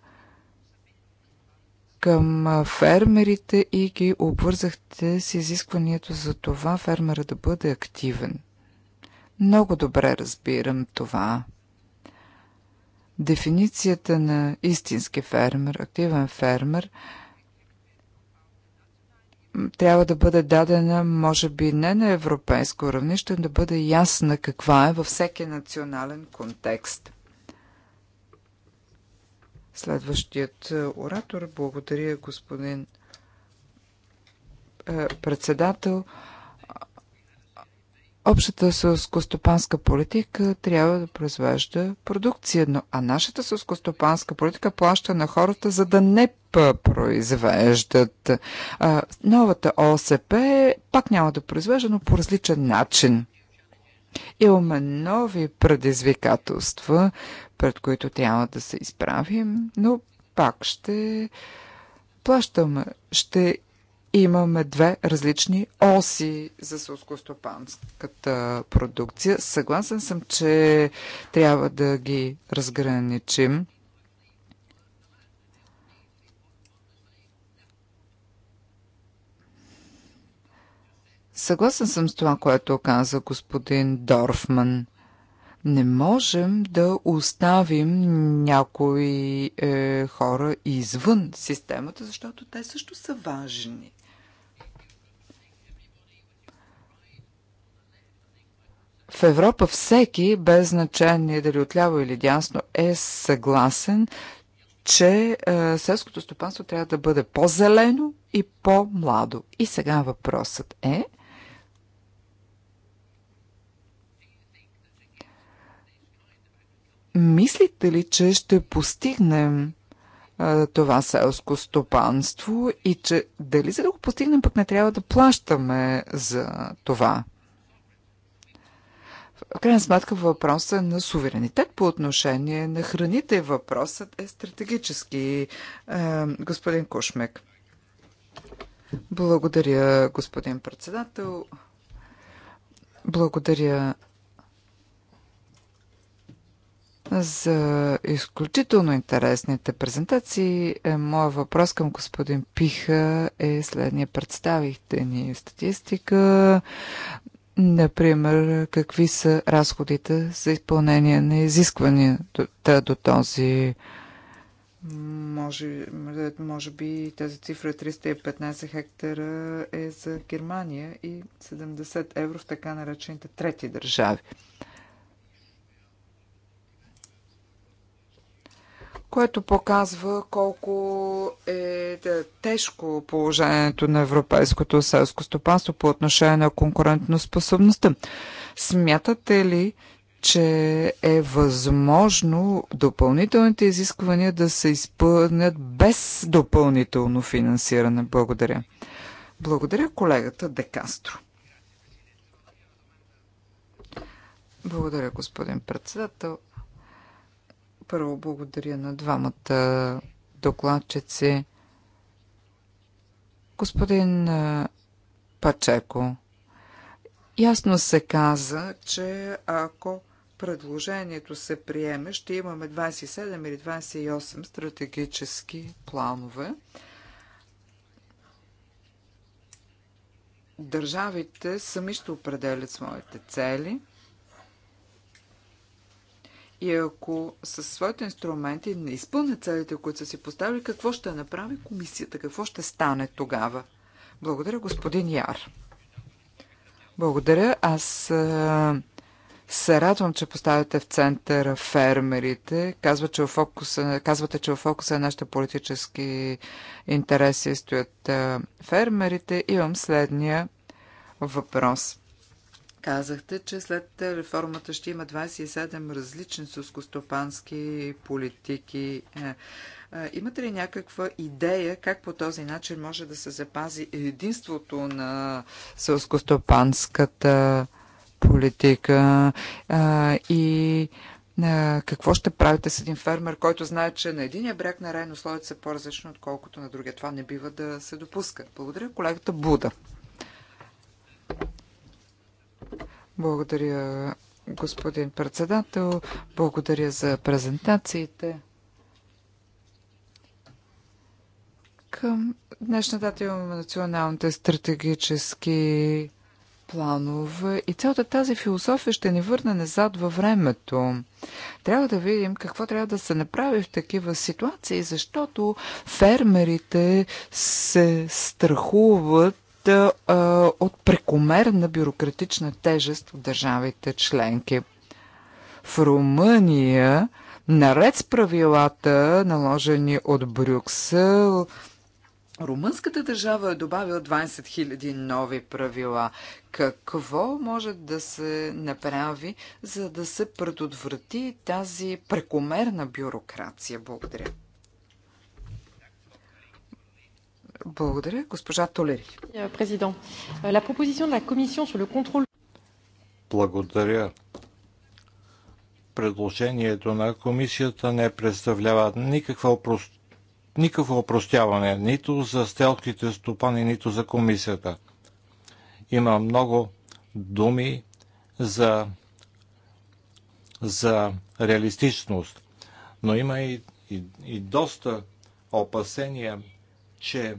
към фермерите и ги обвързахте с изискването за това фермера да бъде активен. Много добре разбирам това. Дефиницията на истински фермер, активен фермер, трябва да бъде дадена, може би не на европейско равнище, но да бъде ясна каква е във всеки национален контекст. Следващият е, оратор, благодаря господин е, председател. Общата селскостопанска политика трябва да произвежда продукция, но, а нашата селскостопанска политика плаща на хората, за да не произвеждат. А, новата ОСП пак няма да произвежда, но по различен начин. Имаме нови предизвикателства, пред които трябва да се изправим, но пак ще плащаме, ще имаме две различни оси за сълскостопанската продукция. Съгласен съм, че трябва да ги разграничим. Съгласен съм с това, което каза господин Дорфман. Не можем да оставим някои е, хора извън системата, защото те също са важни. В Европа всеки, без значение дали отляво или дясно, е съгласен, че е, селското стопанство трябва да бъде по-зелено и по-младо. И сега въпросът е. Мислите ли, че ще постигнем е, това селско стопанство и че дали за да го постигнем, пък не трябва да плащаме за това? В крайна сметка въпросът е на суверенитет по отношение на храните. Въпросът е стратегически, е, господин Кушмек. Благодаря, господин председател. Благодаря за изключително интересните презентации. Е, моя въпрос към господин Пиха е следния. Представихте ни статистика Например, какви са разходите за изпълнение на изискванията до този може, може би тази цифра 315 е хектара е за Германия и 70 евро в така наречените трети държави. което показва колко е тежко положението на европейското селско стопанство по отношение на конкурентоспособността. Смятате ли, че е възможно допълнителните изисквания да се изпълнят без допълнително финансиране? Благодаря. Благодаря колегата Декастро. Благодаря, господин председател. Първо благодаря на двамата докладчици. Господин Пачеко, ясно се каза, че ако предложението се приеме, ще имаме 27 или 28 стратегически планове. Държавите сами ще определят своите цели – и ако със своите инструменти не изпълнят целите, които са си поставили, какво ще направи комисията? Какво ще стане тогава? Благодаря, господин Яр. Благодаря. Аз се радвам, че поставяте в центъра фермерите. Казва, че в фокуса, казвате, че в фокуса на нашите политически интереси стоят фермерите. Имам следния въпрос. Казахте, че след реформата ще има 27 различни сускостопански политики. Е, е, имате ли някаква идея как по този начин може да се запази единството на сълскостопанската политика е, и какво ще правите с един фермер, който знае, че на единия бряг на райно слоят са по различно отколкото на другия? Това не бива да се допуска. Благодаря, колегата Буда. Благодаря, господин председател. Благодаря за презентациите. Към днешна дата имаме националните стратегически планове и цялата тази философия ще ни върне назад във времето. Трябва да видим какво трябва да се направи в такива ситуации, защото фермерите се страхуват а, от прекомерна бюрократична тежест в държавите членки. В Румъния, наред с правилата, наложени от Брюксел, Румънската държава е добавила 20 000 нови правила. Какво може да се направи, за да се предотврати тази прекомерна бюрокрация? Благодаря. Благодаря. Госпожа Толери. Е, президент, la proposition de la Commission sur le contrôle... Благодаря. Предложението на комисията не представлява никаква опрост... никакво опростяване нито за стелките стопани, нито за комисията. Има много думи за, за реалистичност, но има и, и, и доста опасения, че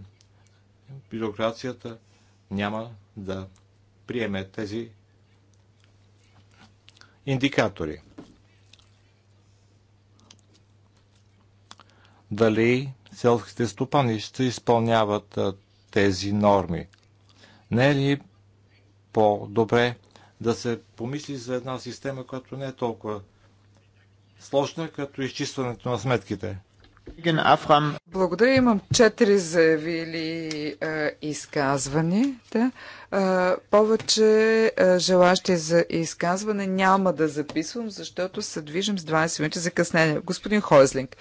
бюрокрацията няма да приеме тези индикатори. Дали селските стопани ще изпълняват тези норми? Не е ли по-добре да се помисли за една система, която не е толкова сложна, като изчистването на сметките? Благодаря. Имам четири заявили е, изказвания. Да. Е, повече е, желащи за изказване няма да записвам, защото се движим с 20 минути закъснение. Господин Хойзлинг,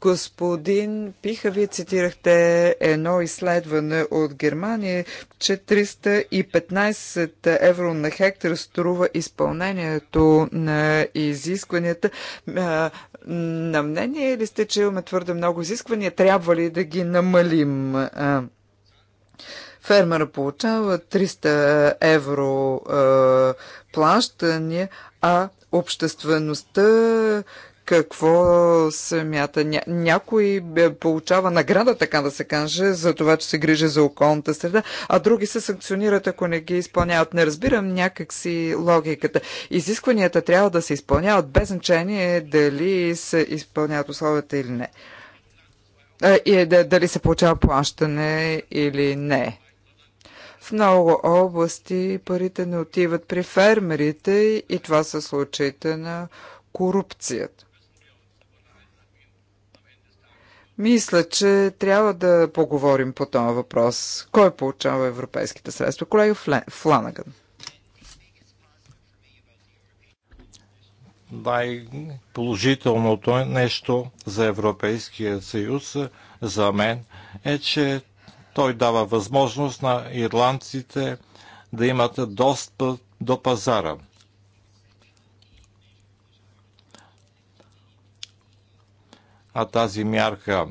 Господин Пиха, вие цитирахте едно изследване от Германия, че 315 евро на хектар струва изпълнението на изискванията. На мнение ли сте, че имаме твърде много изисквания? Трябва ли да ги намалим? Фермера получава 300 евро плащания, а обществеността какво се мята. Ня, някой получава награда, така да се каже, за това, че се грижи за околната среда, а други се санкционират, ако не ги изпълняват. Не разбирам някакси логиката. Изискванията трябва да се изпълняват без значение дали се изпълняват условията или не. И е, дали се получава плащане или не. В много области парите не отиват при фермерите и това са случаите на корупцията. Мисля, че трябва да поговорим по този въпрос. Кой получава европейските средства? Колега Фланаган. Най-положителното нещо за Европейския съюз за мен е, че той дава възможност на ирландците да имат достъп до пазара. а тази мярка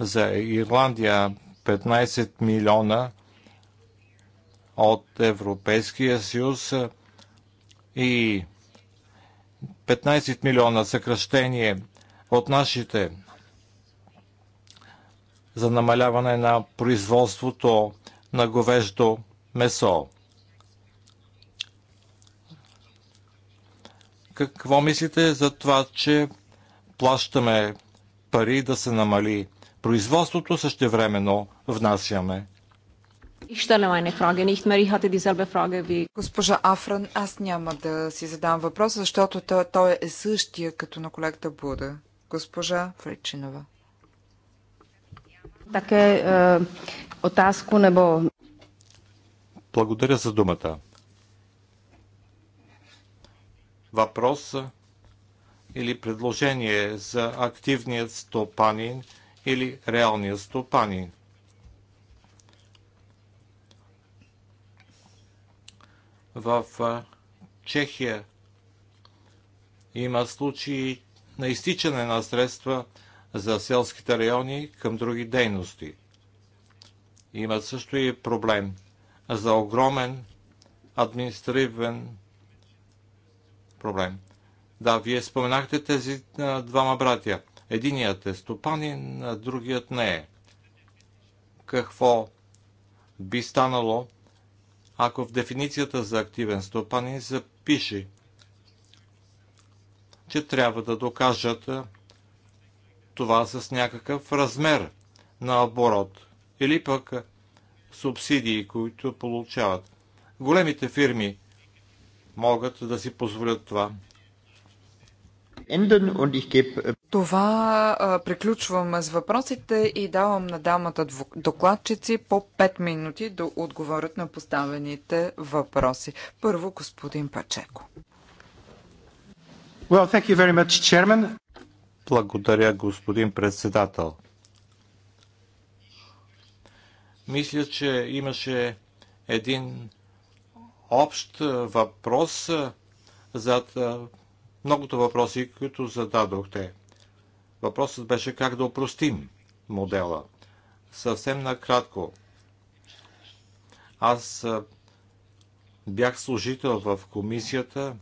за Ирландия 15 милиона от Европейския съюз и 15 милиона съкръщение от нашите за намаляване на производството на говеждо месо. Какво мислите за това, че плащаме пари да се намали производството, същевременно внасяме. Госпожа Афран, аз няма да си задам въпрос, защото той, той е същия като на колегата Буда. Госпожа Фричинова. Така е, otázku небо. Благодаря за думата. Въпрос или предложение за активният стопанин или реалният стопанин. В Чехия има случаи на изтичане на средства за селските райони към други дейности. Има също и проблем за огромен административен проблем. Да, вие споменахте тези а, двама братя. Единият е стопанин, а другият не е. Какво би станало, ако в дефиницията за активен стопанин запиши, че трябва да докажат това с някакъв размер на оборот или пък субсидии, които получават. Големите фирми могат да си позволят това. Äh, Това а, приключваме с въпросите и давам на дамата докладчици по 5 минути да отговорят на поставените въпроси. Първо господин Пачеко. Well, thank you very much, chairman. Благодаря, господин председател. Мисля, че имаше един общ въпрос за многото въпроси, които зададохте. Въпросът беше как да опростим модела. Съвсем накратко. Аз бях служител в комисията,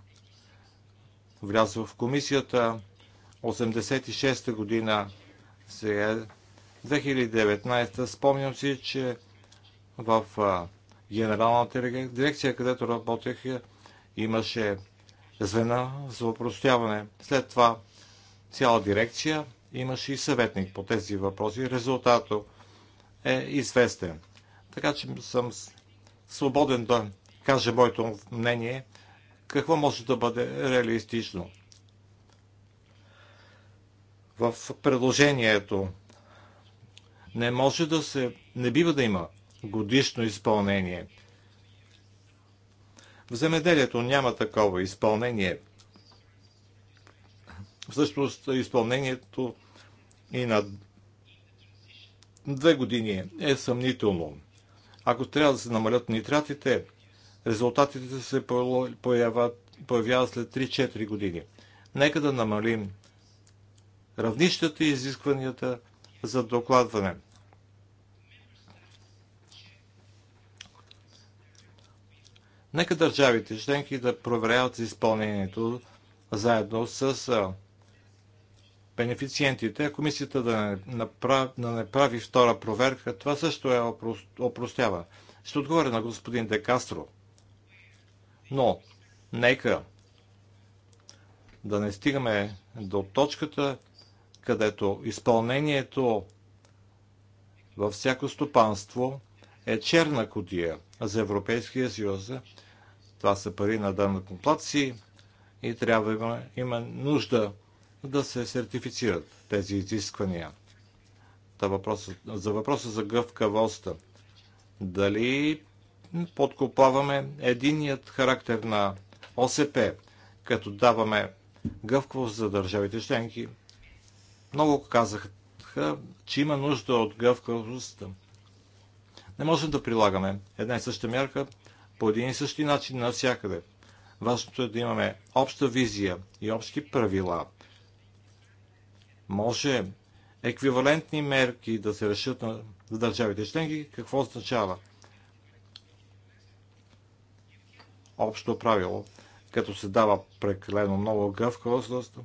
влязох в комисията 86-та година, сега е. 2019 Спомням си, че в генералната дирекция, където работех, имаше звена за упростяване. След това цяла дирекция имаше и съветник по тези въпроси. Резултатът е известен. Така че съм свободен да кажа моето мнение какво може да бъде реалистично. В предложението не може да се, не бива да има годишно изпълнение – в земеделието няма такова изпълнение. Всъщност изпълнението и на две години е съмнително. Ако трябва да се намалят нитратите, резултатите се появяват, появяват след 3-4 години. Нека да намалим равнищата и изискванията за докладване. Нека държавите членки да проверяват изпълнението заедно с бенефициентите, комисията да не, направи, да не прави втора проверка, това също е опростява. Ще отговоря на господин Декастро, Но, нека да не стигаме до точката, където изпълнението във всяко стопанство е черна котия за Европейския съюз, това са пари на данъкоплатци и трябва има, има нужда да се сертифицират тези изисквания. Та въпроса, за въпроса за гъвкавостта. Дали подкопаваме единият характер на ОСП, като даваме гъвкавост за държавите членки. Много казаха, че има нужда от гъвкавост. Не можем да прилагаме една и съща мярка по един и същи начин навсякъде. Важното е да имаме обща визия и общи правила. Може еквивалентни мерки да се решат на държавите членки. Какво означава? Общо правило, като се дава прекалено много гъвкавост,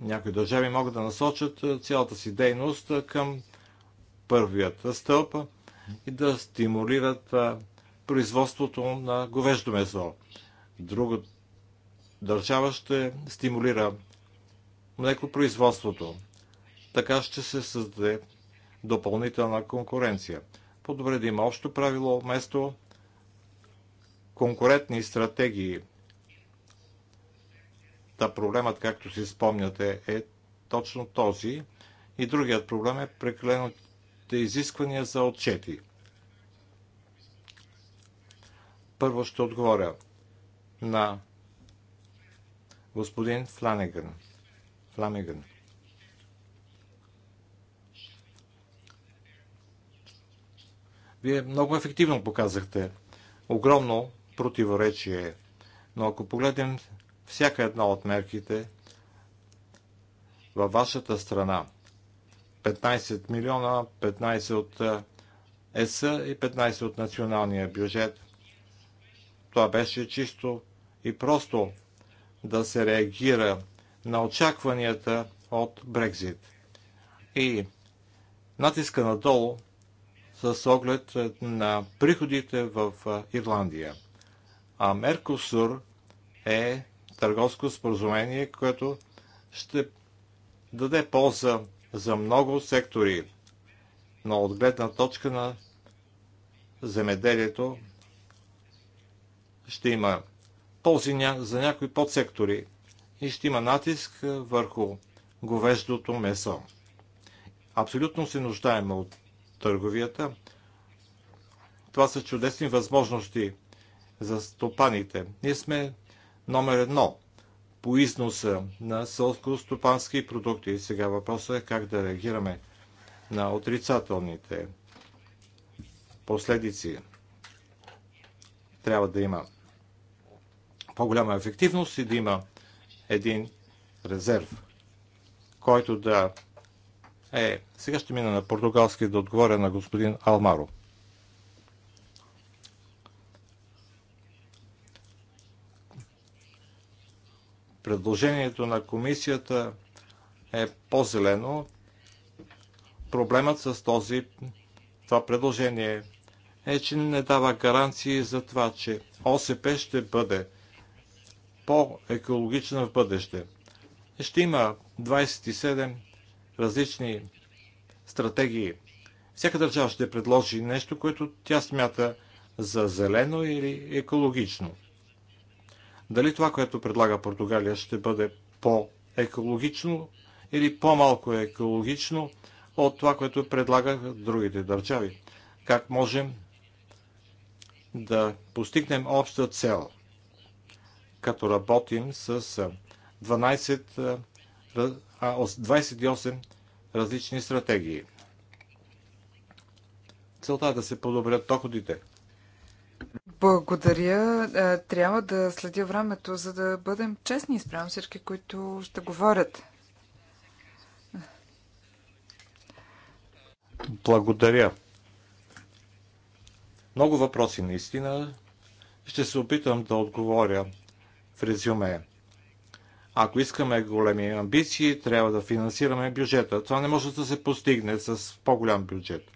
някои държави могат да насочат е, цялата си дейност е, към първият стълб и да стимулират е, производството на говеждо месо. Друга държава ще стимулира млекопроизводството. Така ще се създаде допълнителна конкуренция. По-добре да има общо правило вместо конкурентни стратегии. Та проблемът, както си спомняте, е точно този. И другият проблем е прекалените изисквания за отчети – Първо ще отговоря на господин Фланеган. Фламиган. Вие много ефективно показахте огромно противоречие, но ако погледнем всяка една от мерките във вашата страна, 15 милиона, 15 от ЕС и 15 от националния бюджет, това беше чисто и просто да се реагира на очакванията от Брекзит. И натиска надолу с оглед на приходите в Ирландия. А Меркосур е търговско споразумение, което ще даде полза за много сектори, но от гледна точка на земеделието ще има ползи за някои подсектори и ще има натиск върху говеждото месо. Абсолютно се нуждаем от търговията. Това са чудесни възможности за стопаните. Ние сме номер едно по износа на сълско стопански продукти. сега въпросът е как да реагираме на отрицателните последици. Трябва да има по-голяма ефективност и да има един резерв, който да е... Сега ще мина на португалски да отговоря на господин Алмаро. Предложението на комисията е по-зелено. Проблемът с този, това предложение е, че не дава гаранции за това, че ОСП ще бъде по-екологична в бъдеще. Ще има 27 различни стратегии. Всяка държава ще предложи нещо, което тя смята за зелено или екологично. Дали това, което предлага Португалия, ще бъде по-екологично или по-малко екологично от това, което предлагат другите държави? Как можем да постигнем обща цел – като работим с 12, 28 различни стратегии. Целта е да се подобрят доходите. Благодаря. Трябва да следя времето, за да бъдем честни спрямо всички, които ще говорят. Благодаря. Много въпроси наистина. Ще се опитам да отговоря в резюме. Ако искаме големи амбиции, трябва да финансираме бюджета. Това не може да се постигне с по-голям бюджет.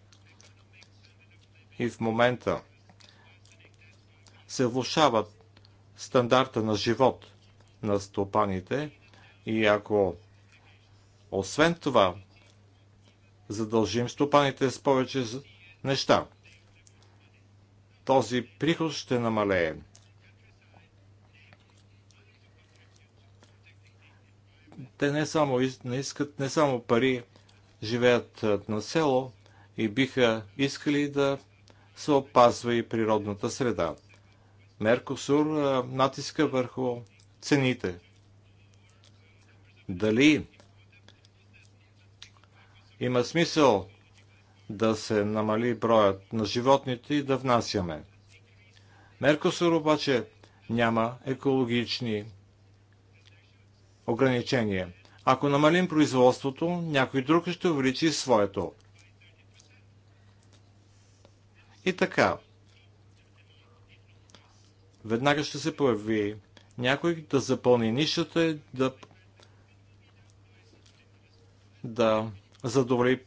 И в момента се влушават стандарта на живот на стопаните и ако освен това задължим стопаните с повече неща, този приход ще намалее. Те не само не искат не само пари, живеят на село и биха искали да се опазва и природната среда. Меркосур натиска върху цените. Дали има смисъл да се намали броят на животните и да внасяме. Меркосур обаче няма екологични ограничение. Ако намалим производството, някой друг ще увеличи своето. И така. Веднага ще се появи някой да запълни нишата и да, да задоволи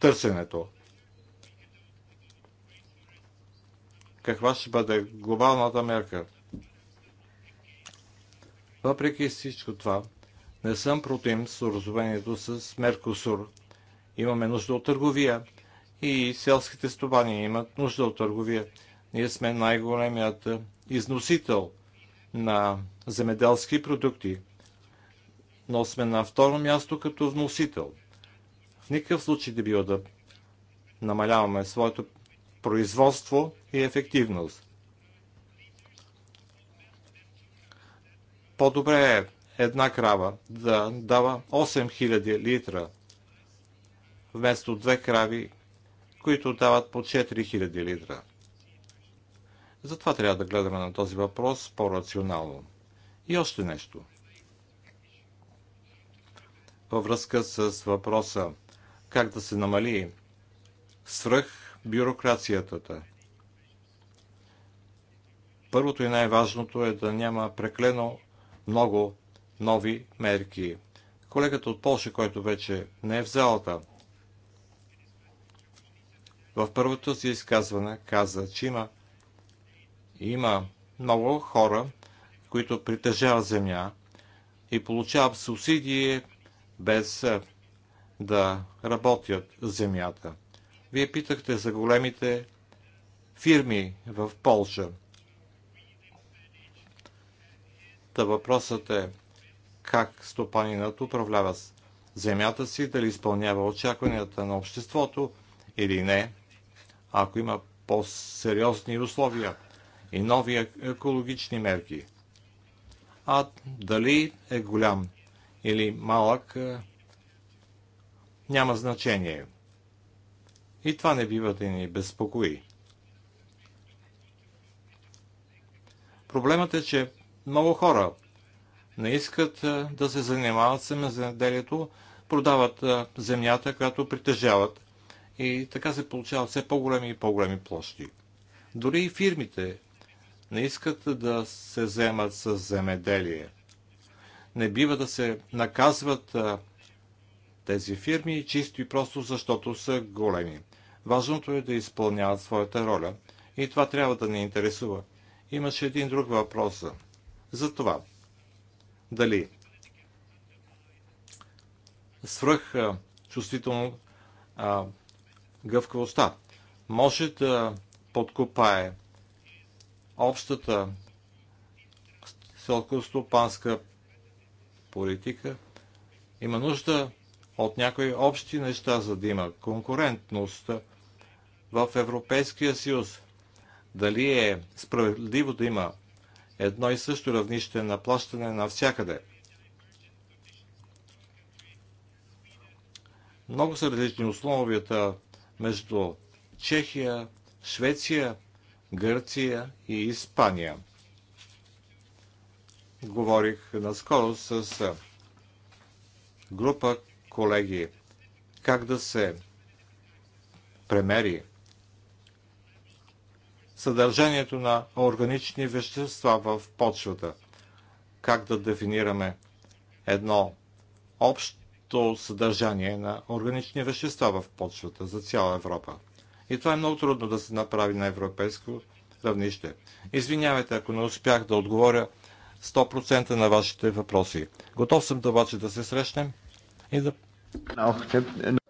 търсенето. Каква ще бъде глобалната мерка? Въпреки всичко това, не съм против споразумението с Меркосур. Имаме нужда от търговия и селските стопани имат нужда от търговия. Ние сме най-големият износител на земеделски продукти, но сме на второ място като вносител. В никакъв случай да било да намаляваме своето производство и ефективност. По-добре е една крава да дава 8000 литра вместо две крави, които дават по 4000 литра. Затова трябва да гледаме на този въпрос по-рационално. И още нещо. Във връзка с въпроса как да се намали свръх бюрокрацията. Първото и най-важното е да няма преклено много нови мерки. Колегата от Польша, който вече не е в залата, в първото си изказване каза, че има, има много хора, които притежават земя и получават субсидии без да работят земята. Вие питахте за големите фирми в Полша – Та въпросът е как стопанинът управлява земята си, дали изпълнява очакванията на обществото или не, ако има по-сериозни условия и нови екологични мерки. А дали е голям или малък, е, няма значение. И това не бива да ни безпокои. Проблемът е, че много хора не искат да се занимават с земеделието, продават земята, която притежават. И така се получават все по-големи и по-големи площи. Дори и фирмите не искат да се вземат с земеделие. Не бива да се наказват тези фирми чисто и просто защото са големи. Важното е да изпълняват своята роля и това трябва да ни интересува. Имаше един друг въпрос за това дали свръх чувствително а, гъвкавостта може да подкопае общата селкостопанска политика. Има нужда от някои общи неща, за да има конкурентност в Европейския съюз. Дали е справедливо да има едно и също равнище на плащане навсякъде. Много са различни условията между Чехия, Швеция, Гърция и Испания. Говорих наскоро с група колеги как да се премери съдържанието на органични вещества в почвата. Как да дефинираме едно общо съдържание на органични вещества в почвата за цяла Европа. И това е много трудно да се направи на европейско равнище. Извинявайте, ако не успях да отговоря 100% на вашите въпроси. Готов съм да обаче да се срещнем и да...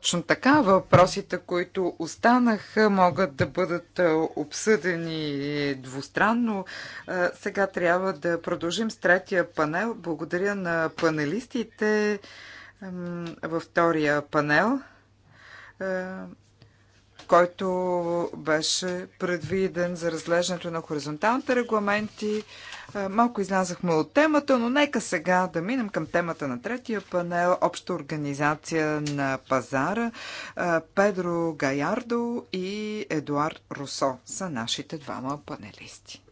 Точно така, въпросите, които останаха, могат да бъдат обсъдени двустранно. Сега трябва да продължим с третия панел. Благодаря на панелистите във втория панел, който беше предвиден за разглеждането на хоризонталните регламенти. Е, малко излязахме от темата, но нека сега да минем към темата на третия панел Обща организация на пазара. Е, Педро Гаярдо и Едуард Русо са нашите двама панелисти.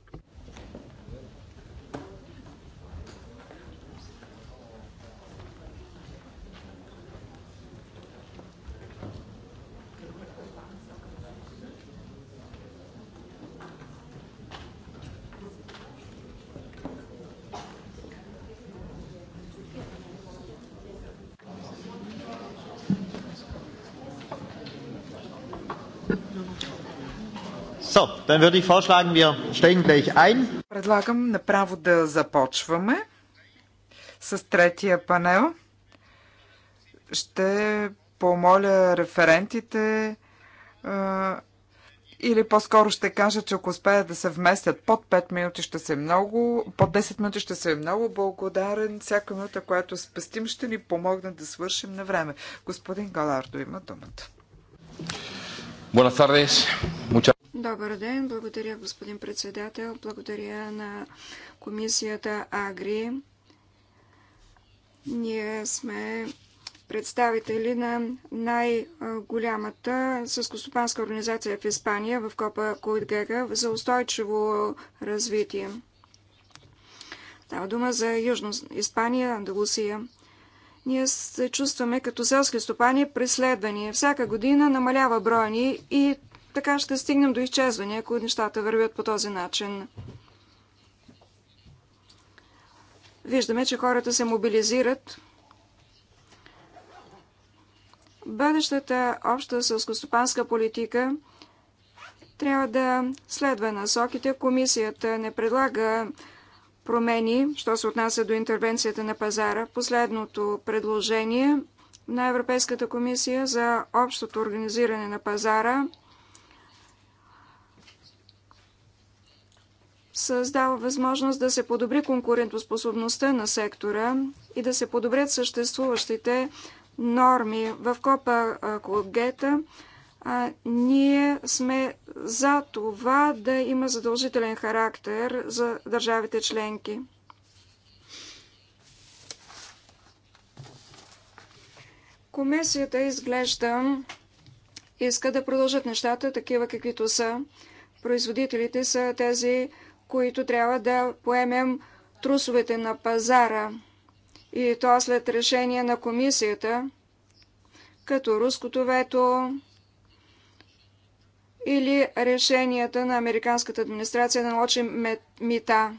So, dann würde ich vorschlagen, wir steigen gleich ein. Предлагам направо да започваме с третия панел. Ще помоля референтите или по-скоро ще кажа, че ако успеят да се вместят под 5 минути ще се много, под 10 минути ще се е много благодарен. Всяка минута, която спестим, ще ни помогне да свършим на време. Господин Галардо има думата. Buenas tardes. Muchas Добър ден, благодаря господин председател, благодаря на комисията Агри. Ние сме представители на най-голямата съскостопанска организация в Испания, в Копа Куитгега за устойчиво развитие. Става дума за Южно Испания, Андалусия. Ние се чувстваме като селски стопани преследвани. Всяка година намалява броя ни и така ще стигнем до изчезване, ако нещата вървят по този начин. Виждаме, че хората се мобилизират. Бъдещата обща сълскостопанска политика трябва да следва насоките. Комисията не предлага промени, що се отнася до интервенцията на пазара. Последното предложение на Европейската комисия за общото организиране на пазара – създава възможност да се подобри конкурентоспособността на сектора и да се подобрят съществуващите норми. В Копа Когета ние сме за това да има задължителен характер за държавите членки. Комисията изглежда иска да продължат нещата такива каквито са. Производителите са тези които трябва да поемем трусовете на пазара. И то след решение на комисията, като руското вето или решенията на американската администрация да наложим мита.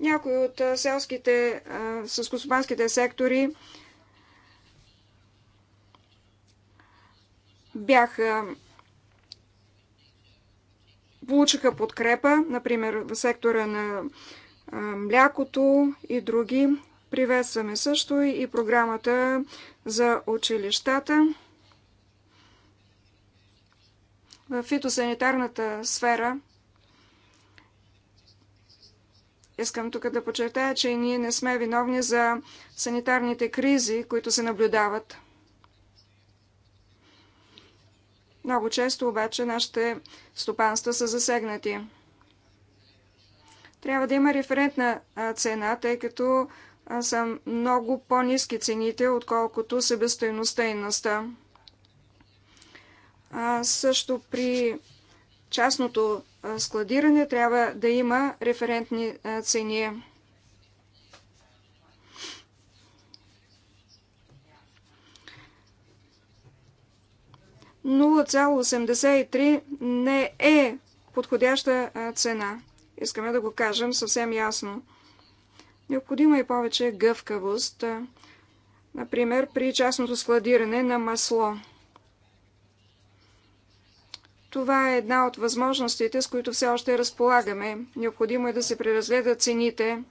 Някои от селските, съскоспанските сектори бяха получиха подкрепа, например в сектора на млякото и други. Приветстваме също и програмата за училищата. В фитосанитарната сфера искам тук да подчертая, че ние не сме виновни за санитарните кризи, които се наблюдават. Много често обаче нашите стопанства са засегнати. Трябва да има референтна цена, тъй като са много по-низки цените, отколкото себестойността и наста. Също при частното складиране трябва да има референтни цени. 0,83 не е подходяща цена. Искаме да го кажем съвсем ясно. Необходима е повече гъвкавост, например при частното складиране на масло. Това е една от възможностите, с които все още разполагаме. Необходимо е да се преразгледат цените.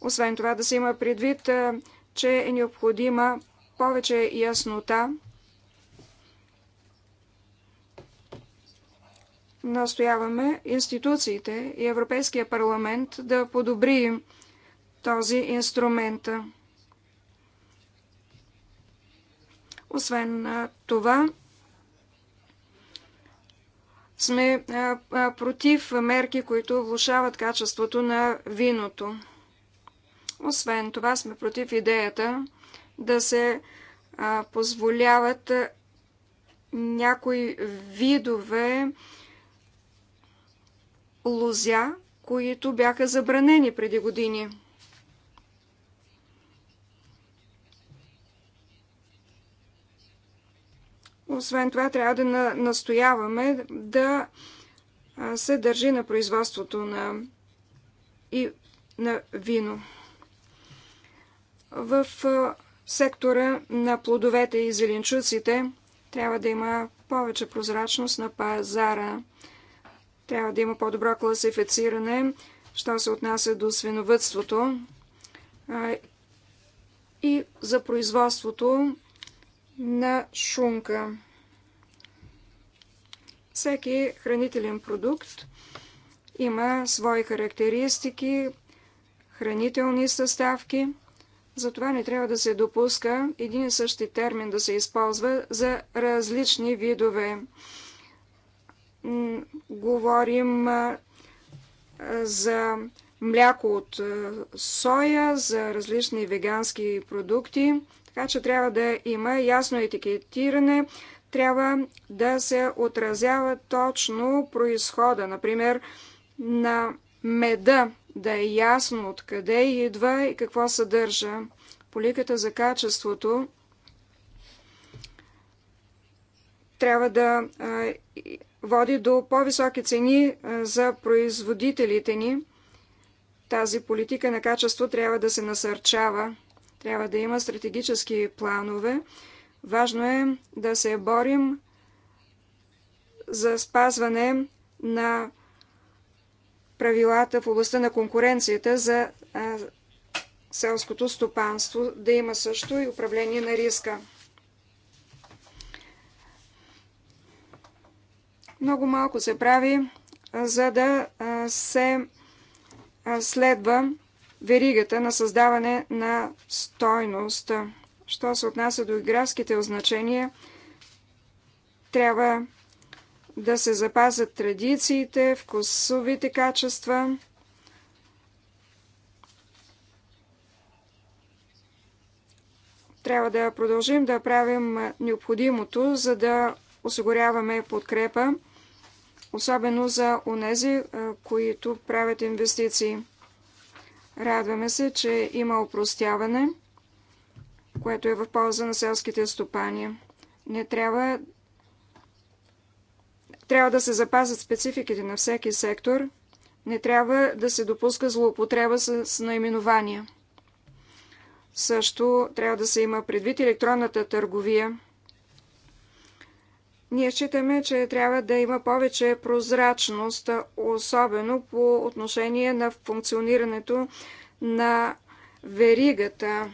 Освен това да се има предвид, че е необходима повече яснота настояваме институциите и Европейския парламент да подобри този инструмент. Освен това, сме против мерки, които влушават качеството на виното. Освен това, сме против идеята да се позволяват някои видове лозя, които бяха забранени преди години. Освен това, трябва да настояваме да се държи на производството на, и на вино. В сектора на плодовете и зеленчуците трябва да има повече прозрачност на пазара. Трябва да има по-добро класифициране, що се отнася до свиновътството и за производството на шунка. Всеки хранителен продукт има свои характеристики, хранителни съставки. Затова не трябва да се допуска един и същи термин да се използва за различни видове говорим за мляко от соя, за различни вегански продукти, така че трябва да има ясно етикетиране, трябва да се отразява точно происхода, например на меда, да е ясно откъде идва и какво съдържа. Поликата за качеството трябва да води до по-високи цени за производителите ни. Тази политика на качество трябва да се насърчава. Трябва да има стратегически планове. Важно е да се борим за спазване на правилата в областта на конкуренцията за селското стопанство, да има също и управление на риска. Много малко се прави, за да се следва веригата на създаване на стойност. Що се отнася до игравските означения, трябва да се запазят традициите, вкусовите качества. Трябва да продължим да правим необходимото, за да осигуряваме подкрепа, особено за онези, които правят инвестиции. Радваме се, че има опростяване, което е в полза на селските стопани. Не трябва трябва да се запазят спецификите на всеки сектор. Не трябва да се допуска злоупотреба с наименования. Също трябва да се има предвид електронната търговия. Ние считаме, че трябва да има повече прозрачност, особено по отношение на функционирането на веригата.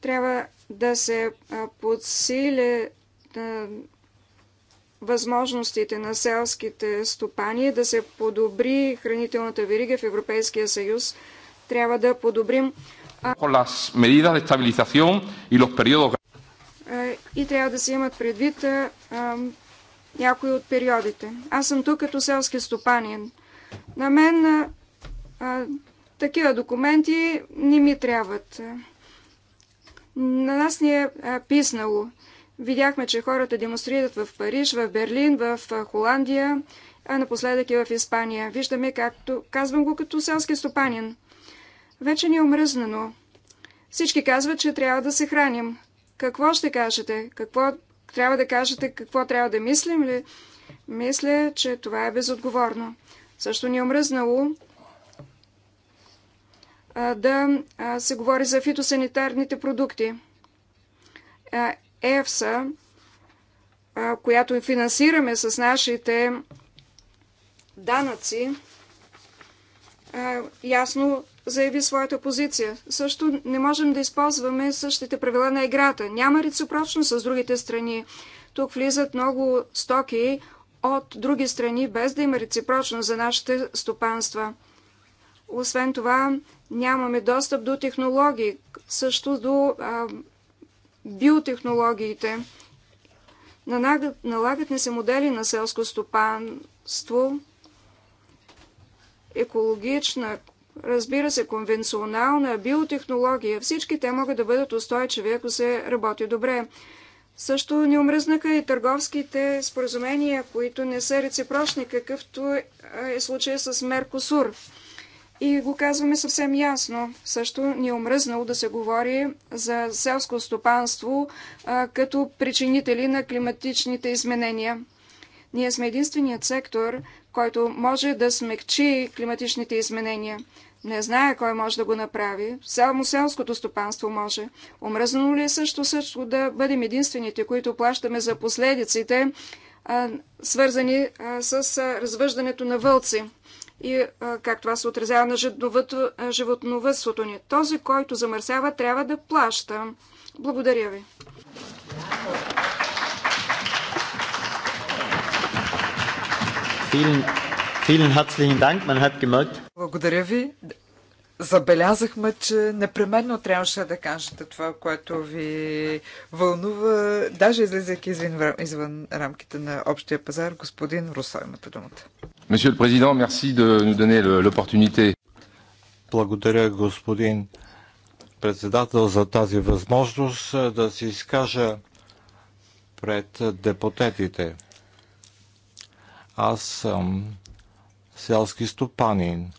Трябва да се подсили възможностите на селските стопани, да се подобри хранителната верига в Европейския съюз. Трябва да подобрим con las medidas de estabilización y los periodos и трябва да се имат предвид някои от периодите. Аз съм тук като селски стопанин. На мен а, такива документи не ми трябват. На нас ни е а, писнало. Видяхме, че хората демонстрират в Париж, в Берлин, в Холандия, а напоследък и в Испания. Виждаме, както казвам го като селски стопанин. Вече ни е омръзнано. Всички казват, че трябва да се храним. Какво ще кажете? Какво трябва да кажете? Какво трябва да мислим ли? Мисля, че това е безотговорно. Също ни е омръзнало да се говори за фитосанитарните продукти. ЕФСА, която финансираме с нашите данъци, ясно заяви своята позиция. Също не можем да използваме същите правила на играта. Няма реципрочност с другите страни. Тук влизат много стоки от други страни, без да има реципрочност за нашите стопанства. Освен това, нямаме достъп до технологии, също до а, биотехнологиите. Налагат, налагат ни се модели на селско стопанство, екологична Разбира се, конвенционална биотехнология, всички те могат да бъдат устойчиви, ако се работи добре. Също не омръзнаха и търговските споразумения, които не са реципрочни, какъвто е случая с Меркосур. И го казваме съвсем ясно. Също ни е омръзнало да се говори за селско стопанство а, като причинители на климатичните изменения. Ние сме единственият сектор, който може да смекчи климатичните изменения. Не знае кой може да го направи. Само селското стопанство може. Омръзнало ли е също също да бъдем единствените, които плащаме за последиците, свързани с развъждането на вълци и как това се отразява на животновътството ни. Този, който замърсява, трябва да плаща. Благодаря ви. Благодаря ви. Забелязахме, че непременно трябваше да кажете това, което ви вълнува, даже излизайки извън, извън рамките на общия пазар. Господин Русо, имате думата. президент, мерси да ни даде l'opportunité. Благодаря, господин председател, за тази възможност е, да се изкажа пред депутетите. Аз съм селски стопанин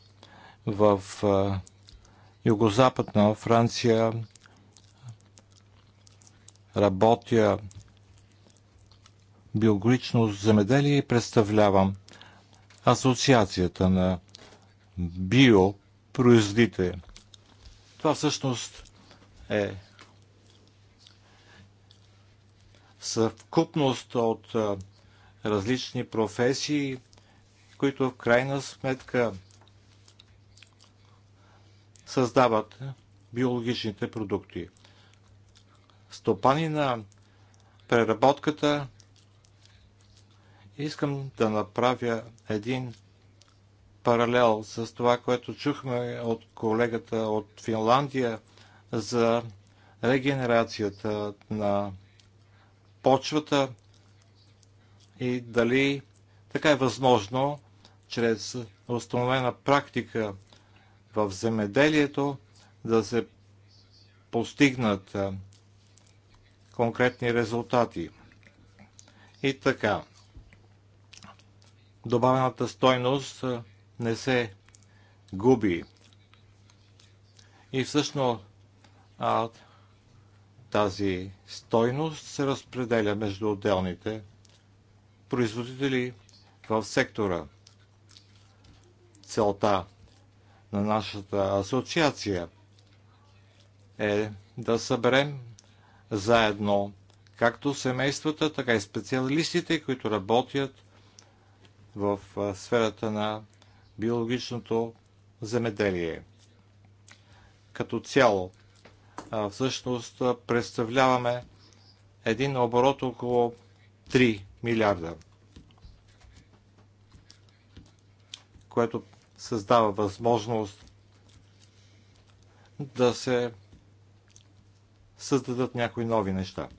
в югозападна Франция. Работя биологично земеделие и представлявам Асоциацията на биопроизводители. Това всъщност е съвкупност от различни професии, които в крайна сметка създават биологичните продукти. Стопани на преработката искам да направя един паралел с това, което чухме от колегата от Финландия за регенерацията на почвата и дали така е възможно чрез установена практика в земеделието да се постигнат конкретни резултати. И така, добавената стойност не се губи. И всъщност тази стойност се разпределя между отделните производители в сектора. Целта на нашата асоциация е да съберем заедно както семействата, така и специалистите, които работят в сферата на биологичното земеделие. Като цяло, всъщност представляваме един оборот около 3 милиарда, което създава възможност да се създадат някои нови неща.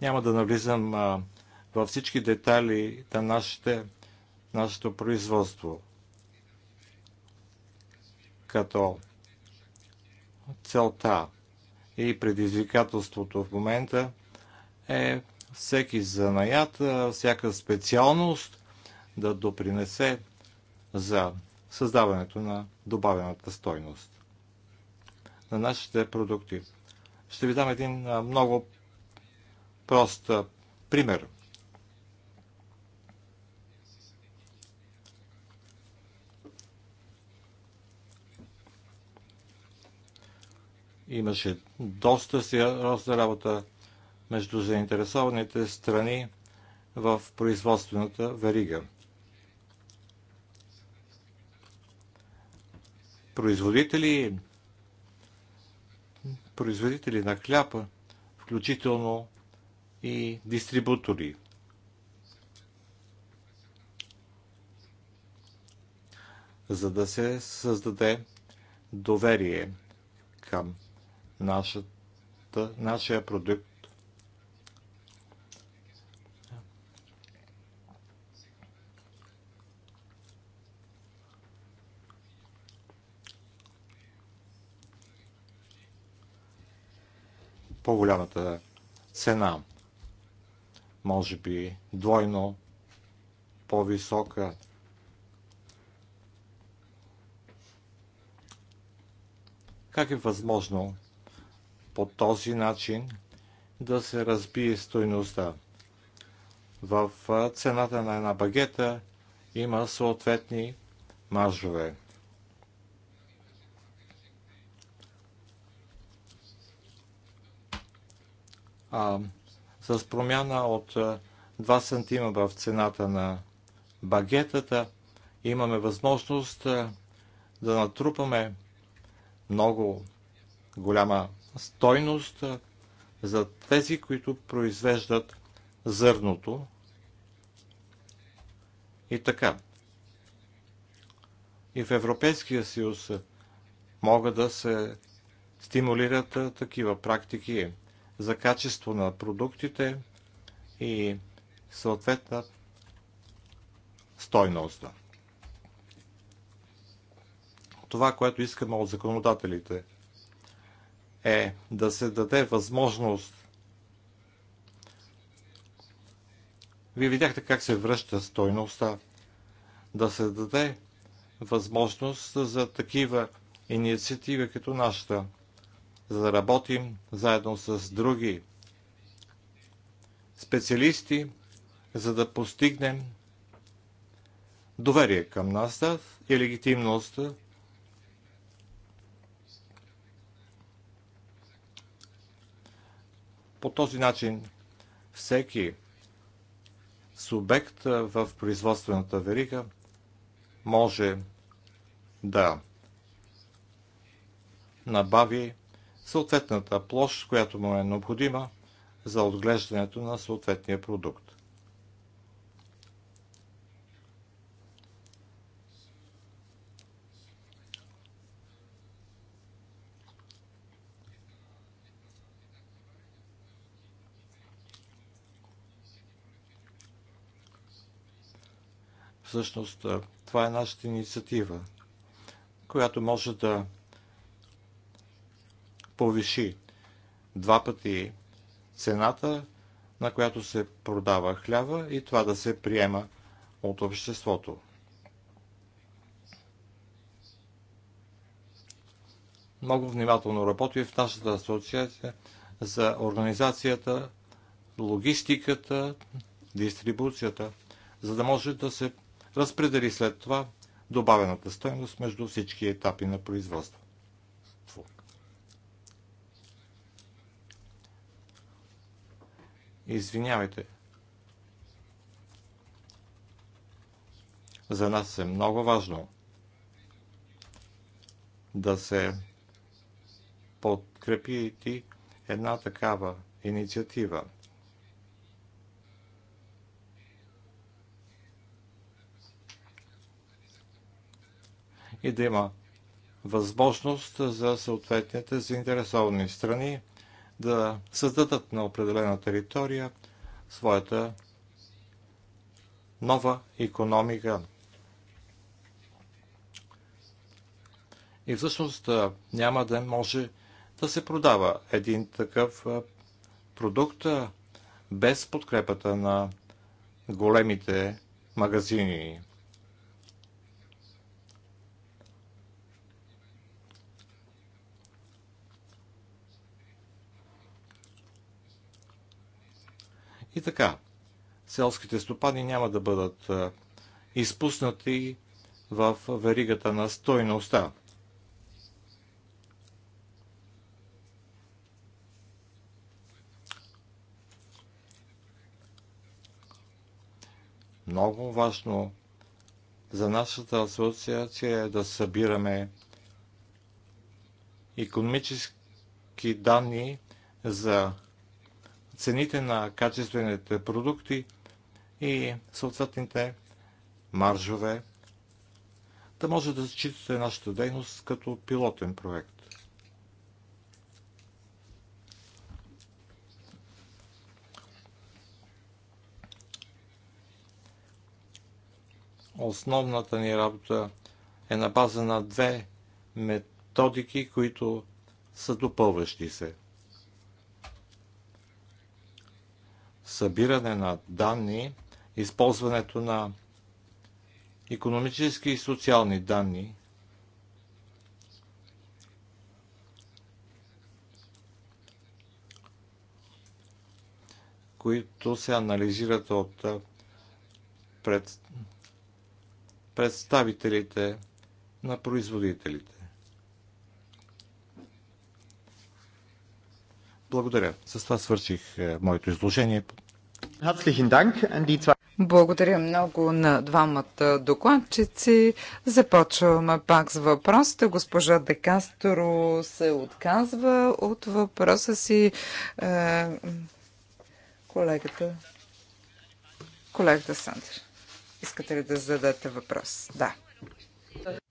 Няма да навлизам във всички детайли на нашите, нашето производство, като целта и предизвикателството в момента е всеки занаят, всяка специалност да допринесе за създаването на добавената стойност на нашите продукти. Ще ви дам един много прост пример. Имаше доста сериозна работа между заинтересованите страни в производствената верига. Производители, производители на хляба, включително и дистрибутори. За да се създаде доверие към нашата, нашия продукт. По-голямата цена, може би двойно по-висока Как е възможно по този начин да се разбие стойността. В цената на една багета има съответни маржове. А с промяна от 2 сантима в цената на багетата имаме възможност да натрупаме много голяма стойност за тези, които произвеждат зърното. И така. И в Европейския съюз могат да се стимулират такива практики за качество на продуктите и съответна стойност. Това, което искаме от законодателите – е да се даде възможност. Вие видяхте как се връща стойността. Да се даде възможност за такива инициативи като нашата, за да работим заедно с други специалисти, за да постигнем доверие към нас и легитимност По този начин всеки субект в производствената верига може да набави съответната площ, която му е необходима за отглеждането на съответния продукт. Всъщност, това е нашата инициатива, която може да повиши два пъти цената, на която се продава хляба и това да се приема от обществото. Много внимателно работи в нашата асоциация за организацията, логистиката, дистрибуцията, за да може да се разпредели след това добавената стоеност между всички етапи на производство. Извинявайте. За нас е много важно да се подкрепи една такава инициатива. и да има възможност за съответните заинтересовани страни да създадат на определена територия своята нова економика. И всъщност няма да може да се продава един такъв продукт без подкрепата на големите магазини. И така, селските стопани няма да бъдат изпуснати в веригата на стойността. Много важно за нашата асоциация е да събираме економически данни за цените на качествените продукти и съответните маржове, да може да зачитате нашата дейност като пилотен проект. Основната ни работа е на база на две методики, които са допълващи се – събиране на данни, използването на економически и социални данни. които се анализират от пред, представителите на производителите. Благодаря. С това свърших е, моето изложение. Благодаря много на двамата докладчици. Започваме пак с въпросите. Госпожа Декастро се отказва от въпроса си. Е, колегата. Колегата Сандър. Искате ли да зададете въпрос? Да.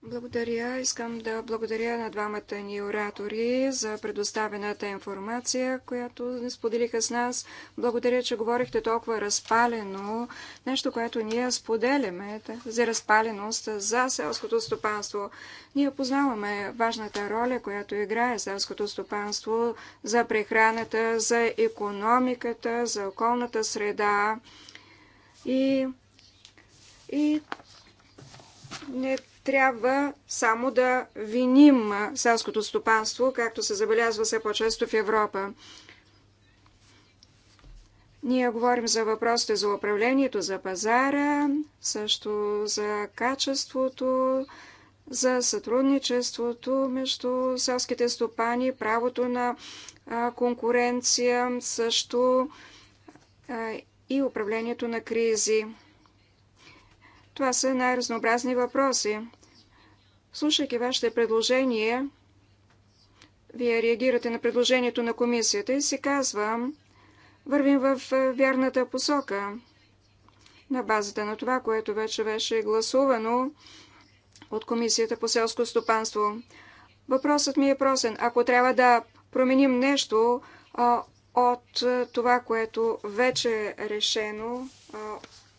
Благодаря. Искам да благодаря на двамата ни оратори за предоставената информация, която не споделиха с нас. Благодаря, че говорихте толкова разпалено. Нещо, което ние споделяме е за разпаленост за селското стопанство. Ние познаваме важната роля, която играе селското стопанство за прехраната, за економиката, за околната среда. И, и не трябва само да виним селското стопанство, както се забелязва все по-често в Европа. Ние говорим за въпросите за управлението, за пазара, също за качеството, за сътрудничеството между селските стопани, правото на конкуренция, също и управлението на кризи. Това са най-разнообразни въпроси. Слушайки вашите предложения, вие реагирате на предложението на комисията и се казва, вървим в е, вярната посока. На базата на това, което вече беше гласувано от комисията по селско стопанство. Въпросът ми е просен. Ако трябва да променим нещо а, от е, това, което вече е решено а,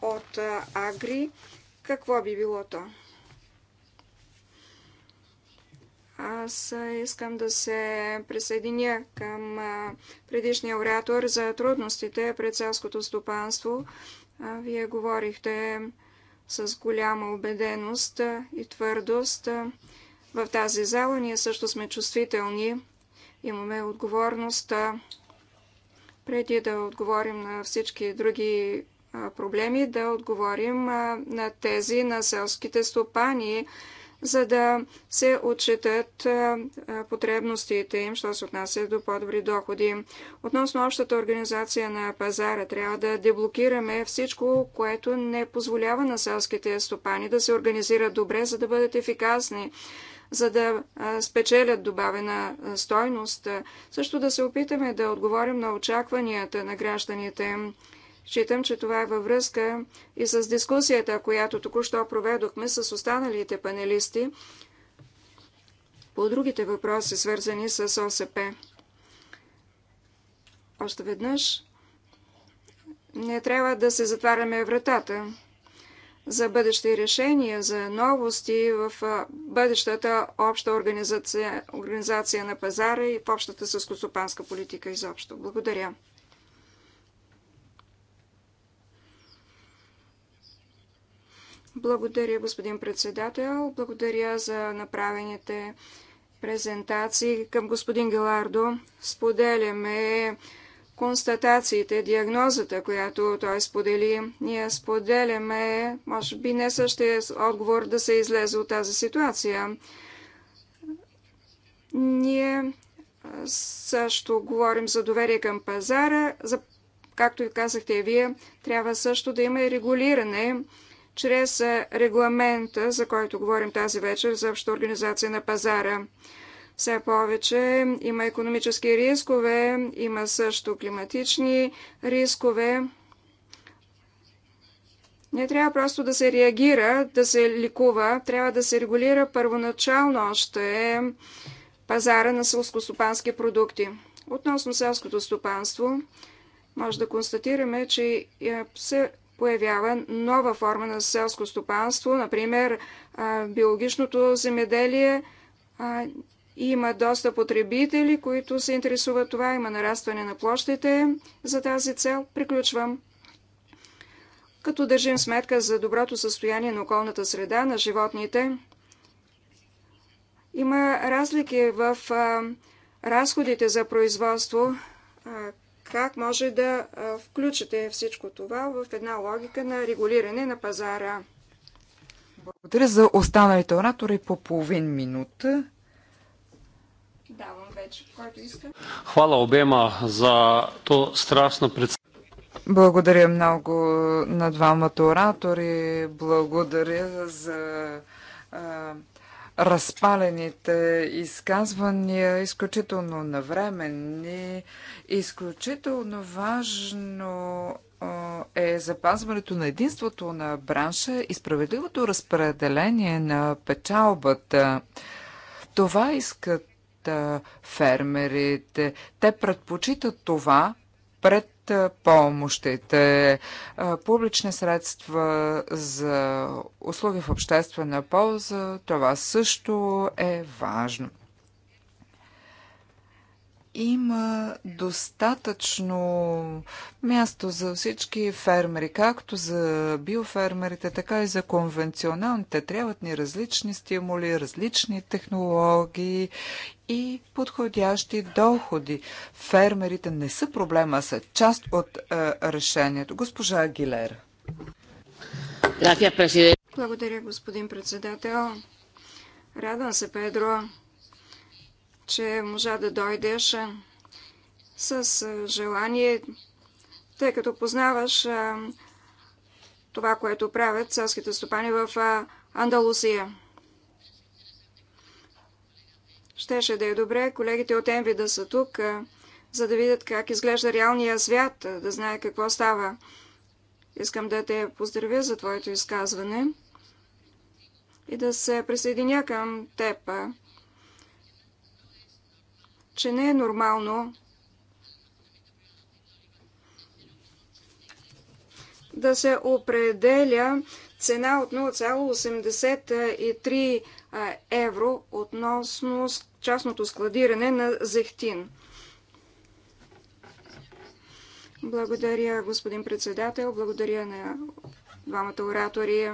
от а, е, Агри, какво би било то? Аз искам да се присъединя към предишния оратор за трудностите пред селското стопанство. Вие говорихте с голяма убеденост и твърдост. В тази зала ние също сме чувствителни. Имаме отговорност преди да отговорим на всички други проблеми, да отговорим на тези на селските стопани, за да се отчитат потребностите им, що се отнася до по-добри доходи. Относно общата организация на пазара, трябва да деблокираме всичко, което не позволява на селските стопани да се организират добре, за да бъдат ефикасни за да спечелят добавена стойност. Също да се опитаме да отговорим на очакванията на гражданите. Считам, че това е във връзка и с дискусията, която току-що проведохме с останалите панелисти по другите въпроси, свързани с ОСП. Още веднъж, не трябва да се затваряме вратата за бъдещи решения, за новости в бъдещата обща организация, организация на пазара и в общата съскосопанска политика изобщо. Благодаря. Благодаря, господин председател. Благодаря за направените презентации към господин Гелардо. Споделяме констатациите, диагнозата, която той сподели. Ние споделяме, може би не същия отговор да се излезе от тази ситуация. Ние също говорим за доверие към пазара, за, както и казахте и вие, трябва също да има и регулиране чрез регламента, за който говорим тази вечер, за обща организация на пазара. Все повече има економически рискове, има също климатични рискове. Не трябва просто да се реагира, да се ликува, трябва да се регулира първоначално още пазара на селскостопански продукти. Относно селското стопанство, може да констатираме, че е, появява нова форма на селско стопанство, например биологичното земеделие. Има доста потребители, които се интересуват това. Има нарастване на площите за тази цел. Приключвам. Като държим сметка за доброто състояние на околната среда на животните, има разлики в разходите за производство, как може да включите всичко това в една логика на регулиране на пазара. Благодаря за останалите оратори по половин минута. Давам вече, който иска. Хвала обема за то страшно представление. Благодаря много на двамата оратори. Благодаря за а, разпалените изказвания, изключително навременни, изключително важно е запазването на единството на бранша и справедливото разпределение на печалбата. Това искат фермерите. Те предпочитат това, пред помощите, публични средства за услуги в обществена полза, това също е важно има достатъчно място за всички фермери, както за биофермерите, така и за конвенционалните. Трябват ни различни стимули, различни технологии и подходящи доходи. Фермерите не са проблема, са част от е, решението. Госпожа Агилера. Благодаря, господин председател. Радвам се, Педро, че можа да дойдеш с желание, тъй като познаваш това, което правят царските стопани в Андалусия. Щеше да е добре колегите от Енви да са тук, за да видят как изглежда реалния свят, да знае какво става. Искам да те поздравя за твоето изказване и да се присъединя към теб че не е нормално да се определя цена от 0,83 евро относно частното складиране на зехтин. Благодаря, господин председател. Благодаря на двамата оратори.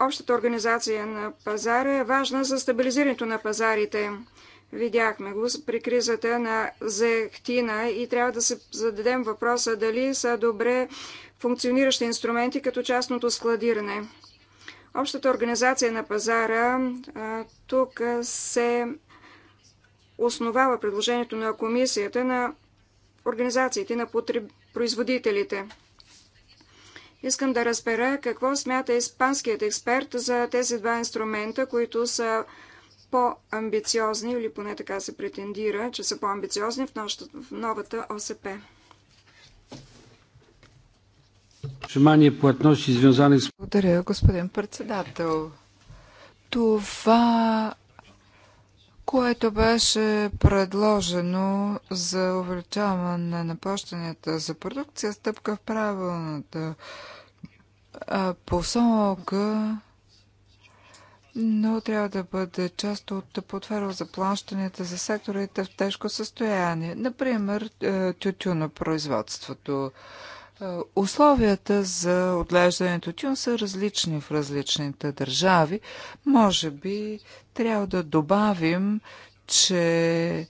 Общата организация на пазара е важна за стабилизирането на пазарите. Видяхме го при кризата на зехтина и трябва да се зададем въпроса дали са добре функциониращи инструменти като частното складиране. Общата организация на пазара тук се основава предложението на комисията на организациите на производителите. Искам да разбера какво смята испанският експерт за тези два инструмента, които са по-амбициозни, или поне така се претендира, че са по-амбициозни в новата ОСП. Благодаря, господин председател. Това, което беше предложено за увеличаване на плащанията за продукция, стъпка в правилната посока но трябва да бъде част от платформа за плащанията за секторите в тежко състояние. Например, е, на производството. Е, условията за отглеждане тютюн са различни в различните държави. Може би трябва да добавим, че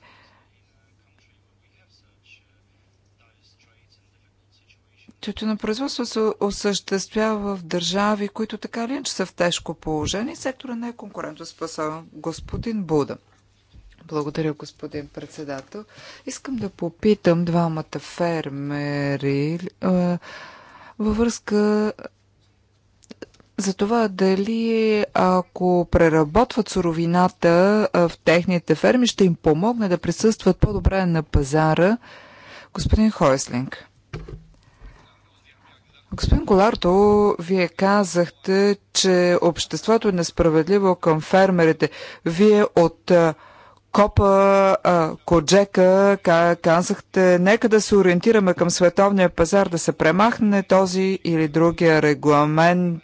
Тютюнопроизводство се осъществява в държави, които така или иначе са в тежко положение. Сектора не е конкурентоспособен. Господин Буда. Благодаря, господин председател. Искам да попитам двамата фермери във връзка за това дали ако преработват суровината в техните ферми, ще им помогне да присъстват по-добре на пазара. Господин Хойслинг. Господин Коларто, вие казахте, че обществото е несправедливо към фермерите. Вие от Копа, а, Коджека, казахте, нека да се ориентираме към световния пазар, да се премахне този или другия регламент.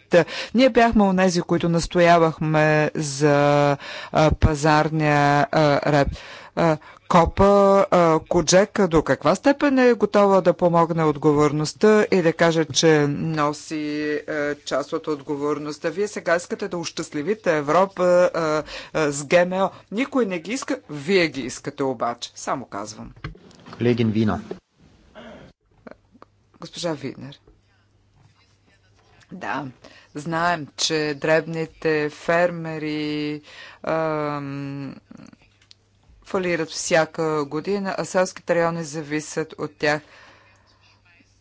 Ние бяхме нези, които настоявахме за а, пазарния а, ред. А, Копа коджека до каква степен е готова да помогне отговорността и да каже, че носи част от отговорността? Вие сега искате да ущастливите Европа с ГМО. Никой не ги иска, вие ги искате обаче. Само казвам. Колегин Вина. Госпожа Винер. Да, знаем, че дребните фермери фалират всяка година, а селските райони зависят от тях.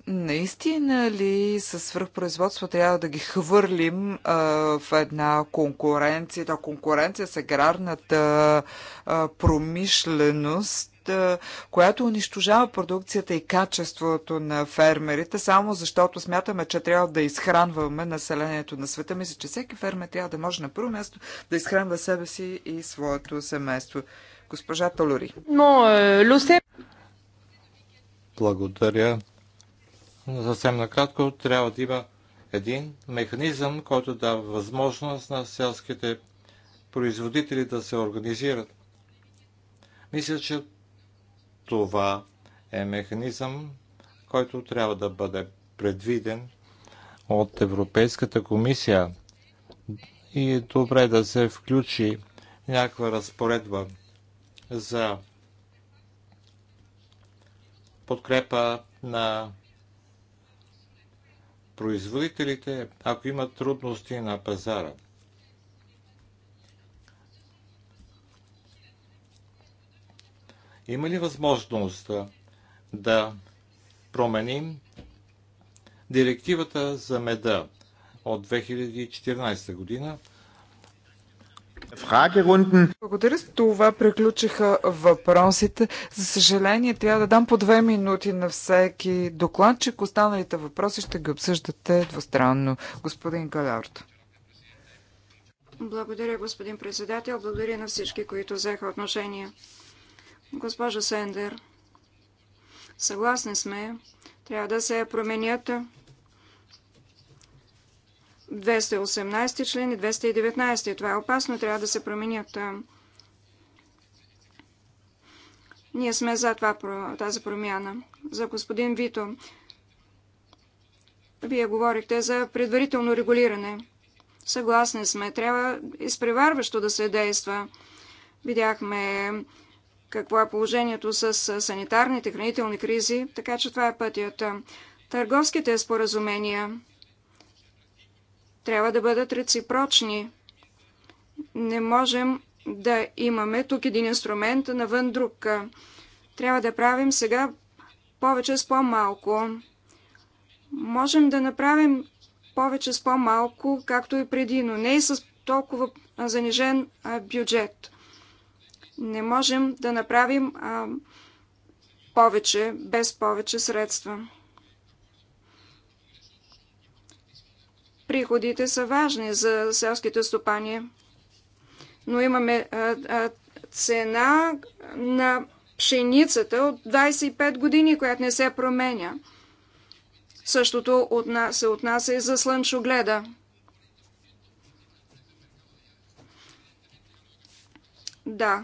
Наистина ли със свръхпроизводство трябва да ги хвърлим а, в една конкуренция, да, конкуренция с аграрната а, промишленост, а, която унищожава продукцията и качеството на фермерите, само защото смятаме, че трябва да изхранваме населението на света. Мисля, че всеки фермер трябва да може на първо място да изхранва себе си и своето семейство. Госпожа Толори. Но, е, Люсе... Благодаря. Съвсем накратко трябва да има един механизъм, който дава възможност на селските производители да се организират. Мисля, че това е механизъм, който трябва да бъде предвиден от Европейската комисия и е добре да се включи някаква разпоредба за подкрепа на производителите, ако имат трудности на пазара. Има ли възможност да променим директивата за меда от 2014 година? Благодаря. за това приключиха въпросите. За съжаление, трябва да дам по две минути на всеки докладчик. Останалите въпроси ще ги обсъждате двустранно. Господин Калярто. Благодаря, господин председател. Благодаря на всички, които взеха отношение. Госпожо Сендер, съгласни сме, трябва да се променят 218 член и 219. Това е опасно, трябва да се променят. Ние сме за това, тази промяна. За господин Вито. Вие говорихте за предварително регулиране. Съгласни сме. Трябва изпреварващо да се действа. Видяхме какво е положението с санитарните, хранителни кризи, така че това е пътят. Търговските споразумения трябва да бъдат реципрочни. Не можем да имаме тук един инструмент, навън друг. Трябва да правим сега повече с по-малко. Можем да направим повече с по-малко, както и преди, но не и с толкова занижен бюджет. Не можем да направим повече без повече средства. Приходите са важни за селските стопани, но имаме цена на пшеницата от 25 години, която не се променя. Същото се отнася и за слънчогледа. Да.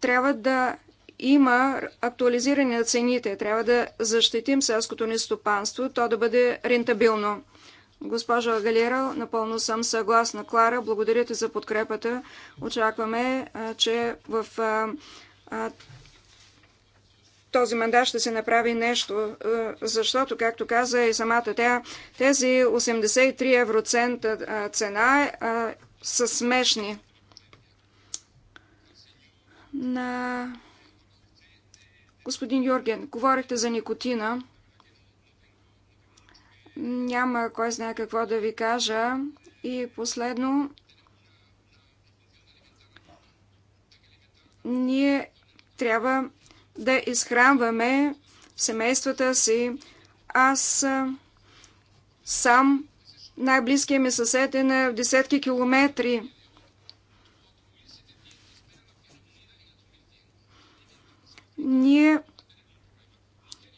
Трябва да има актуализиране на цените. Трябва да защитим селското ни стопанство, то да бъде рентабилно. Госпожо Галера, напълно съм съгласна. Клара, благодаря ти за подкрепата. Очакваме, че в този мандат ще се направи нещо, защото, както каза и самата тя, тези 83 евроцента цена са смешни. На господин Йорген, говорихте за никотина. Няма кой знае какво да ви кажа. И последно, ние трябва да изхранваме семействата си. Аз сам, най-близкият ми съсед е на десетки километри. Ние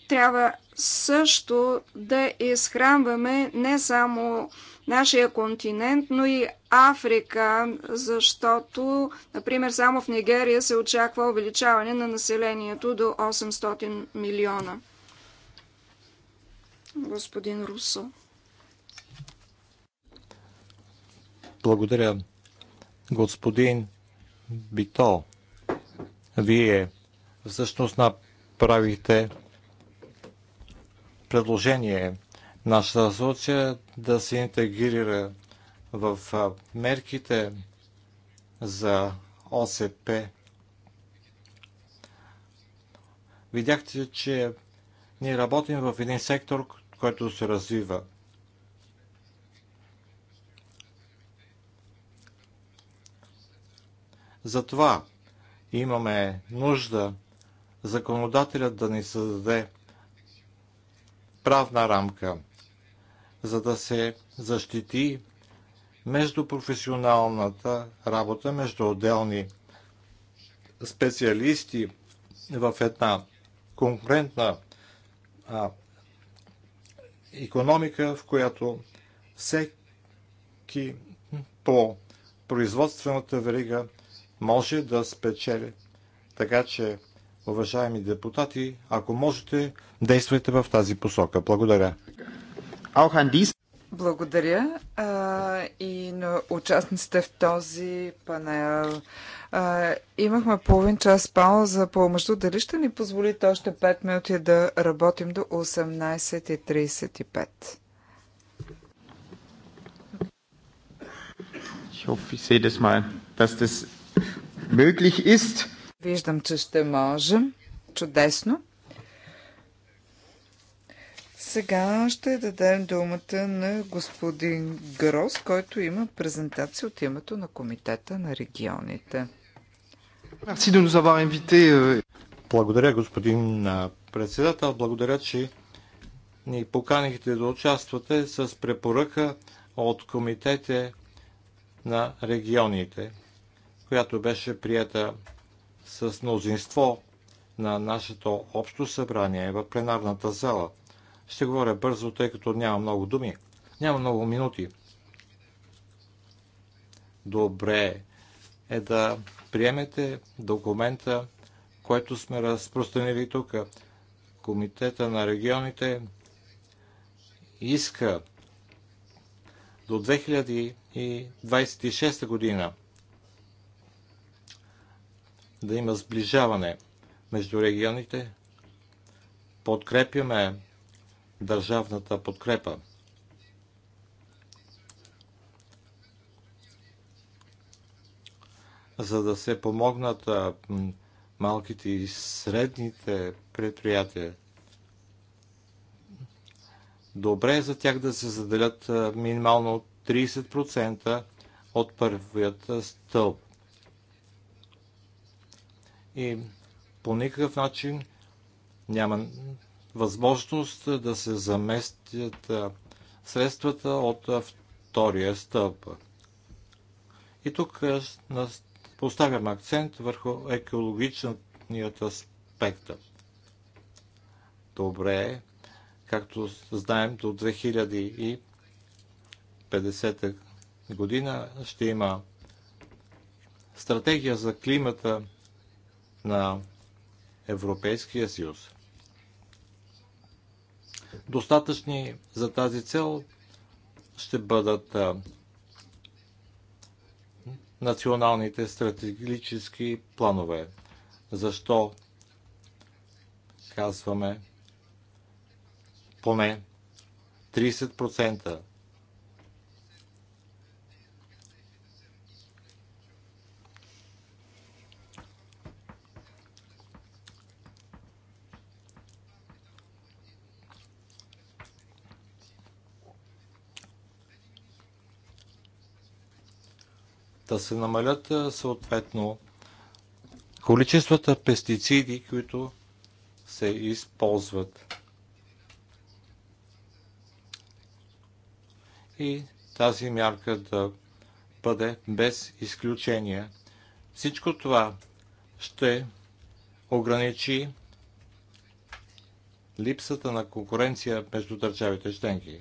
трябва също да изхранваме не само нашия континент, но и Африка, защото, например, само в Нигерия се очаква увеличаване на населението до 800 милиона. Господин Русо. Благодаря. Господин Бито, вие всъщност направихте предложение нашата резолюция да се интегрира в мерките за ОСП. Видяхте, че ние работим в един сектор, който се развива. Затова имаме нужда законодателят да ни създаде правна рамка, за да се защити междупрофесионалната работа между отделни специалисти в една конкурентна а, економика, в която всеки по производствената верига може да спечели. Така че уважаеми депутати, ако можете, действайте в тази посока. Благодаря. Благодаря а, и на участниците в този панел. А, имахме половин час пауза по мъжду. Дали ще ни позволите още 5 минути да работим до 18.35? Ich hoffe, ich sehe das mal, dass das möglich ist. Виждам, че ще можем. Чудесно. Сега ще дадем думата на господин Грос, който има презентация от името на Комитета на регионите. Euh, Благодаря, господин председател. Благодаря, че ни поканихте да участвате с препоръка от Комитете на регионите, която беше прията с мнозинство на нашето общо събрание в пленарната зала. Ще говоря бързо, тъй като няма много думи. Няма много минути. Добре е да приемете документа, който сме разпространили тук. Комитета на регионите иска до 2026 година да има сближаване между регионите. Подкрепяме държавната подкрепа. За да се помогнат малките и средните предприятия. Добре е за тях да се заделят минимално 30% от първият стълб и по никакъв начин няма възможност да се заместят средствата от втория стълб. И тук поставям акцент върху екологичният аспект. Добре, както знаем, до 2050 година ще има стратегия за климата на Европейския съюз. Достатъчни за тази цел ще бъдат националните стратегически планове. Защо казваме поне 30% да се намалят съответно количествата пестициди, които се използват. И тази мярка да бъде без изключение. Всичко това ще ограничи липсата на конкуренция между държавите членки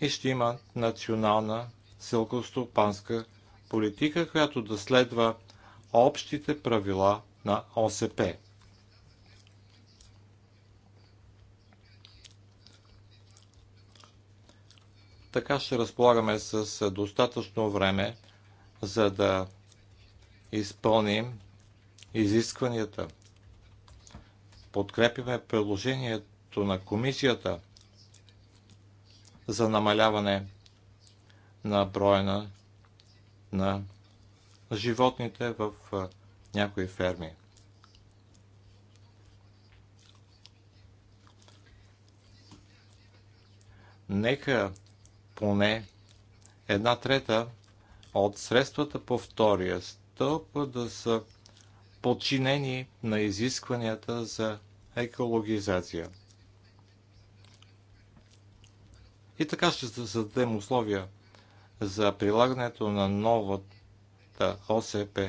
и ще има национална селкостопанска политика, която да следва общите правила на ОСП. Така ще разполагаме с достатъчно време, за да изпълним изискванията. Подкрепиме предложението на комисията за намаляване на броя на, на животните в някои ферми. Нека поне една трета от средствата по втория стълб да са подчинени на изискванията за екологизация. И така ще създадем условия за прилагането на новата ОСП.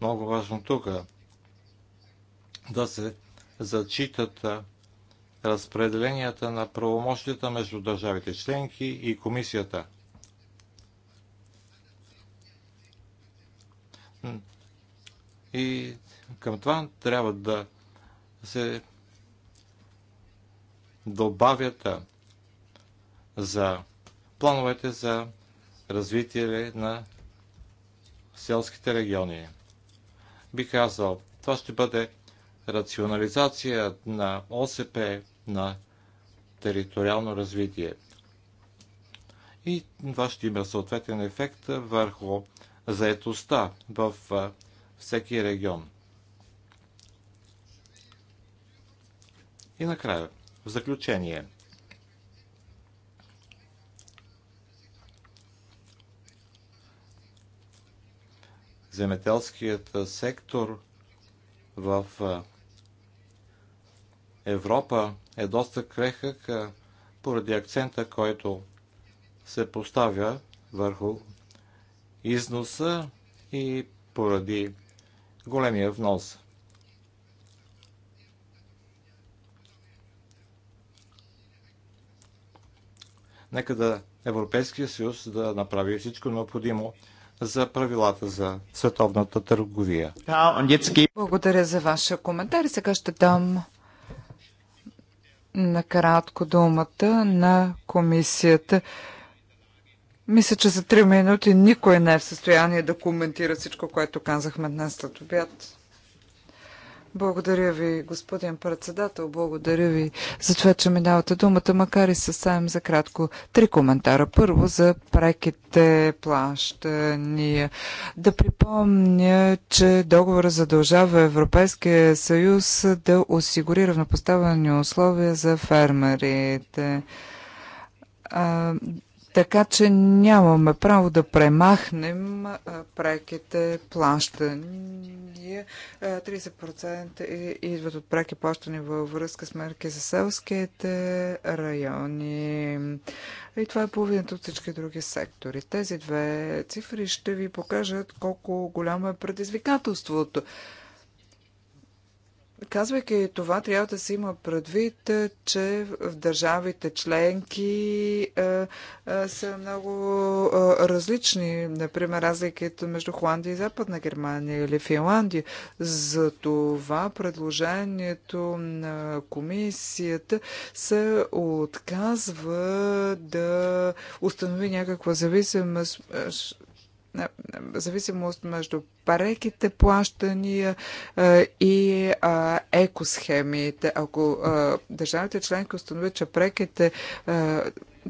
Много важно тук да се зачитат разпределенията на правомощията между държавите членки и комисията. И към това трябва да се добавят за плановете за развитие на селските региони. Би казал, това ще бъде рационализация на ОСП на териториално развитие. И това ще има съответен ефект върху заетостта в всеки регион. И накрая, в заключение – земеделският сектор в Европа е доста крехък поради акцента, който се поставя върху износа и поради големия внос. Нека да Европейския съюз да направи всичко необходимо за правилата за световната търговия. Благодаря за вашия коментар. Сега ще дам накратко думата на комисията. Мисля, че за три минути никой не е в състояние да коментира всичко, което казахме днес след обяд. Благодаря ви, господин председател. Благодаря ви за това, че ми давате думата, макар и съвсем за кратко. Три коментара. Първо за преките плащания. Да припомня, че договора задължава Европейския съюз да осигури равнопоставени условия за фермерите така че нямаме право да премахнем преките плащания. 30% идват от преки плащания във връзка с мерки за селските райони. И това е половината от всички други сектори. Тези две цифри ще ви покажат колко голямо е предизвикателството. Казвайки това, трябва да се има предвид, е, че в държавите членки е, е, са много е, различни. Например, разликите между Холандия и Западна Германия или Финландия. За това предложението на комисията се отказва да установи някаква зависимост е, е, е, зависимост между преките плащания е, и екосхемите. Ако държавите членки установят, че преките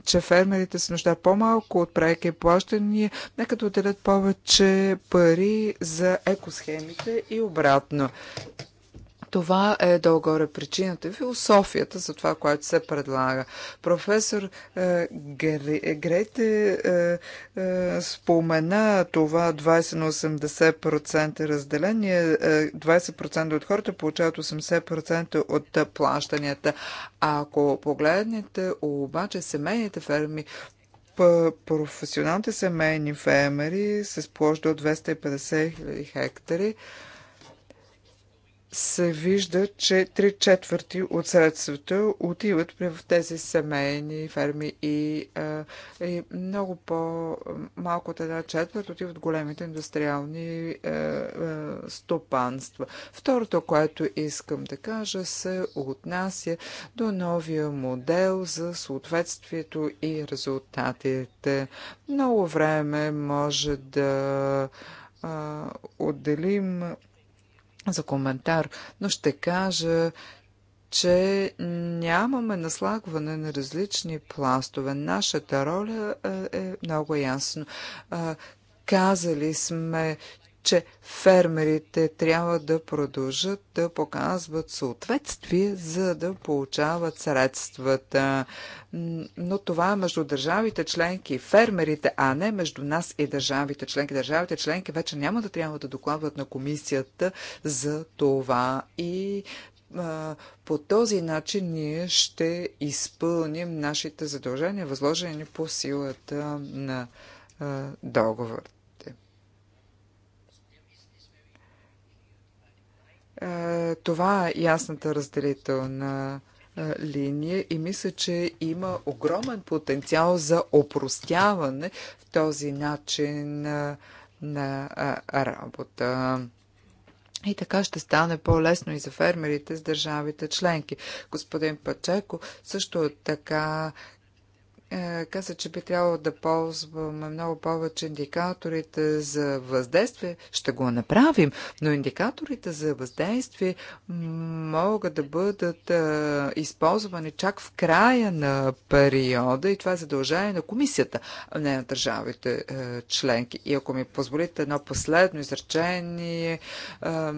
че фермерите се нуждаят по-малко от преки плащания, нека да отделят повече пари за екосхемите и обратно. Това е дългоре причината и философията за това, което се предлага. Професор е, е Грете е, е, спомена това 20 на 80% разделение. 20% е, от хората получават 80% от плащанията. Ако погледнете обаче семейните ферми, професионалните семейни фермери с площ до 250 000 хектари, се вижда, че три четвърти от средствата отиват в тези семейни ферми и, и много по-малко от една четвърт отиват в големите индустриални стопанства. Второто, което искам да кажа, се отнася до новия модел за съответствието и резултатите. Много време може да отделим за коментар, но ще кажа, че нямаме наслагване на различни пластове. Нашата роля е, е много ясна. Казали сме, че фермерите трябва да продължат да показват съответствие, за да получават средствата. Но това е между държавите членки и фермерите, а не между нас и държавите членки. Държавите членки вече няма да трябва да докладват на комисията за това и по този начин ние ще изпълним нашите задължения, възложени по силата на договор. Е, това е ясната разделителна е, линия и мисля, че има огромен потенциал за опростяване в този начин е, на работа. И така ще стане по-лесно и за фермерите с държавите членки. Господин Пачеко също така е, каза, че би трябвало да ползваме много повече индикаторите за въздействие. Ще го направим, но индикаторите за въздействие могат да бъдат а, е, използвани чак в края на периода и това е задължение на комисията, не на държавите а, е, членки. И ако ми позволите едно последно изречение. А,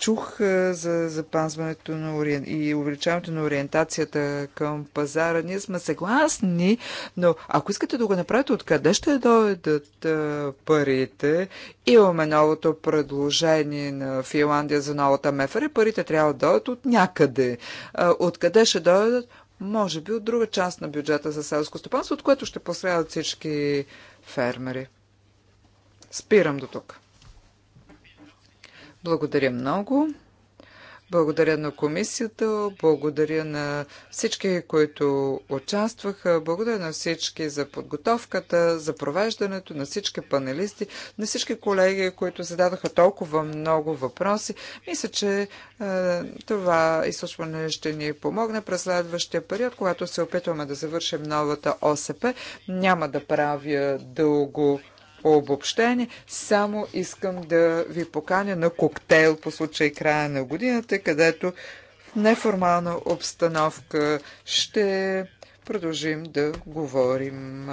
чух е, за запазването на ори... и увеличаването на ориентацията към пазара. Ние сме съгласни, но ако искате да го направите, откъде ще дойдат е, парите? Имаме новото предложение на Финландия за новата МФР. Парите трябва да дойдат от някъде. Е, откъде ще дойдат? Може би от друга част на бюджета за селско стопанство, от което ще пострадат всички фермери. Спирам до тук. Благодаря много. Благодаря на комисията, благодаря на всички, които участваха, благодаря на всички за подготовката, за провеждането, на всички панелисти, на всички колеги, които зададоха толкова много въпроси. Мисля, че е, това изслушване ще ни помогне през следващия период, когато се опитваме да завършим новата ОСП. Няма да правя дълго обобщение. Само искам да ви поканя на коктейл по случай края на годината, където в неформална обстановка ще продължим да говорим